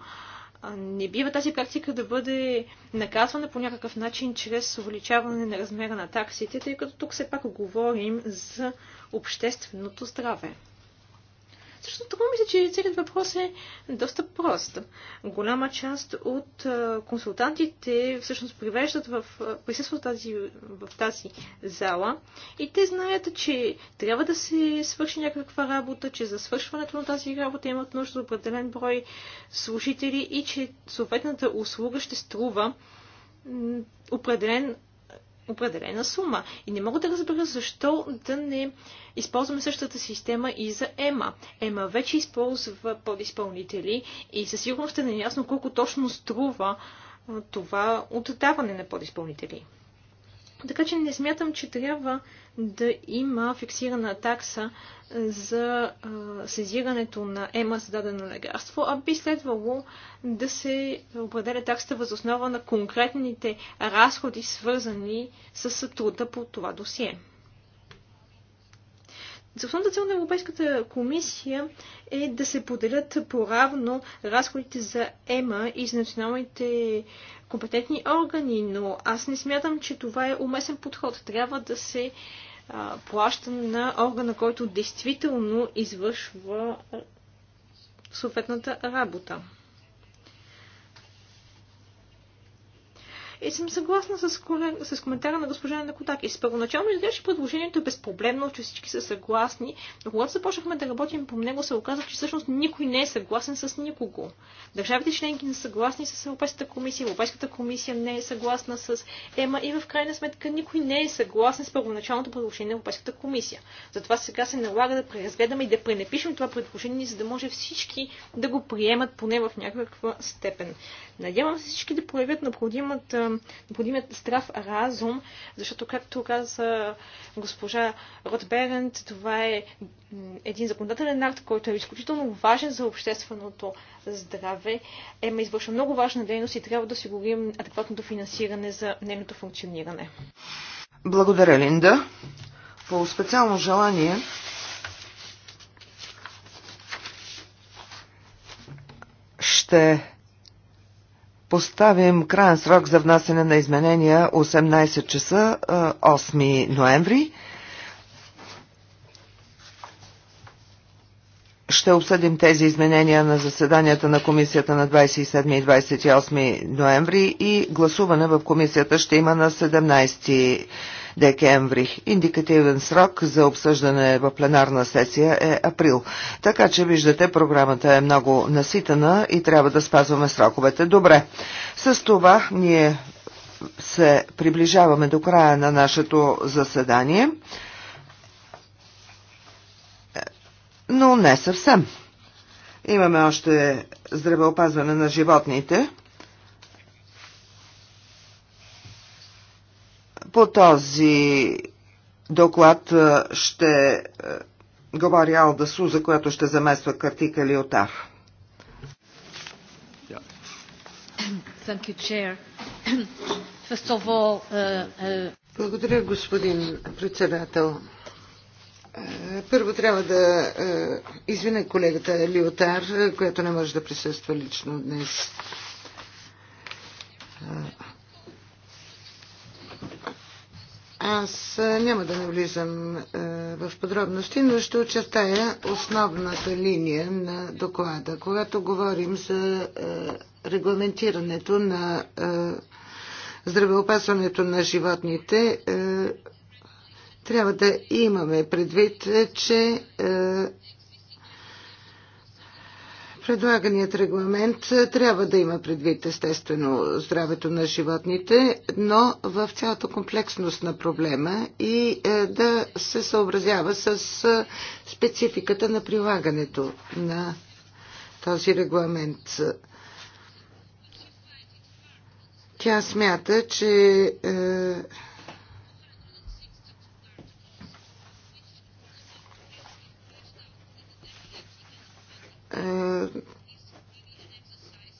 не бива тази практика да бъде наказвана по някакъв начин чрез увеличаване на размера на таксите, тъй като тук все пак говорим за общественото здраве. Всъщност, това мисля, че целият въпрос е доста прост. Голяма част от консултантите всъщност привеждат в, присъстват тази, в тази зала и те знаят, че трябва да се свърши някаква работа, че за свършването на тази работа имат нужда от определен брой служители и че съответната услуга ще струва определен определена сума. И не мога да разбера защо да не използваме същата система и за ЕМА. ЕМА вече използва подизпълнители и със сигурност е неясно колко точно струва това отдаване на подизпълнители. Така че не смятам, че трябва да има фиксирана такса за сезирането на ЕМА за дадено лекарство, а би следвало да се определя таксата възоснова на конкретните разходи, свързани с труда по това досие. Основната цел на Европейската комисия е да се поделят по-равно разходите за ЕМА и за националните компетентни органи, но аз не смятам, че това е уместен подход. Трябва да се а, плаща на органа, който действително извършва съответната работа. И съм съгласна с, колег... с коментара на госпожа Накотаки. С първоначално изглеждаше предложението е безпроблемно, че всички са съгласни, но когато започнахме да работим по него, се оказа, че всъщност никой не е съгласен с никого. Държавите членки не са съгласни с Европейската комисия, Европейската комисия не е съгласна с ЕМА и в крайна сметка никой не е съгласен с първоначалното предложение на Европейската комисия. Затова сега се налага да преразгледаме и да пренепишем това предложение, за да може всички да го приемат поне в някаква степен. Надявам се всички да проявят необходимата необходимият здрав разум, защото, както каза госпожа Ротберент, това е един законодателен акт, който е изключително важен за общественото здраве. Ема извършва много важна дейност и трябва да осигурим адекватното финансиране за нейното функциониране.
Благодаря, Линда. По специално желание ще поставим крайен срок за внасене на изменения 18 часа 8 ноември. Ще обсъдим тези изменения на заседанията на комисията на 27 и 28 ноември и гласуване в комисията ще има на 17 ноември декември. Индикативен срок за обсъждане в пленарна сесия е април. Така че виждате, програмата е много наситена и трябва да спазваме сроковете. Добре. С това ние се приближаваме до края на нашето заседание, но не съвсем. Имаме още здравеопазване на животните. По този доклад ще говори Алда Суза, която ще замества Картика Лиотар.
Uh,
uh, Благодаря, господин председател. Е, първо трябва да е, извиня колегата Лиотар, е, която не може да присъства лично днес. Аз няма да навлизам в подробности, но ще очертая основната линия на доклада. Когато говорим за регламентирането на здравеопасването на животните, трябва да имаме предвид, че Предлаганият регламент е, трябва да има предвид естествено здравето на животните, но в цялата комплексност на проблема и е, да се съобразява с е, спецификата на прилагането на този регламент. Тя смята, че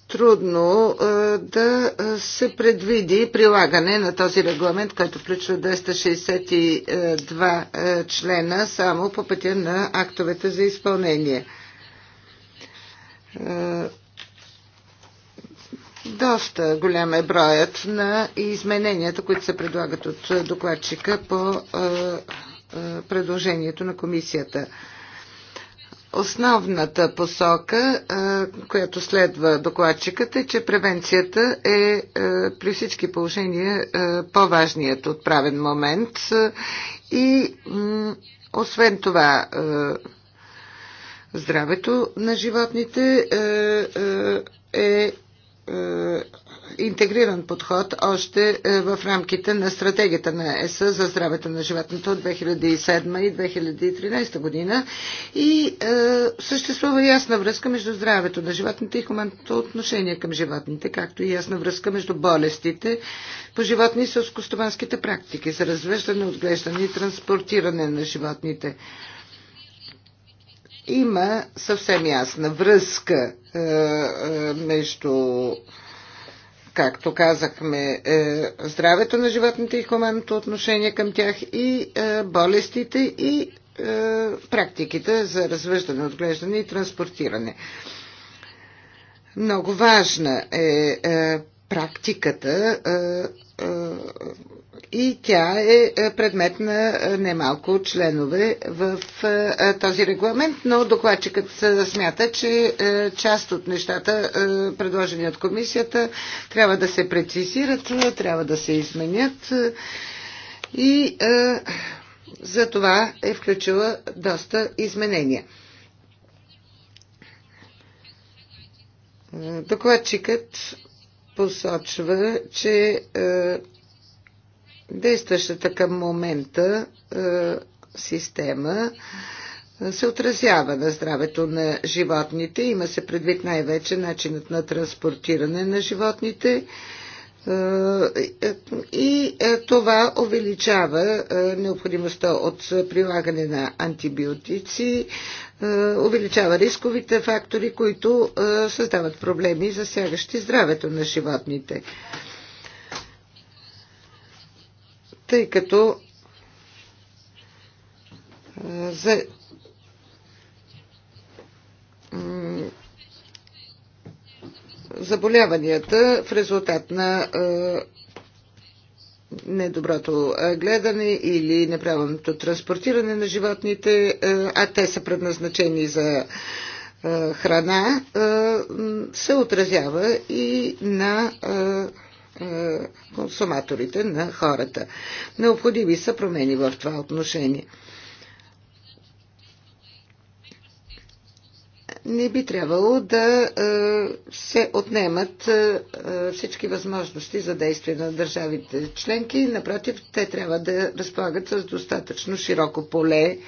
трудно да се предвиди прилагане на този регламент, който включва 262 члена само по пътя на актовете за изпълнение. Доста голям е броят на измененията, които се предлагат от докладчика по предложението на комисията. Основната посока, която следва докладчикът е, че превенцията е, е при всички положения е, по-важният отправен момент и освен това е, здравето на животните е е, интегриран подход още е, в рамките на стратегията на ЕС за здравето на животното от 2007 и 2013 година и е, съществува ясна връзка между здравето на животните и хуманното отношение към животните, както и ясна връзка между болестите по животни и селскостопанските практики за развеждане, отглеждане и транспортиране на животните има съвсем ясна връзка е, е, между, както казахме, е, здравето на животните и хуманното отношение към тях и е, болестите и е, практиките за развъждане, отглеждане и транспортиране. Много важна е, е практиката. Е, е и тя е, е предмет на е, немалко членове в е, този регламент, но докладчикът смята, че част от нещата, предложени от комисията, трябва да се прецизират, трябва да се изменят и за това е включила доста изменения. Докладчикът посочва, че е, действащата към момента е, система е, се отразява на здравето на животните. Има се предвид най-вече начинът на транспортиране на животните е, и това увеличава необходимостта от прилагане на антибиотици, увеличава рисковите фактори, които създават проблеми, засягащи здравето на животните тъй като за заболяванията в резултат на недоброто гледане или неправилното транспортиране на животните, а те са предназначени за храна, се отразява и на е, консуматорите, на хората. Необходими са промени в това отношение. не би трябвало да е, се отнемат е, всички възможности за действие на държавите членки. Напротив, те трябва да разполагат с достатъчно широко поле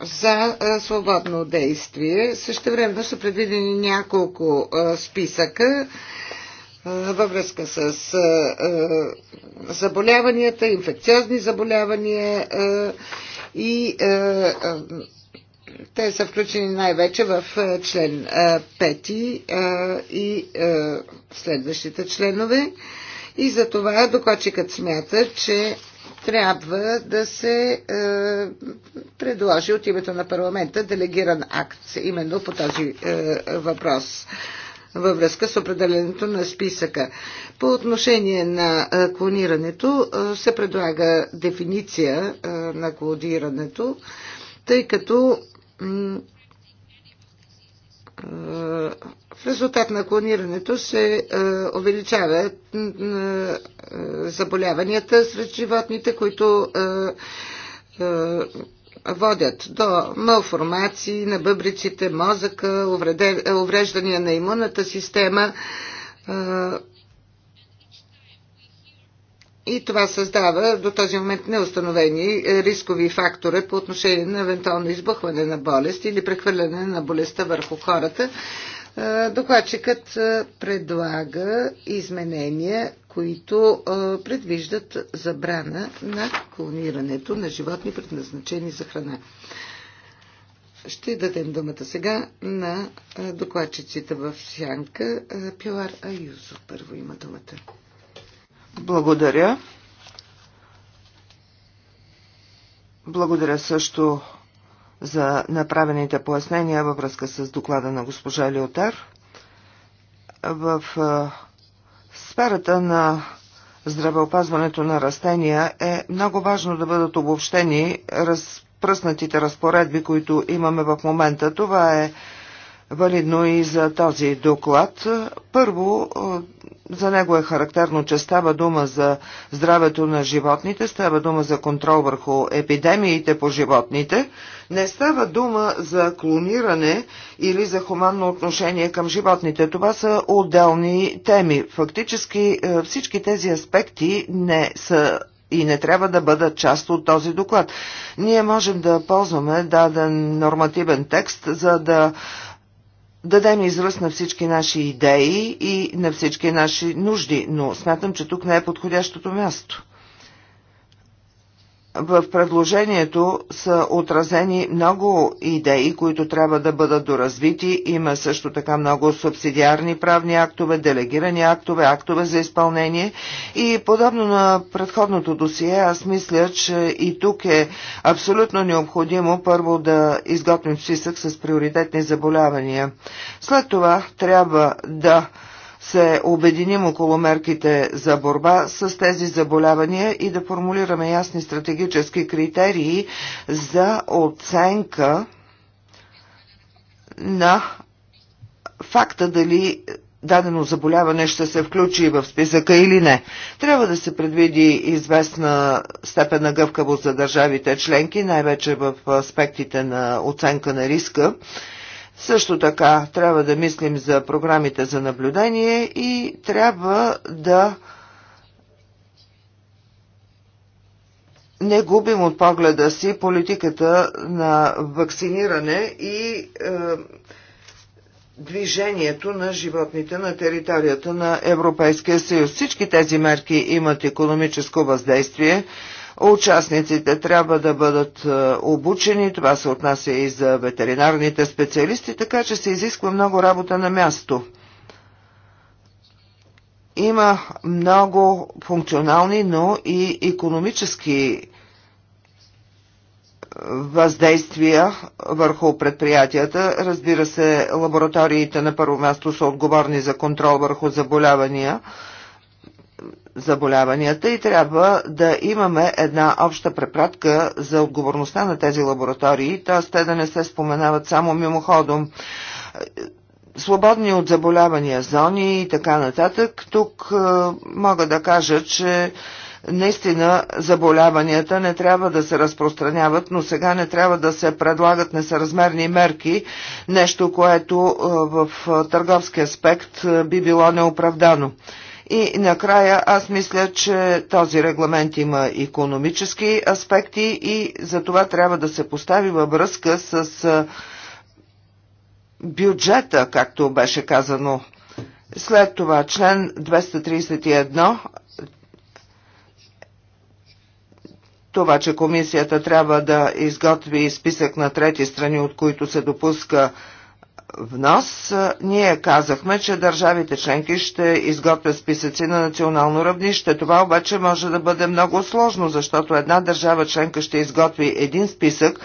за свободно действие. Също времено са предвидени няколко списъка във връзка с заболяванията, инфекциозни заболявания и те са включени най-вече в член 5 и следващите членове. И за това докладчикът смята, че трябва да се е, предложи от името на парламента делегиран акт именно по този е, въпрос във връзка с определенето на списъка. По отношение на е, клонирането е, се предлага дефиниция е, на клонирането, тъй като е, в резултат на клонирането се е, увеличават е, заболяванията сред животните, които водят до малформации на бъбриците, мозъка, увреждания на имунната система. И това създава до този момент неустановени е, рискови фактори по отношение на евентуално избухване на болест или прехвърляне на болестта върху хората. Е, докладчикът е, предлага изменения, които предвиждат забрана на клонирането на животни, предназначени за храна. Ще дадем думата сега на докладчиците в
Сянка. Пилар Аюзо първо има думата. Благодаря. Благодаря също за направените пояснения във връзка с доклада на госпожа Лиотар. В сферата на здравеопазването на растения е много важно да бъдат обобщени разпръснатите разпоредби, които имаме в момента. Това е валидно и за този доклад. Първо, е, за него е характерно, че става дума за здравето на животните, става дума за контрол върху епидемиите по животните, не става дума за клониране или за хуманно отношение към животните. Това са отделни теми. Фактически е, всички тези аспекти не са и не трябва да бъдат част от този доклад. Ние можем да ползваме даден нормативен текст, за да дадем израз на всички наши идеи и на всички наши нужди, но смятам, че тук не е подходящото място. В предложението са отразени много идеи, които трябва да бъдат доразвити. Има също така много субсидиарни правни актове, делегирани актове, актове за изпълнение. И подобно на предходното досие, аз мисля, че и тук е абсолютно необходимо първо да изготвим списък с приоритетни заболявания. След това трябва да се обединим около мерките за борба с тези заболявания и да формулираме ясни стратегически критерии за оценка на факта дали дадено заболяване ще се включи в списъка или не. Трябва да се предвиди известна степен на гъвкавост за държавите членки, най-вече в аспектите на оценка на риска. Също така трябва да мислим за програмите за наблюдение и трябва да не губим от погледа си политиката на вакциниране и е, движението на животните на територията на Европейския съюз. Всички тези мерки имат економическо въздействие. Участниците трябва да бъдат е, обучени, това се отнася и за ветеринарните специалисти, така че се изисква много работа на място. Има много функционални, но и економически е, въздействия върху предприятията. Разбира се, лабораториите на първо място са отговорни за контрол върху заболявания, заболяванията и трябва да имаме една обща препратка за отговорността на тези лаборатории, т.е. те да не се споменават само мимоходом. Свободни от заболявания зони и така нататък. Тук е, мога да кажа, че наистина заболяванията не трябва да се разпространяват, но сега не трябва да се предлагат несъразмерни мерки, нещо, което е, в е, търговски аспект би било неоправдано. И накрая аз мисля, че този регламент има економически аспекти и за това трябва да се постави във връзка с бюджета, както беше казано. След това член 231 това, че комисията трябва да изготви списък на трети страни, от които се допуска внос, ние казахме, че държавите членки ще изготвят списъци на национално равнище. Това обаче може да бъде много сложно, защото една държава членка ще изготви един списък,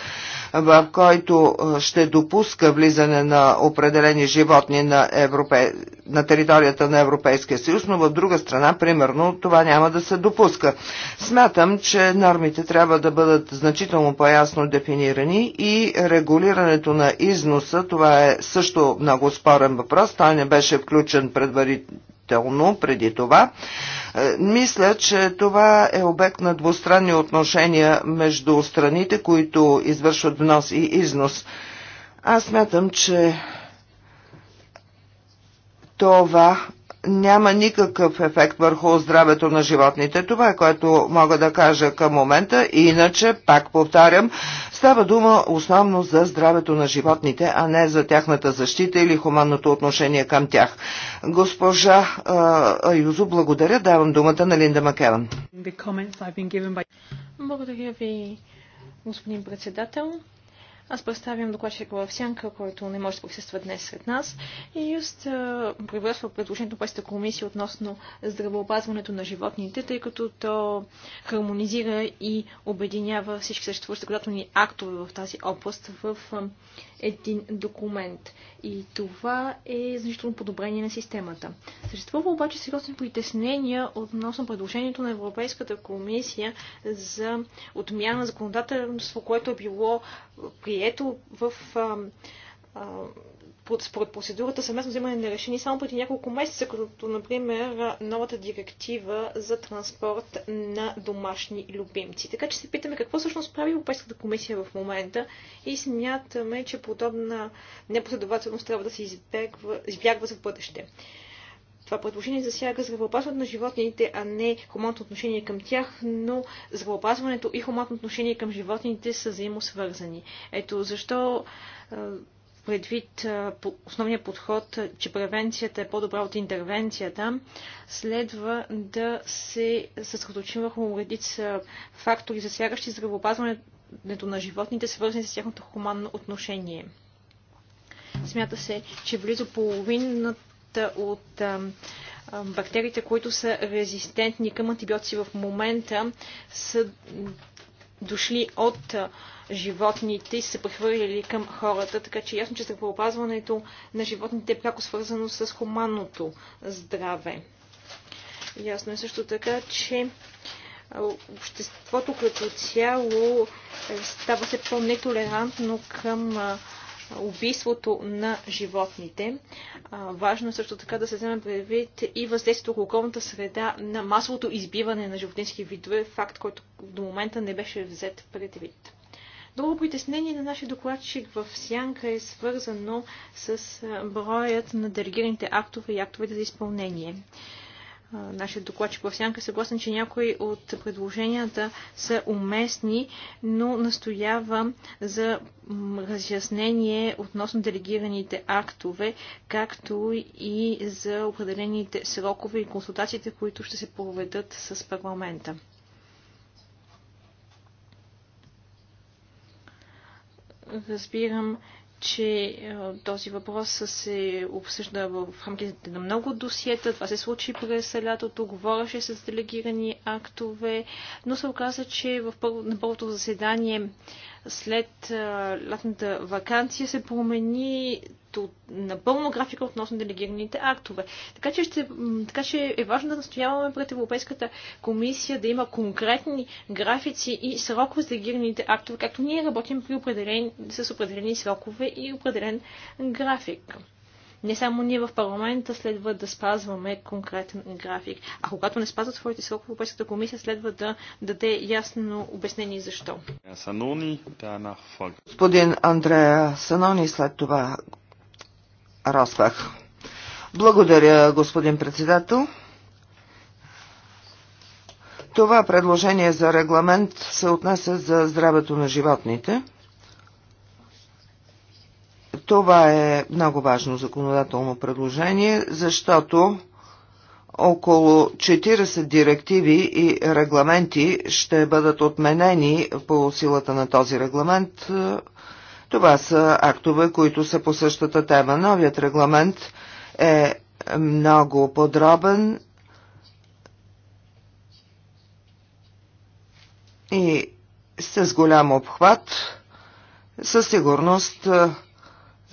в който ще допуска влизане на определени животни на, Европе... на територията на Европейския съюз, но в друга страна, примерно, това няма да се допуска. Смятам, че нормите трябва да бъдат значително по-ясно дефинирани и регулирането на износа, това е също много спорен въпрос, той не беше включен предварително преди това. Е, мисля, че това е обект на двустранни отношения между страните, които извършват внос и износ. Аз смятам, че това няма никакъв ефект върху здравето на животните. Това е което мога да кажа към момента. Иначе, пак повтарям, става дума основно за здравето на животните, а не за тяхната защита или хуманното отношение към тях. Госпожа Юзо, благодаря. Давам думата на Линда Макеван.
Благодаря ви, господин председател. Аз представям докладчика в Сянка, който не може да присъства днес сред нас. И Юст привършва предложението на комисия относно здравеопазването на животните, тъй като то хармонизира и обединява всички съществуващи законодателни актове в тази област в един документ. И това е значително подобрение на системата. Съществува обаче сериозни притеснения относно предложението на Европейската комисия за отмяна на законодателство, което е било прието в според процедурата съвместно вземане на решени само преди няколко месеца, като например новата директива за транспорт на домашни любимци. Така че се питаме какво всъщност прави Европейската комисия в момента и смятаме, че подобна непоследователност трябва да се избягва, избягва за бъдеще. Това предложение засяга здравеопазването на животните, а не хуманното отношение към тях, но здравеопазването и хуманното отношение към животните са взаимосвързани. Ето защо предвид основния подход, че превенцията е по-добра от интервенцията, следва да се съсредоточим върху редица фактори, засягащи здравеопазването на животните, свързани с тяхното хуманно отношение. Смята се, че близо половината от бактериите, които са резистентни към антибиотици в момента, са дошли от животните и се прехвърлили към хората, така че ясно, че здравеопазването на животните е пряко свързано с хуманното здраве. Ясно е също така, че обществото като цяло е, става се по-нетолерантно към убийството на животните. Важно е също така да се вземе предвид и въздействието в околната среда на масовото избиване на животински видове, факт, който до момента не беше взет предвид. Друго притеснение на нашия докладчик в Сянка е свързано с броят на делегираните актове и актовете за изпълнение нашия докладчик в сянка, съгласен, че някои от предложенията са уместни, но настоява за разяснение относно делегираните актове, както и за определените срокове и консултациите, които ще се проведат с парламента. Разбирам, че е, този въпрос се обсъжда в рамките на много досиета. Това се случи през лятото, говореше с делегирани актове, но се оказа, че в първо, на първото заседание след лятната вакансия се промени напълно графика относно делегираните актове. Така че, ще, така че е важно да настояваме пред Европейската комисия да има конкретни графици и срокове с делегираните актове, както ние работим при определен, с определени срокове и определен график не само ние в парламента следва да спазваме конкретен график, а когато не спазват своите срокове, Европейската комисия следва да даде ясно обяснение защо.
Господин
Андрея Санони, след това разпах. Благодаря, господин председател. Това предложение за регламент се отнася за здравето на животните. Това е много важно законодателно предложение, защото около 40 директиви и регламенти ще бъдат отменени по силата на този регламент. Това са актове, които са по същата тема. Новият регламент е много подробен и с голям обхват. Със сигурност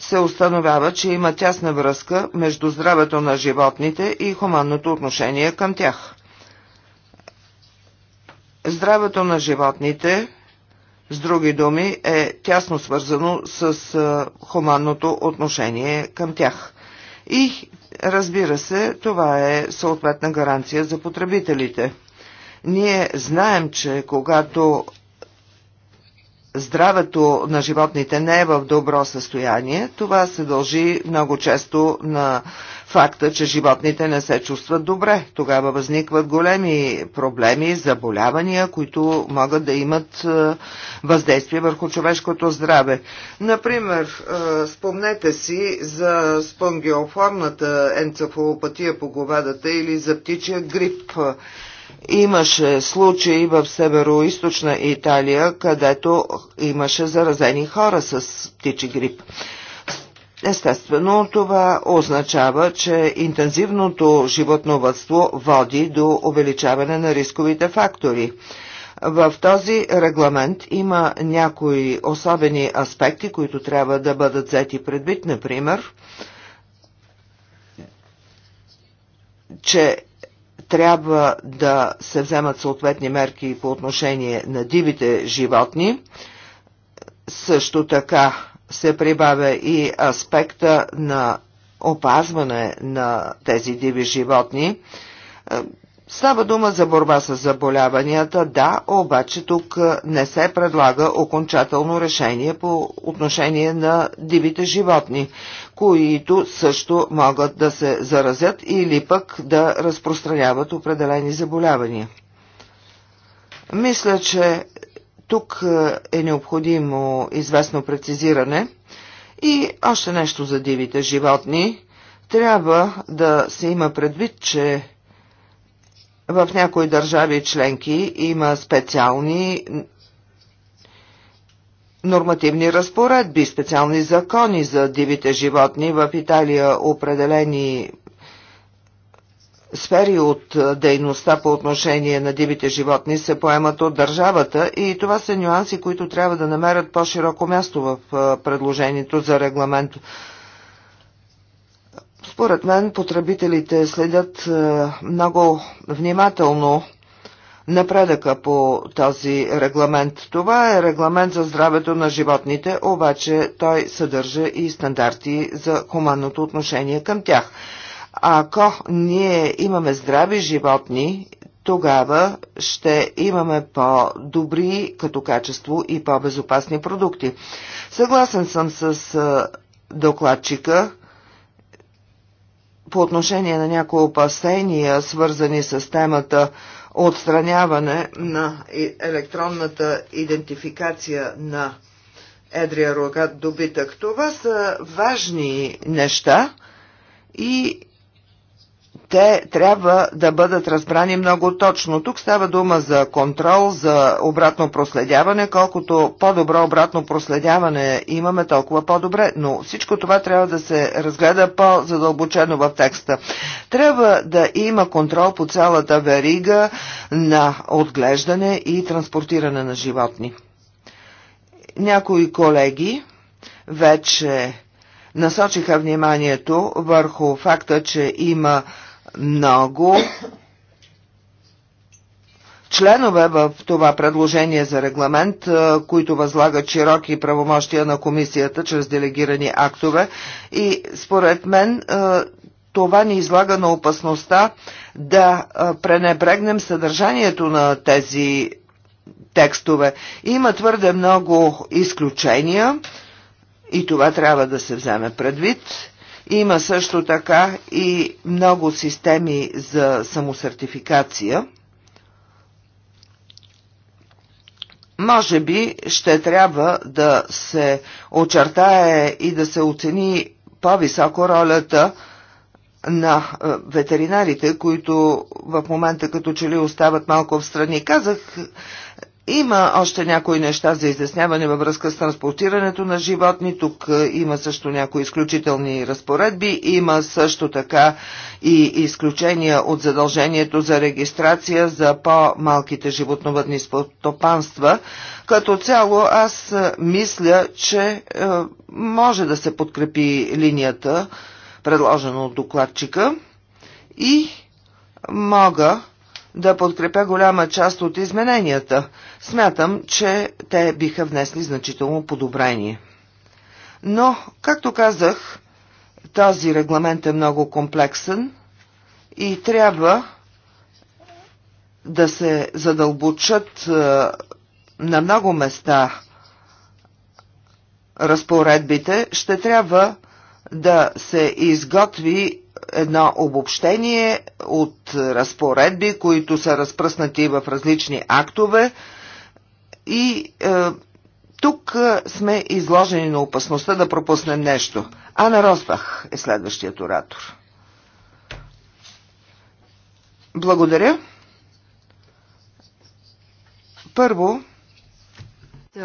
се установява, че има тясна връзка между здравето на животните и хуманното отношение към тях. Здравето на животните, с други думи, е тясно свързано с хуманното отношение към тях. И, разбира се, това е съответна гаранция за потребителите. Ние знаем, че когато здравето на животните не е в добро състояние, това се дължи много често на факта, че животните не се чувстват добре. Тогава възникват големи проблеми, заболявания, които могат да имат е, въздействие върху човешкото здраве. Например, е, спомнете си за спонгиоформната енцефалопатия по говадата или за птичия грип – Имаше случаи в северо-источна Италия, където имаше заразени хора с птичи грип. Естествено, това означава, че интензивното животновътство води до увеличаване на рисковите фактори. В този регламент има някои особени аспекти, които трябва да бъдат взети предвид, например, че трябва да се вземат съответни мерки по отношение на дивите животни. Също така се прибавя и аспекта на опазване на тези диви животни. Става дума за борба с заболяванията, да, обаче тук не се предлага окончателно решение по отношение на дивите животни които също могат да се заразят или пък да разпространяват определени заболявания. Мисля, че тук е, е необходимо известно прецизиране и още нещо за дивите животни. Трябва да се има предвид, че в някои държави членки има специални нормативни разпоредби, специални закони за дивите животни. В Италия определени сфери от дейността по отношение на дивите животни се поемат от държавата и това са нюанси, които трябва да намерят по-широко място в предложението за регламент. Според мен потребителите следят много внимателно напредъка по този регламент. Това е регламент за здравето на животните, обаче той съдържа и стандарти за хуманното отношение към тях. Ако ние имаме здрави животни, тогава ще имаме по-добри като качество и по-безопасни продукти. Съгласен съм с докладчика, по отношение на някои опасения, свързани с темата отстраняване на електронната идентификация на едрия рогат добитък. Това са важни неща и те трябва да бъдат разбрани много точно. Тук става дума за контрол, за обратно проследяване. Колкото по-добро обратно проследяване имаме, толкова по-добре. Но всичко това трябва да се разгледа по-задълбочено в текста. Трябва да има контрол по цялата верига на отглеждане и транспортиране на животни. Някои колеги вече насочиха вниманието върху факта, че има много членове в това предложение за регламент, които възлагат широки правомощия на комисията чрез делегирани актове и според мен това ни излага на опасността да пренебрегнем съдържанието на тези текстове. Има твърде много изключения и това трябва да се вземе предвид. Има също така и много системи за самосертификация. Може би ще трябва да се очертае и да се оцени по-високо ролята на е, ветеринарите, които в момента като че ли остават малко в страни. Казах има още някои неща за изясняване във връзка с транспортирането на животни. Тук е, има също някои изключителни разпоредби. Има също така и изключения от задължението за регистрация за по-малките животновъдни стопанства. Като цяло аз е, мисля, че е, може да се подкрепи линията, предложена от докладчика и мога да подкрепя голяма част от измененията. Смятам, че те биха внесли значително подобрение. Но, както казах, този регламент е много комплексен и трябва да се задълбочат е, на много места разпоредбите, ще трябва да се изготви едно обобщение от разпоредби, които са разпръснати в различни актове и е, тук е, сме изложени на опасността да пропуснем нещо. Ана Росбах е следващият оратор. Благодаря. Първо, Øh,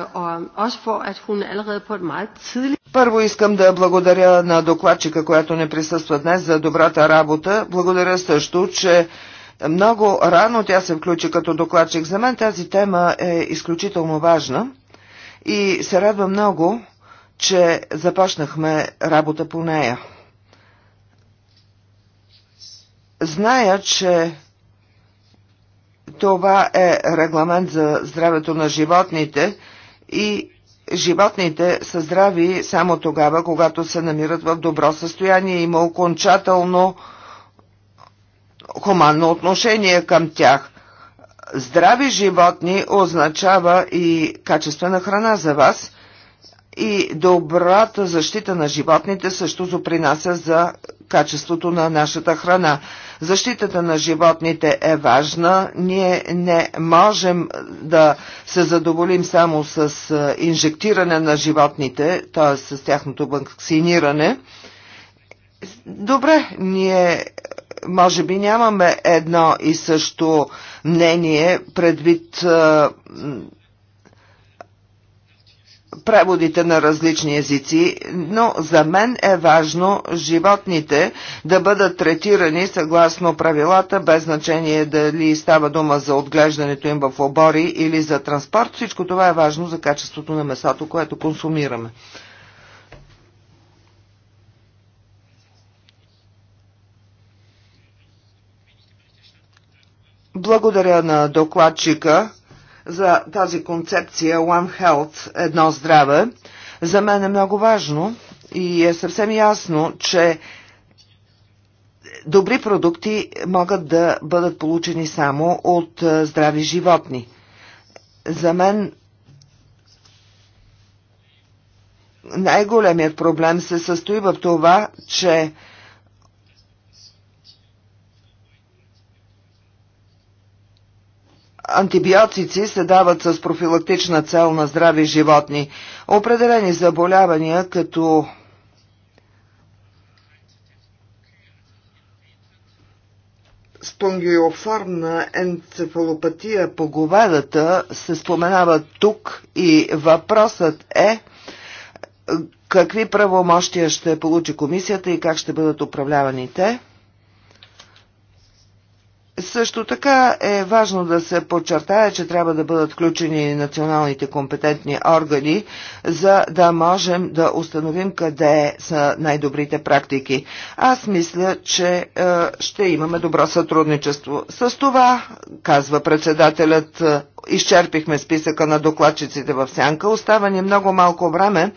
øh, Първо искам да благодаря на докладчика, която не присъства днес за добрата работа. Благодаря също, че много рано тя се включи като докладчик. За мен тази тема е изключително важна и се радва много, че започнахме работа по нея. Зная, че това е регламент за здравето на животните – и животните са здрави само тогава, когато се намират в добро състояние и има окончателно хуманно отношение към тях. Здрави животни означава и качествена храна за вас – и добрата защита на животните също допринася за качеството на нашата храна. Защитата на животните е важна. Ние не можем да се задоволим само с инжектиране на животните, т.е. с тяхното вакциниране. Добре, ние може би нямаме едно и също мнение предвид преводите на различни езици, но за мен е важно животните да бъдат третирани съгласно правилата, без значение дали става дума за отглеждането им в обори или за транспорт. Всичко това е важно за качеството на месото, което консумираме. Благодаря на докладчика за тази концепция One Health, едно здраве, за мен е много важно и е съвсем ясно, че добри продукти могат да бъдат получени само от здрави животни. За мен най-големият проблем се състои в това, че Антибиотици се дават с профилактична цел на здрави животни. Определени заболявания, като спонгиоформна енцефалопатия по говедата се споменава тук и въпросът е какви правомощия ще получи комисията и как ще бъдат управлявани те. Също така е важно да се подчертая, че трябва да бъдат включени националните компетентни органи, за да можем да установим къде са най-добрите практики. Аз мисля, че е, ще имаме добро сътрудничество. С това, казва председателят, е, изчерпихме списъка на докладчиците в сянка. Остава ни много малко време,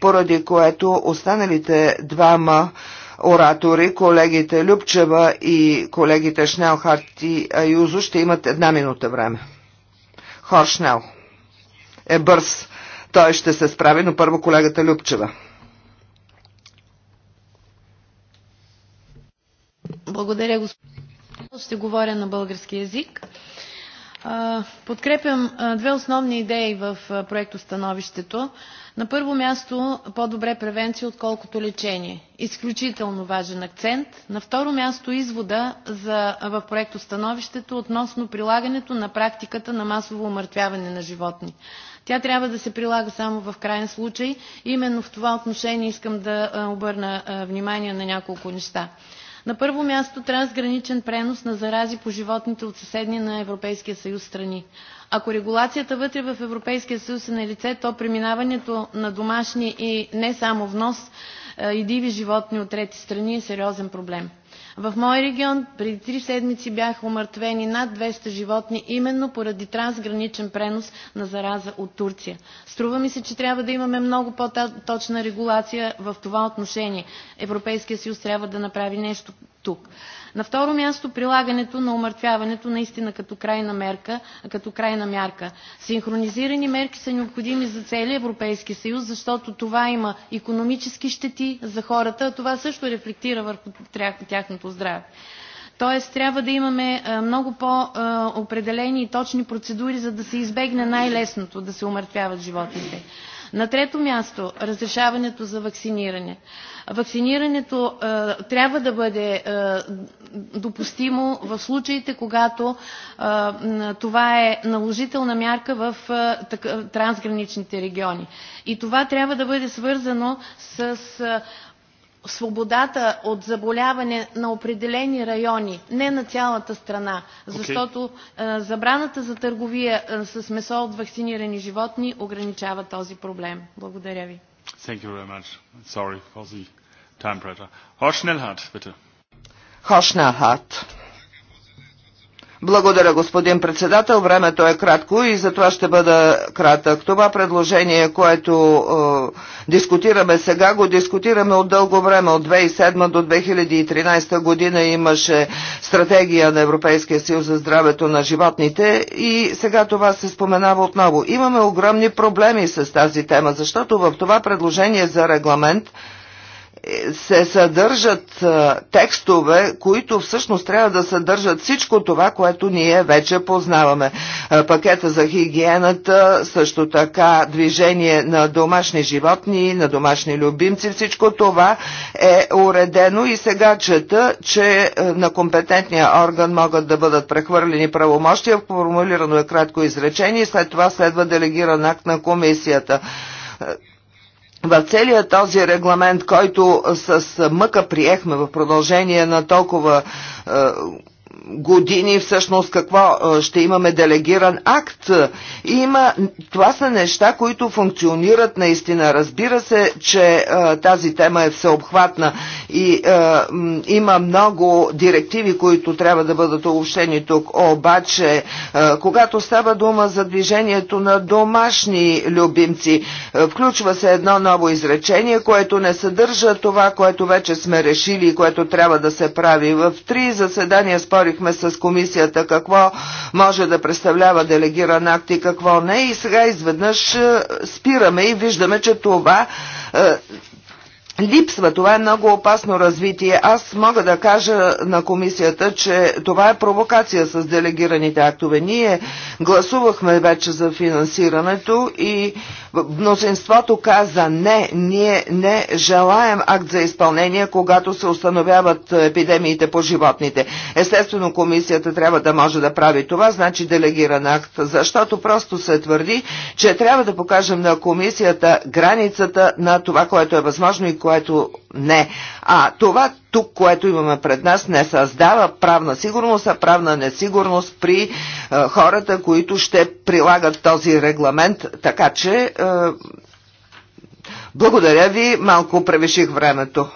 поради което останалите двама оратори. Колегите Любчева и колегите Шнелхарт и Аюзо ще имат една минута време. Хор Шнел е бърз. Той ще се справи, но първо колегата Любчева.
Благодаря, господин. Ще говоря на български язик. Подкрепям две основни идеи в проекто становището на първо място, по-добре превенция, отколкото лечение. Изключително важен акцент. На второ място, извода за, в проектостановището относно прилагането на практиката на масово умъртвяване на животни. Тя трябва да се прилага само в крайен случай. Именно в това отношение искам да обърна внимание на няколко неща. На първо място трансграничен пренос на зарази по животните от съседни на Европейския съюз страни. Ако регулацията вътре в Европейския съюз е на лице, то преминаването на домашни и не само внос е, и диви животни от трети страни е сериозен проблем. В моя регион преди три седмици бяха умъртвени над 200 животни именно поради трансграничен пренос на зараза от Турция. Струва ми се, че трябва да имаме много по-точна регулация в това отношение. Европейския съюз трябва да направи нещо тук. На второ място, прилагането на умъртвяването наистина като крайна, мерка, като крайна мярка. Синхронизирани мерки са необходими за целия Европейски съюз, защото това има икономически щети за хората, а това също рефлектира върху тяхното здраве. Тоест трябва да имаме много по-определени и точни процедури, за да се избегне най-лесното да се умъртвяват животните. На трето място, разрешаването за вакциниране. Вакцинирането а, е, трябва да бъде а, е, допустимо в случаите, когато а, е, това е наложителна мярка в а, так, трансграничните региони. И това трябва да бъде свързано с а, свободата от заболяване на определени райони, не на цялата страна, защото okay. забраната за търговия с месо от вакцинирани животни ограничава този проблем. Благодаря ви. Thank you very much. Sorry for the time pressure. Horst Schnellhardt, bitte.
Horst Schnellhardt. Благодаря, господин председател. Времето е кратко и затова ще бъда кратък. Това предложение, което е, дискутираме сега, го дискутираме от дълго време. От 2007 до 2013 година имаше стратегия на Европейския съюз за здравето на животните и сега това се споменава отново. Имаме огромни проблеми с тази тема, защото в това предложение за регламент се съдържат текстове, които всъщност трябва да съдържат всичко това, което ние вече познаваме. Пакета за хигиената, също така движение на домашни животни, на домашни любимци, всичко това е уредено и сега чета, че на компетентния орган могат да бъдат прехвърлени правомощия, формулирано е кратко изречение и след това следва делегиран акт на комисията в целият този регламент, който с мъка приехме в продължение на толкова е, години всъщност какво ще имаме делегиран акт. Има, това са неща, които функционират наистина. Разбира се, че тази тема е всеобхватна и е, има много директиви, които трябва да бъдат обобщени тук. Обаче, е, когато става дума за движението на домашни любимци, е, включва се едно ново изречение, което не съдържа това, което вече сме решили и което трябва да се прави. В три заседания спори говорихме с комисията какво може да представлява делегиран акт и какво не. И сега изведнъж е, спираме и виждаме, че това е, липсва. Това е много опасно развитие. Аз мога да кажа на комисията, че това е провокация с делегираните актове. Ние гласувахме вече за финансирането и Мнозинството каза не, ние не желаем акт за изпълнение, когато се установяват епидемиите по животните. Естествено, комисията трябва да може да прави това, значи делегиран акт, защото просто се твърди, че трябва да покажем на комисията границата на това, което е възможно и което не. А това тук, което имаме пред нас, не създава правна сигурност, а правна несигурност при е, хората, които ще прилагат този регламент. Така че, е, благодаря ви, малко превиших времето.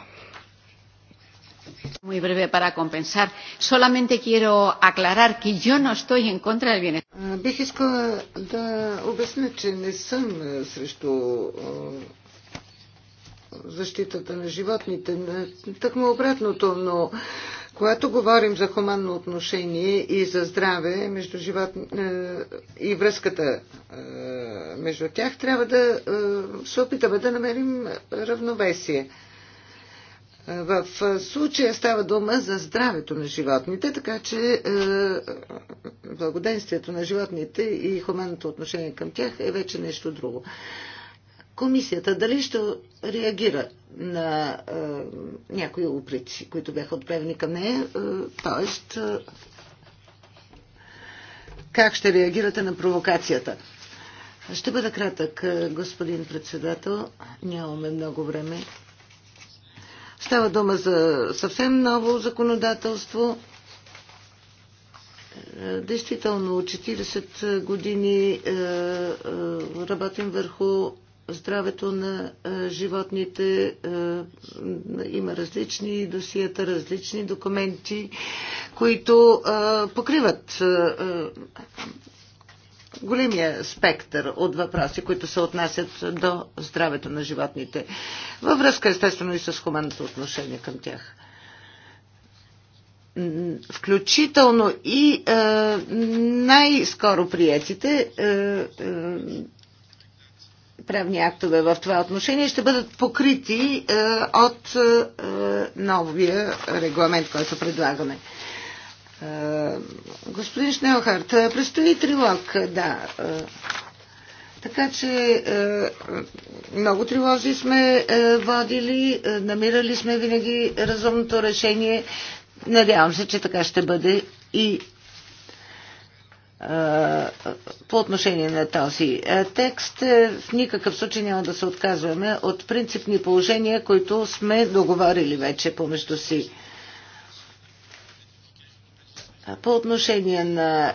Muy breve para compensar. Solamente quiero aclarar que yo no estoy en contra del bienestar. Бих искала да
обясня, че не съм е, срещу е, защитата на животните. Тъкмо обратното, но когато говорим за хуманно отношение и за здраве между живот, е, и връзката е, между тях, трябва да е, се опитаме да намерим равновесие. В случая става дума за здравето на животните, така че е, благоденствието на животните и хуманното отношение към тях е вече нещо друго комисията дали ще реагира на е, някои упреци, които бяха отправени към нея, е, т.е. Е, как ще реагирате на провокацията. Ще бъда кратък, господин председател. Нямаме много време. Става дума за съвсем ново законодателство. Действително, 40 години работим върху здравето на животните. Има различни досията, различни документи, които покриват големия спектър от въпроси, които се отнасят до здравето на животните, във връзка естествено и с хуманното отношение към тях. Включително и най-скоро приятите правни актове в това отношение ще бъдат покрити е, от е, е, новия регламент, който предлагаме. Господин Шнелхарт, предстои трилог, да. Така че много трилози сме водили, намирали сме винаги разумното решение. Надявам се, че така ще бъде и по отношение на този текст. Е, в никакъв случай няма да се отказваме от принципни положения, които сме договорили вече помежду си. По отношение на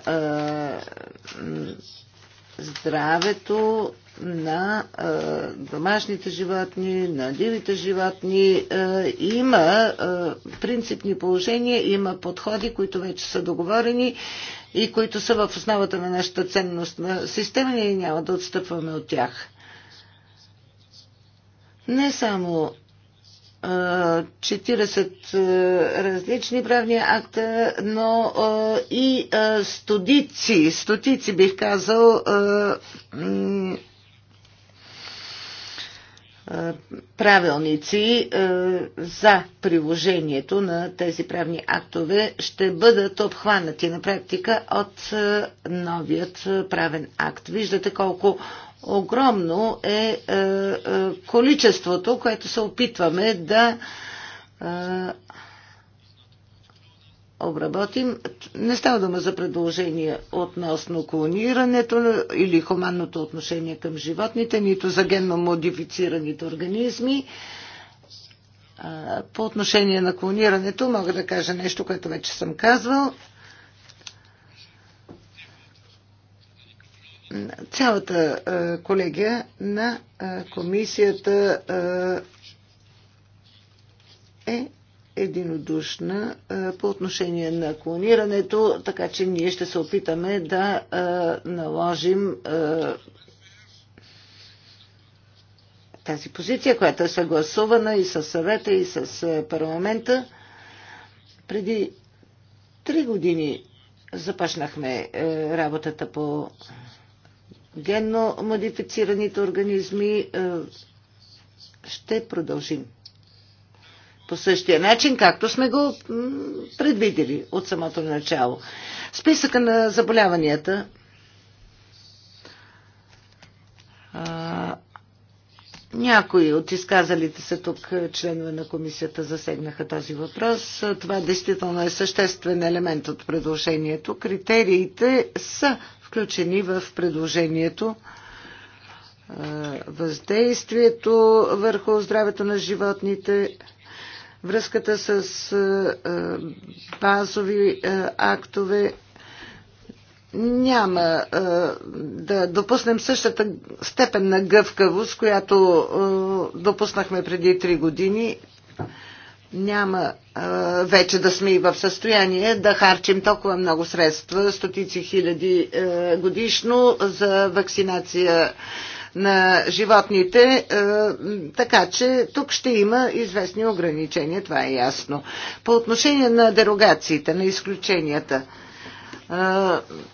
здравето, на а, домашните животни, на дивите животни. А, има а, принципни положения, има подходи, които вече са договорени и които са в основата на нашата ценност на система. Ние няма да отстъпваме от тях. Не само 40 различни правни акта, но и стотици, стотици бих казал, правилници за приложението на тези правни актове ще бъдат обхванати на практика от новият правен акт. Виждате колко огромно е количеството, което се опитваме да обработим. Не става дума за предложения относно клонирането или хуманното отношение към животните, нито за генно модифицираните организми. По отношение на клонирането мога да кажа нещо, което вече съм казвал. Цялата колегия на комисията е единодушна по отношение на клонирането, така че ние ще се опитаме да наложим тази позиция, която е съгласувана и с съвета, и с парламента. Преди три години започнахме е, работата по генно модифицираните организми. Е, ще продължим по същия начин, както сме го предвидели от самото начало. Списъка на заболяванията някои от изказалите се тук членове на комисията засегнаха този въпрос. Това действително е съществен елемент от предложението. Критериите са включени в предложението. Въздействието върху здравето на животните връзката с е, е, базови е, актове няма да допуснем същата степен на гъвкавост, която допуснахме преди три години. Няма а, вече да сме и в състояние да харчим толкова много средства, стотици хиляди а, годишно за вакцинация на животните, е, така че тук ще има известни ограничения, това е ясно. По отношение на дерогациите, на изключенията, е,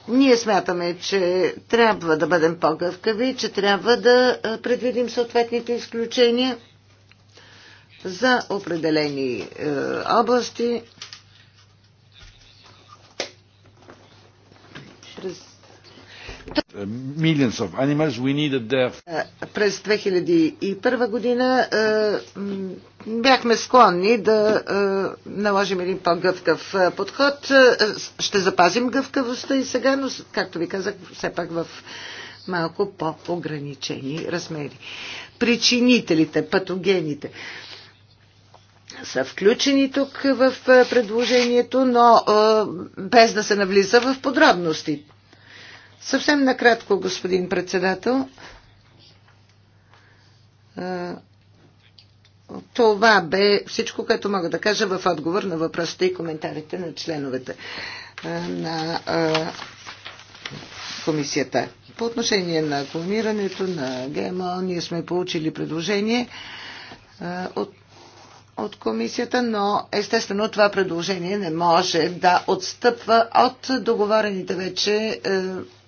ние смятаме, че трябва да бъдем по-гъвкави, че трябва да е, предвидим съответните изключения за определени области. През
Animals,
е, През 2001 година е, бяхме склонни да е, наложим един по-гъвкав подход. Ще запазим гъвкавостта и сега, но, както ви казах, все пак в малко по-ограничени размери. Причинителите, патогените са включени тук в предложението, но без да се навлиза в подробности. Съвсем накратко, господин председател. Това бе всичко, което мога да кажа в отговор на въпросите и коментарите на членовете на комисията. По отношение на клонирането на ГМО, ние сме получили предложение от, от комисията, но естествено това предложение не може да отстъпва от договорените вече е,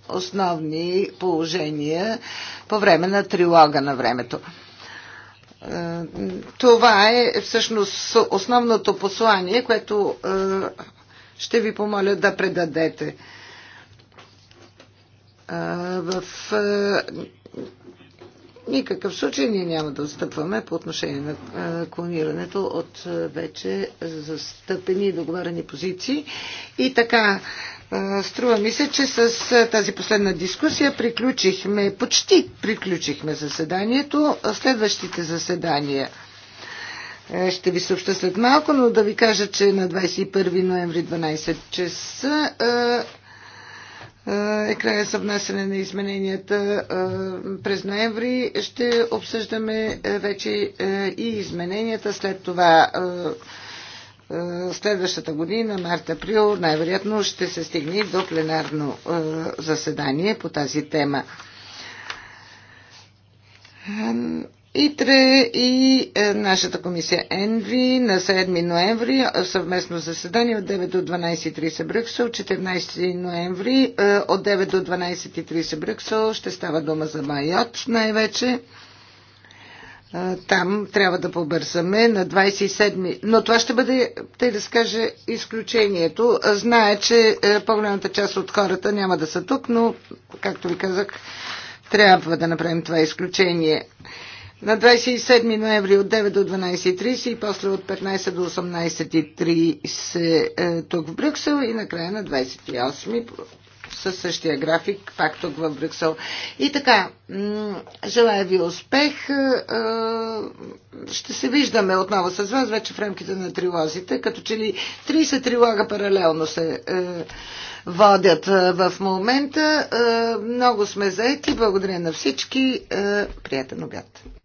основни положения по време на трилога на времето. Е, това е всъщност основното послание, което е, ще ви помоля да предадете. Е, в никакъв случай ние няма да отстъпваме по отношение на клонирането от вече застъпени и договорени позиции. И така, Струва ми се, че с тази последна дискусия приключихме, почти приключихме заседанието. Следващите заседания е, ще ви съобща след малко, но да ви кажа, че на 21 ноември 12 часа е края за внасяне на измененията. През ноември ще обсъждаме е, вече е, и измененията. След това следващата година, март-април, най-вероятно ще се стигне до пленарно е, заседание по тази тема. ИТРЕ и е, нашата комисия ЕНВИ на 7 ноември е, съвместно заседание от 9 до 12.30 Брюксел, 14 ноември от 9 до 12.30 Брюксел ще става дума за Майот най-вече там трябва да побързаме на 27. Но това ще бъде, тъй да скаже, изключението. Зная, че е, по-голямата част от хората няма да са тук, но, както ви казах, трябва да направим това изключение. На 27 ноември от 9 до 12.30 и после от 15 до 18.30 е, тук в Брюксел и накрая на 28 със същия график, пак тук в Брюксел. И така, желая ви успех. Е, ще се виждаме отново с вас вече в рамките на трилозите, като че ли 30 трилога паралелно се е, водят е, в момента. Много сме заети. Благодаря на всички. Приятен обяд!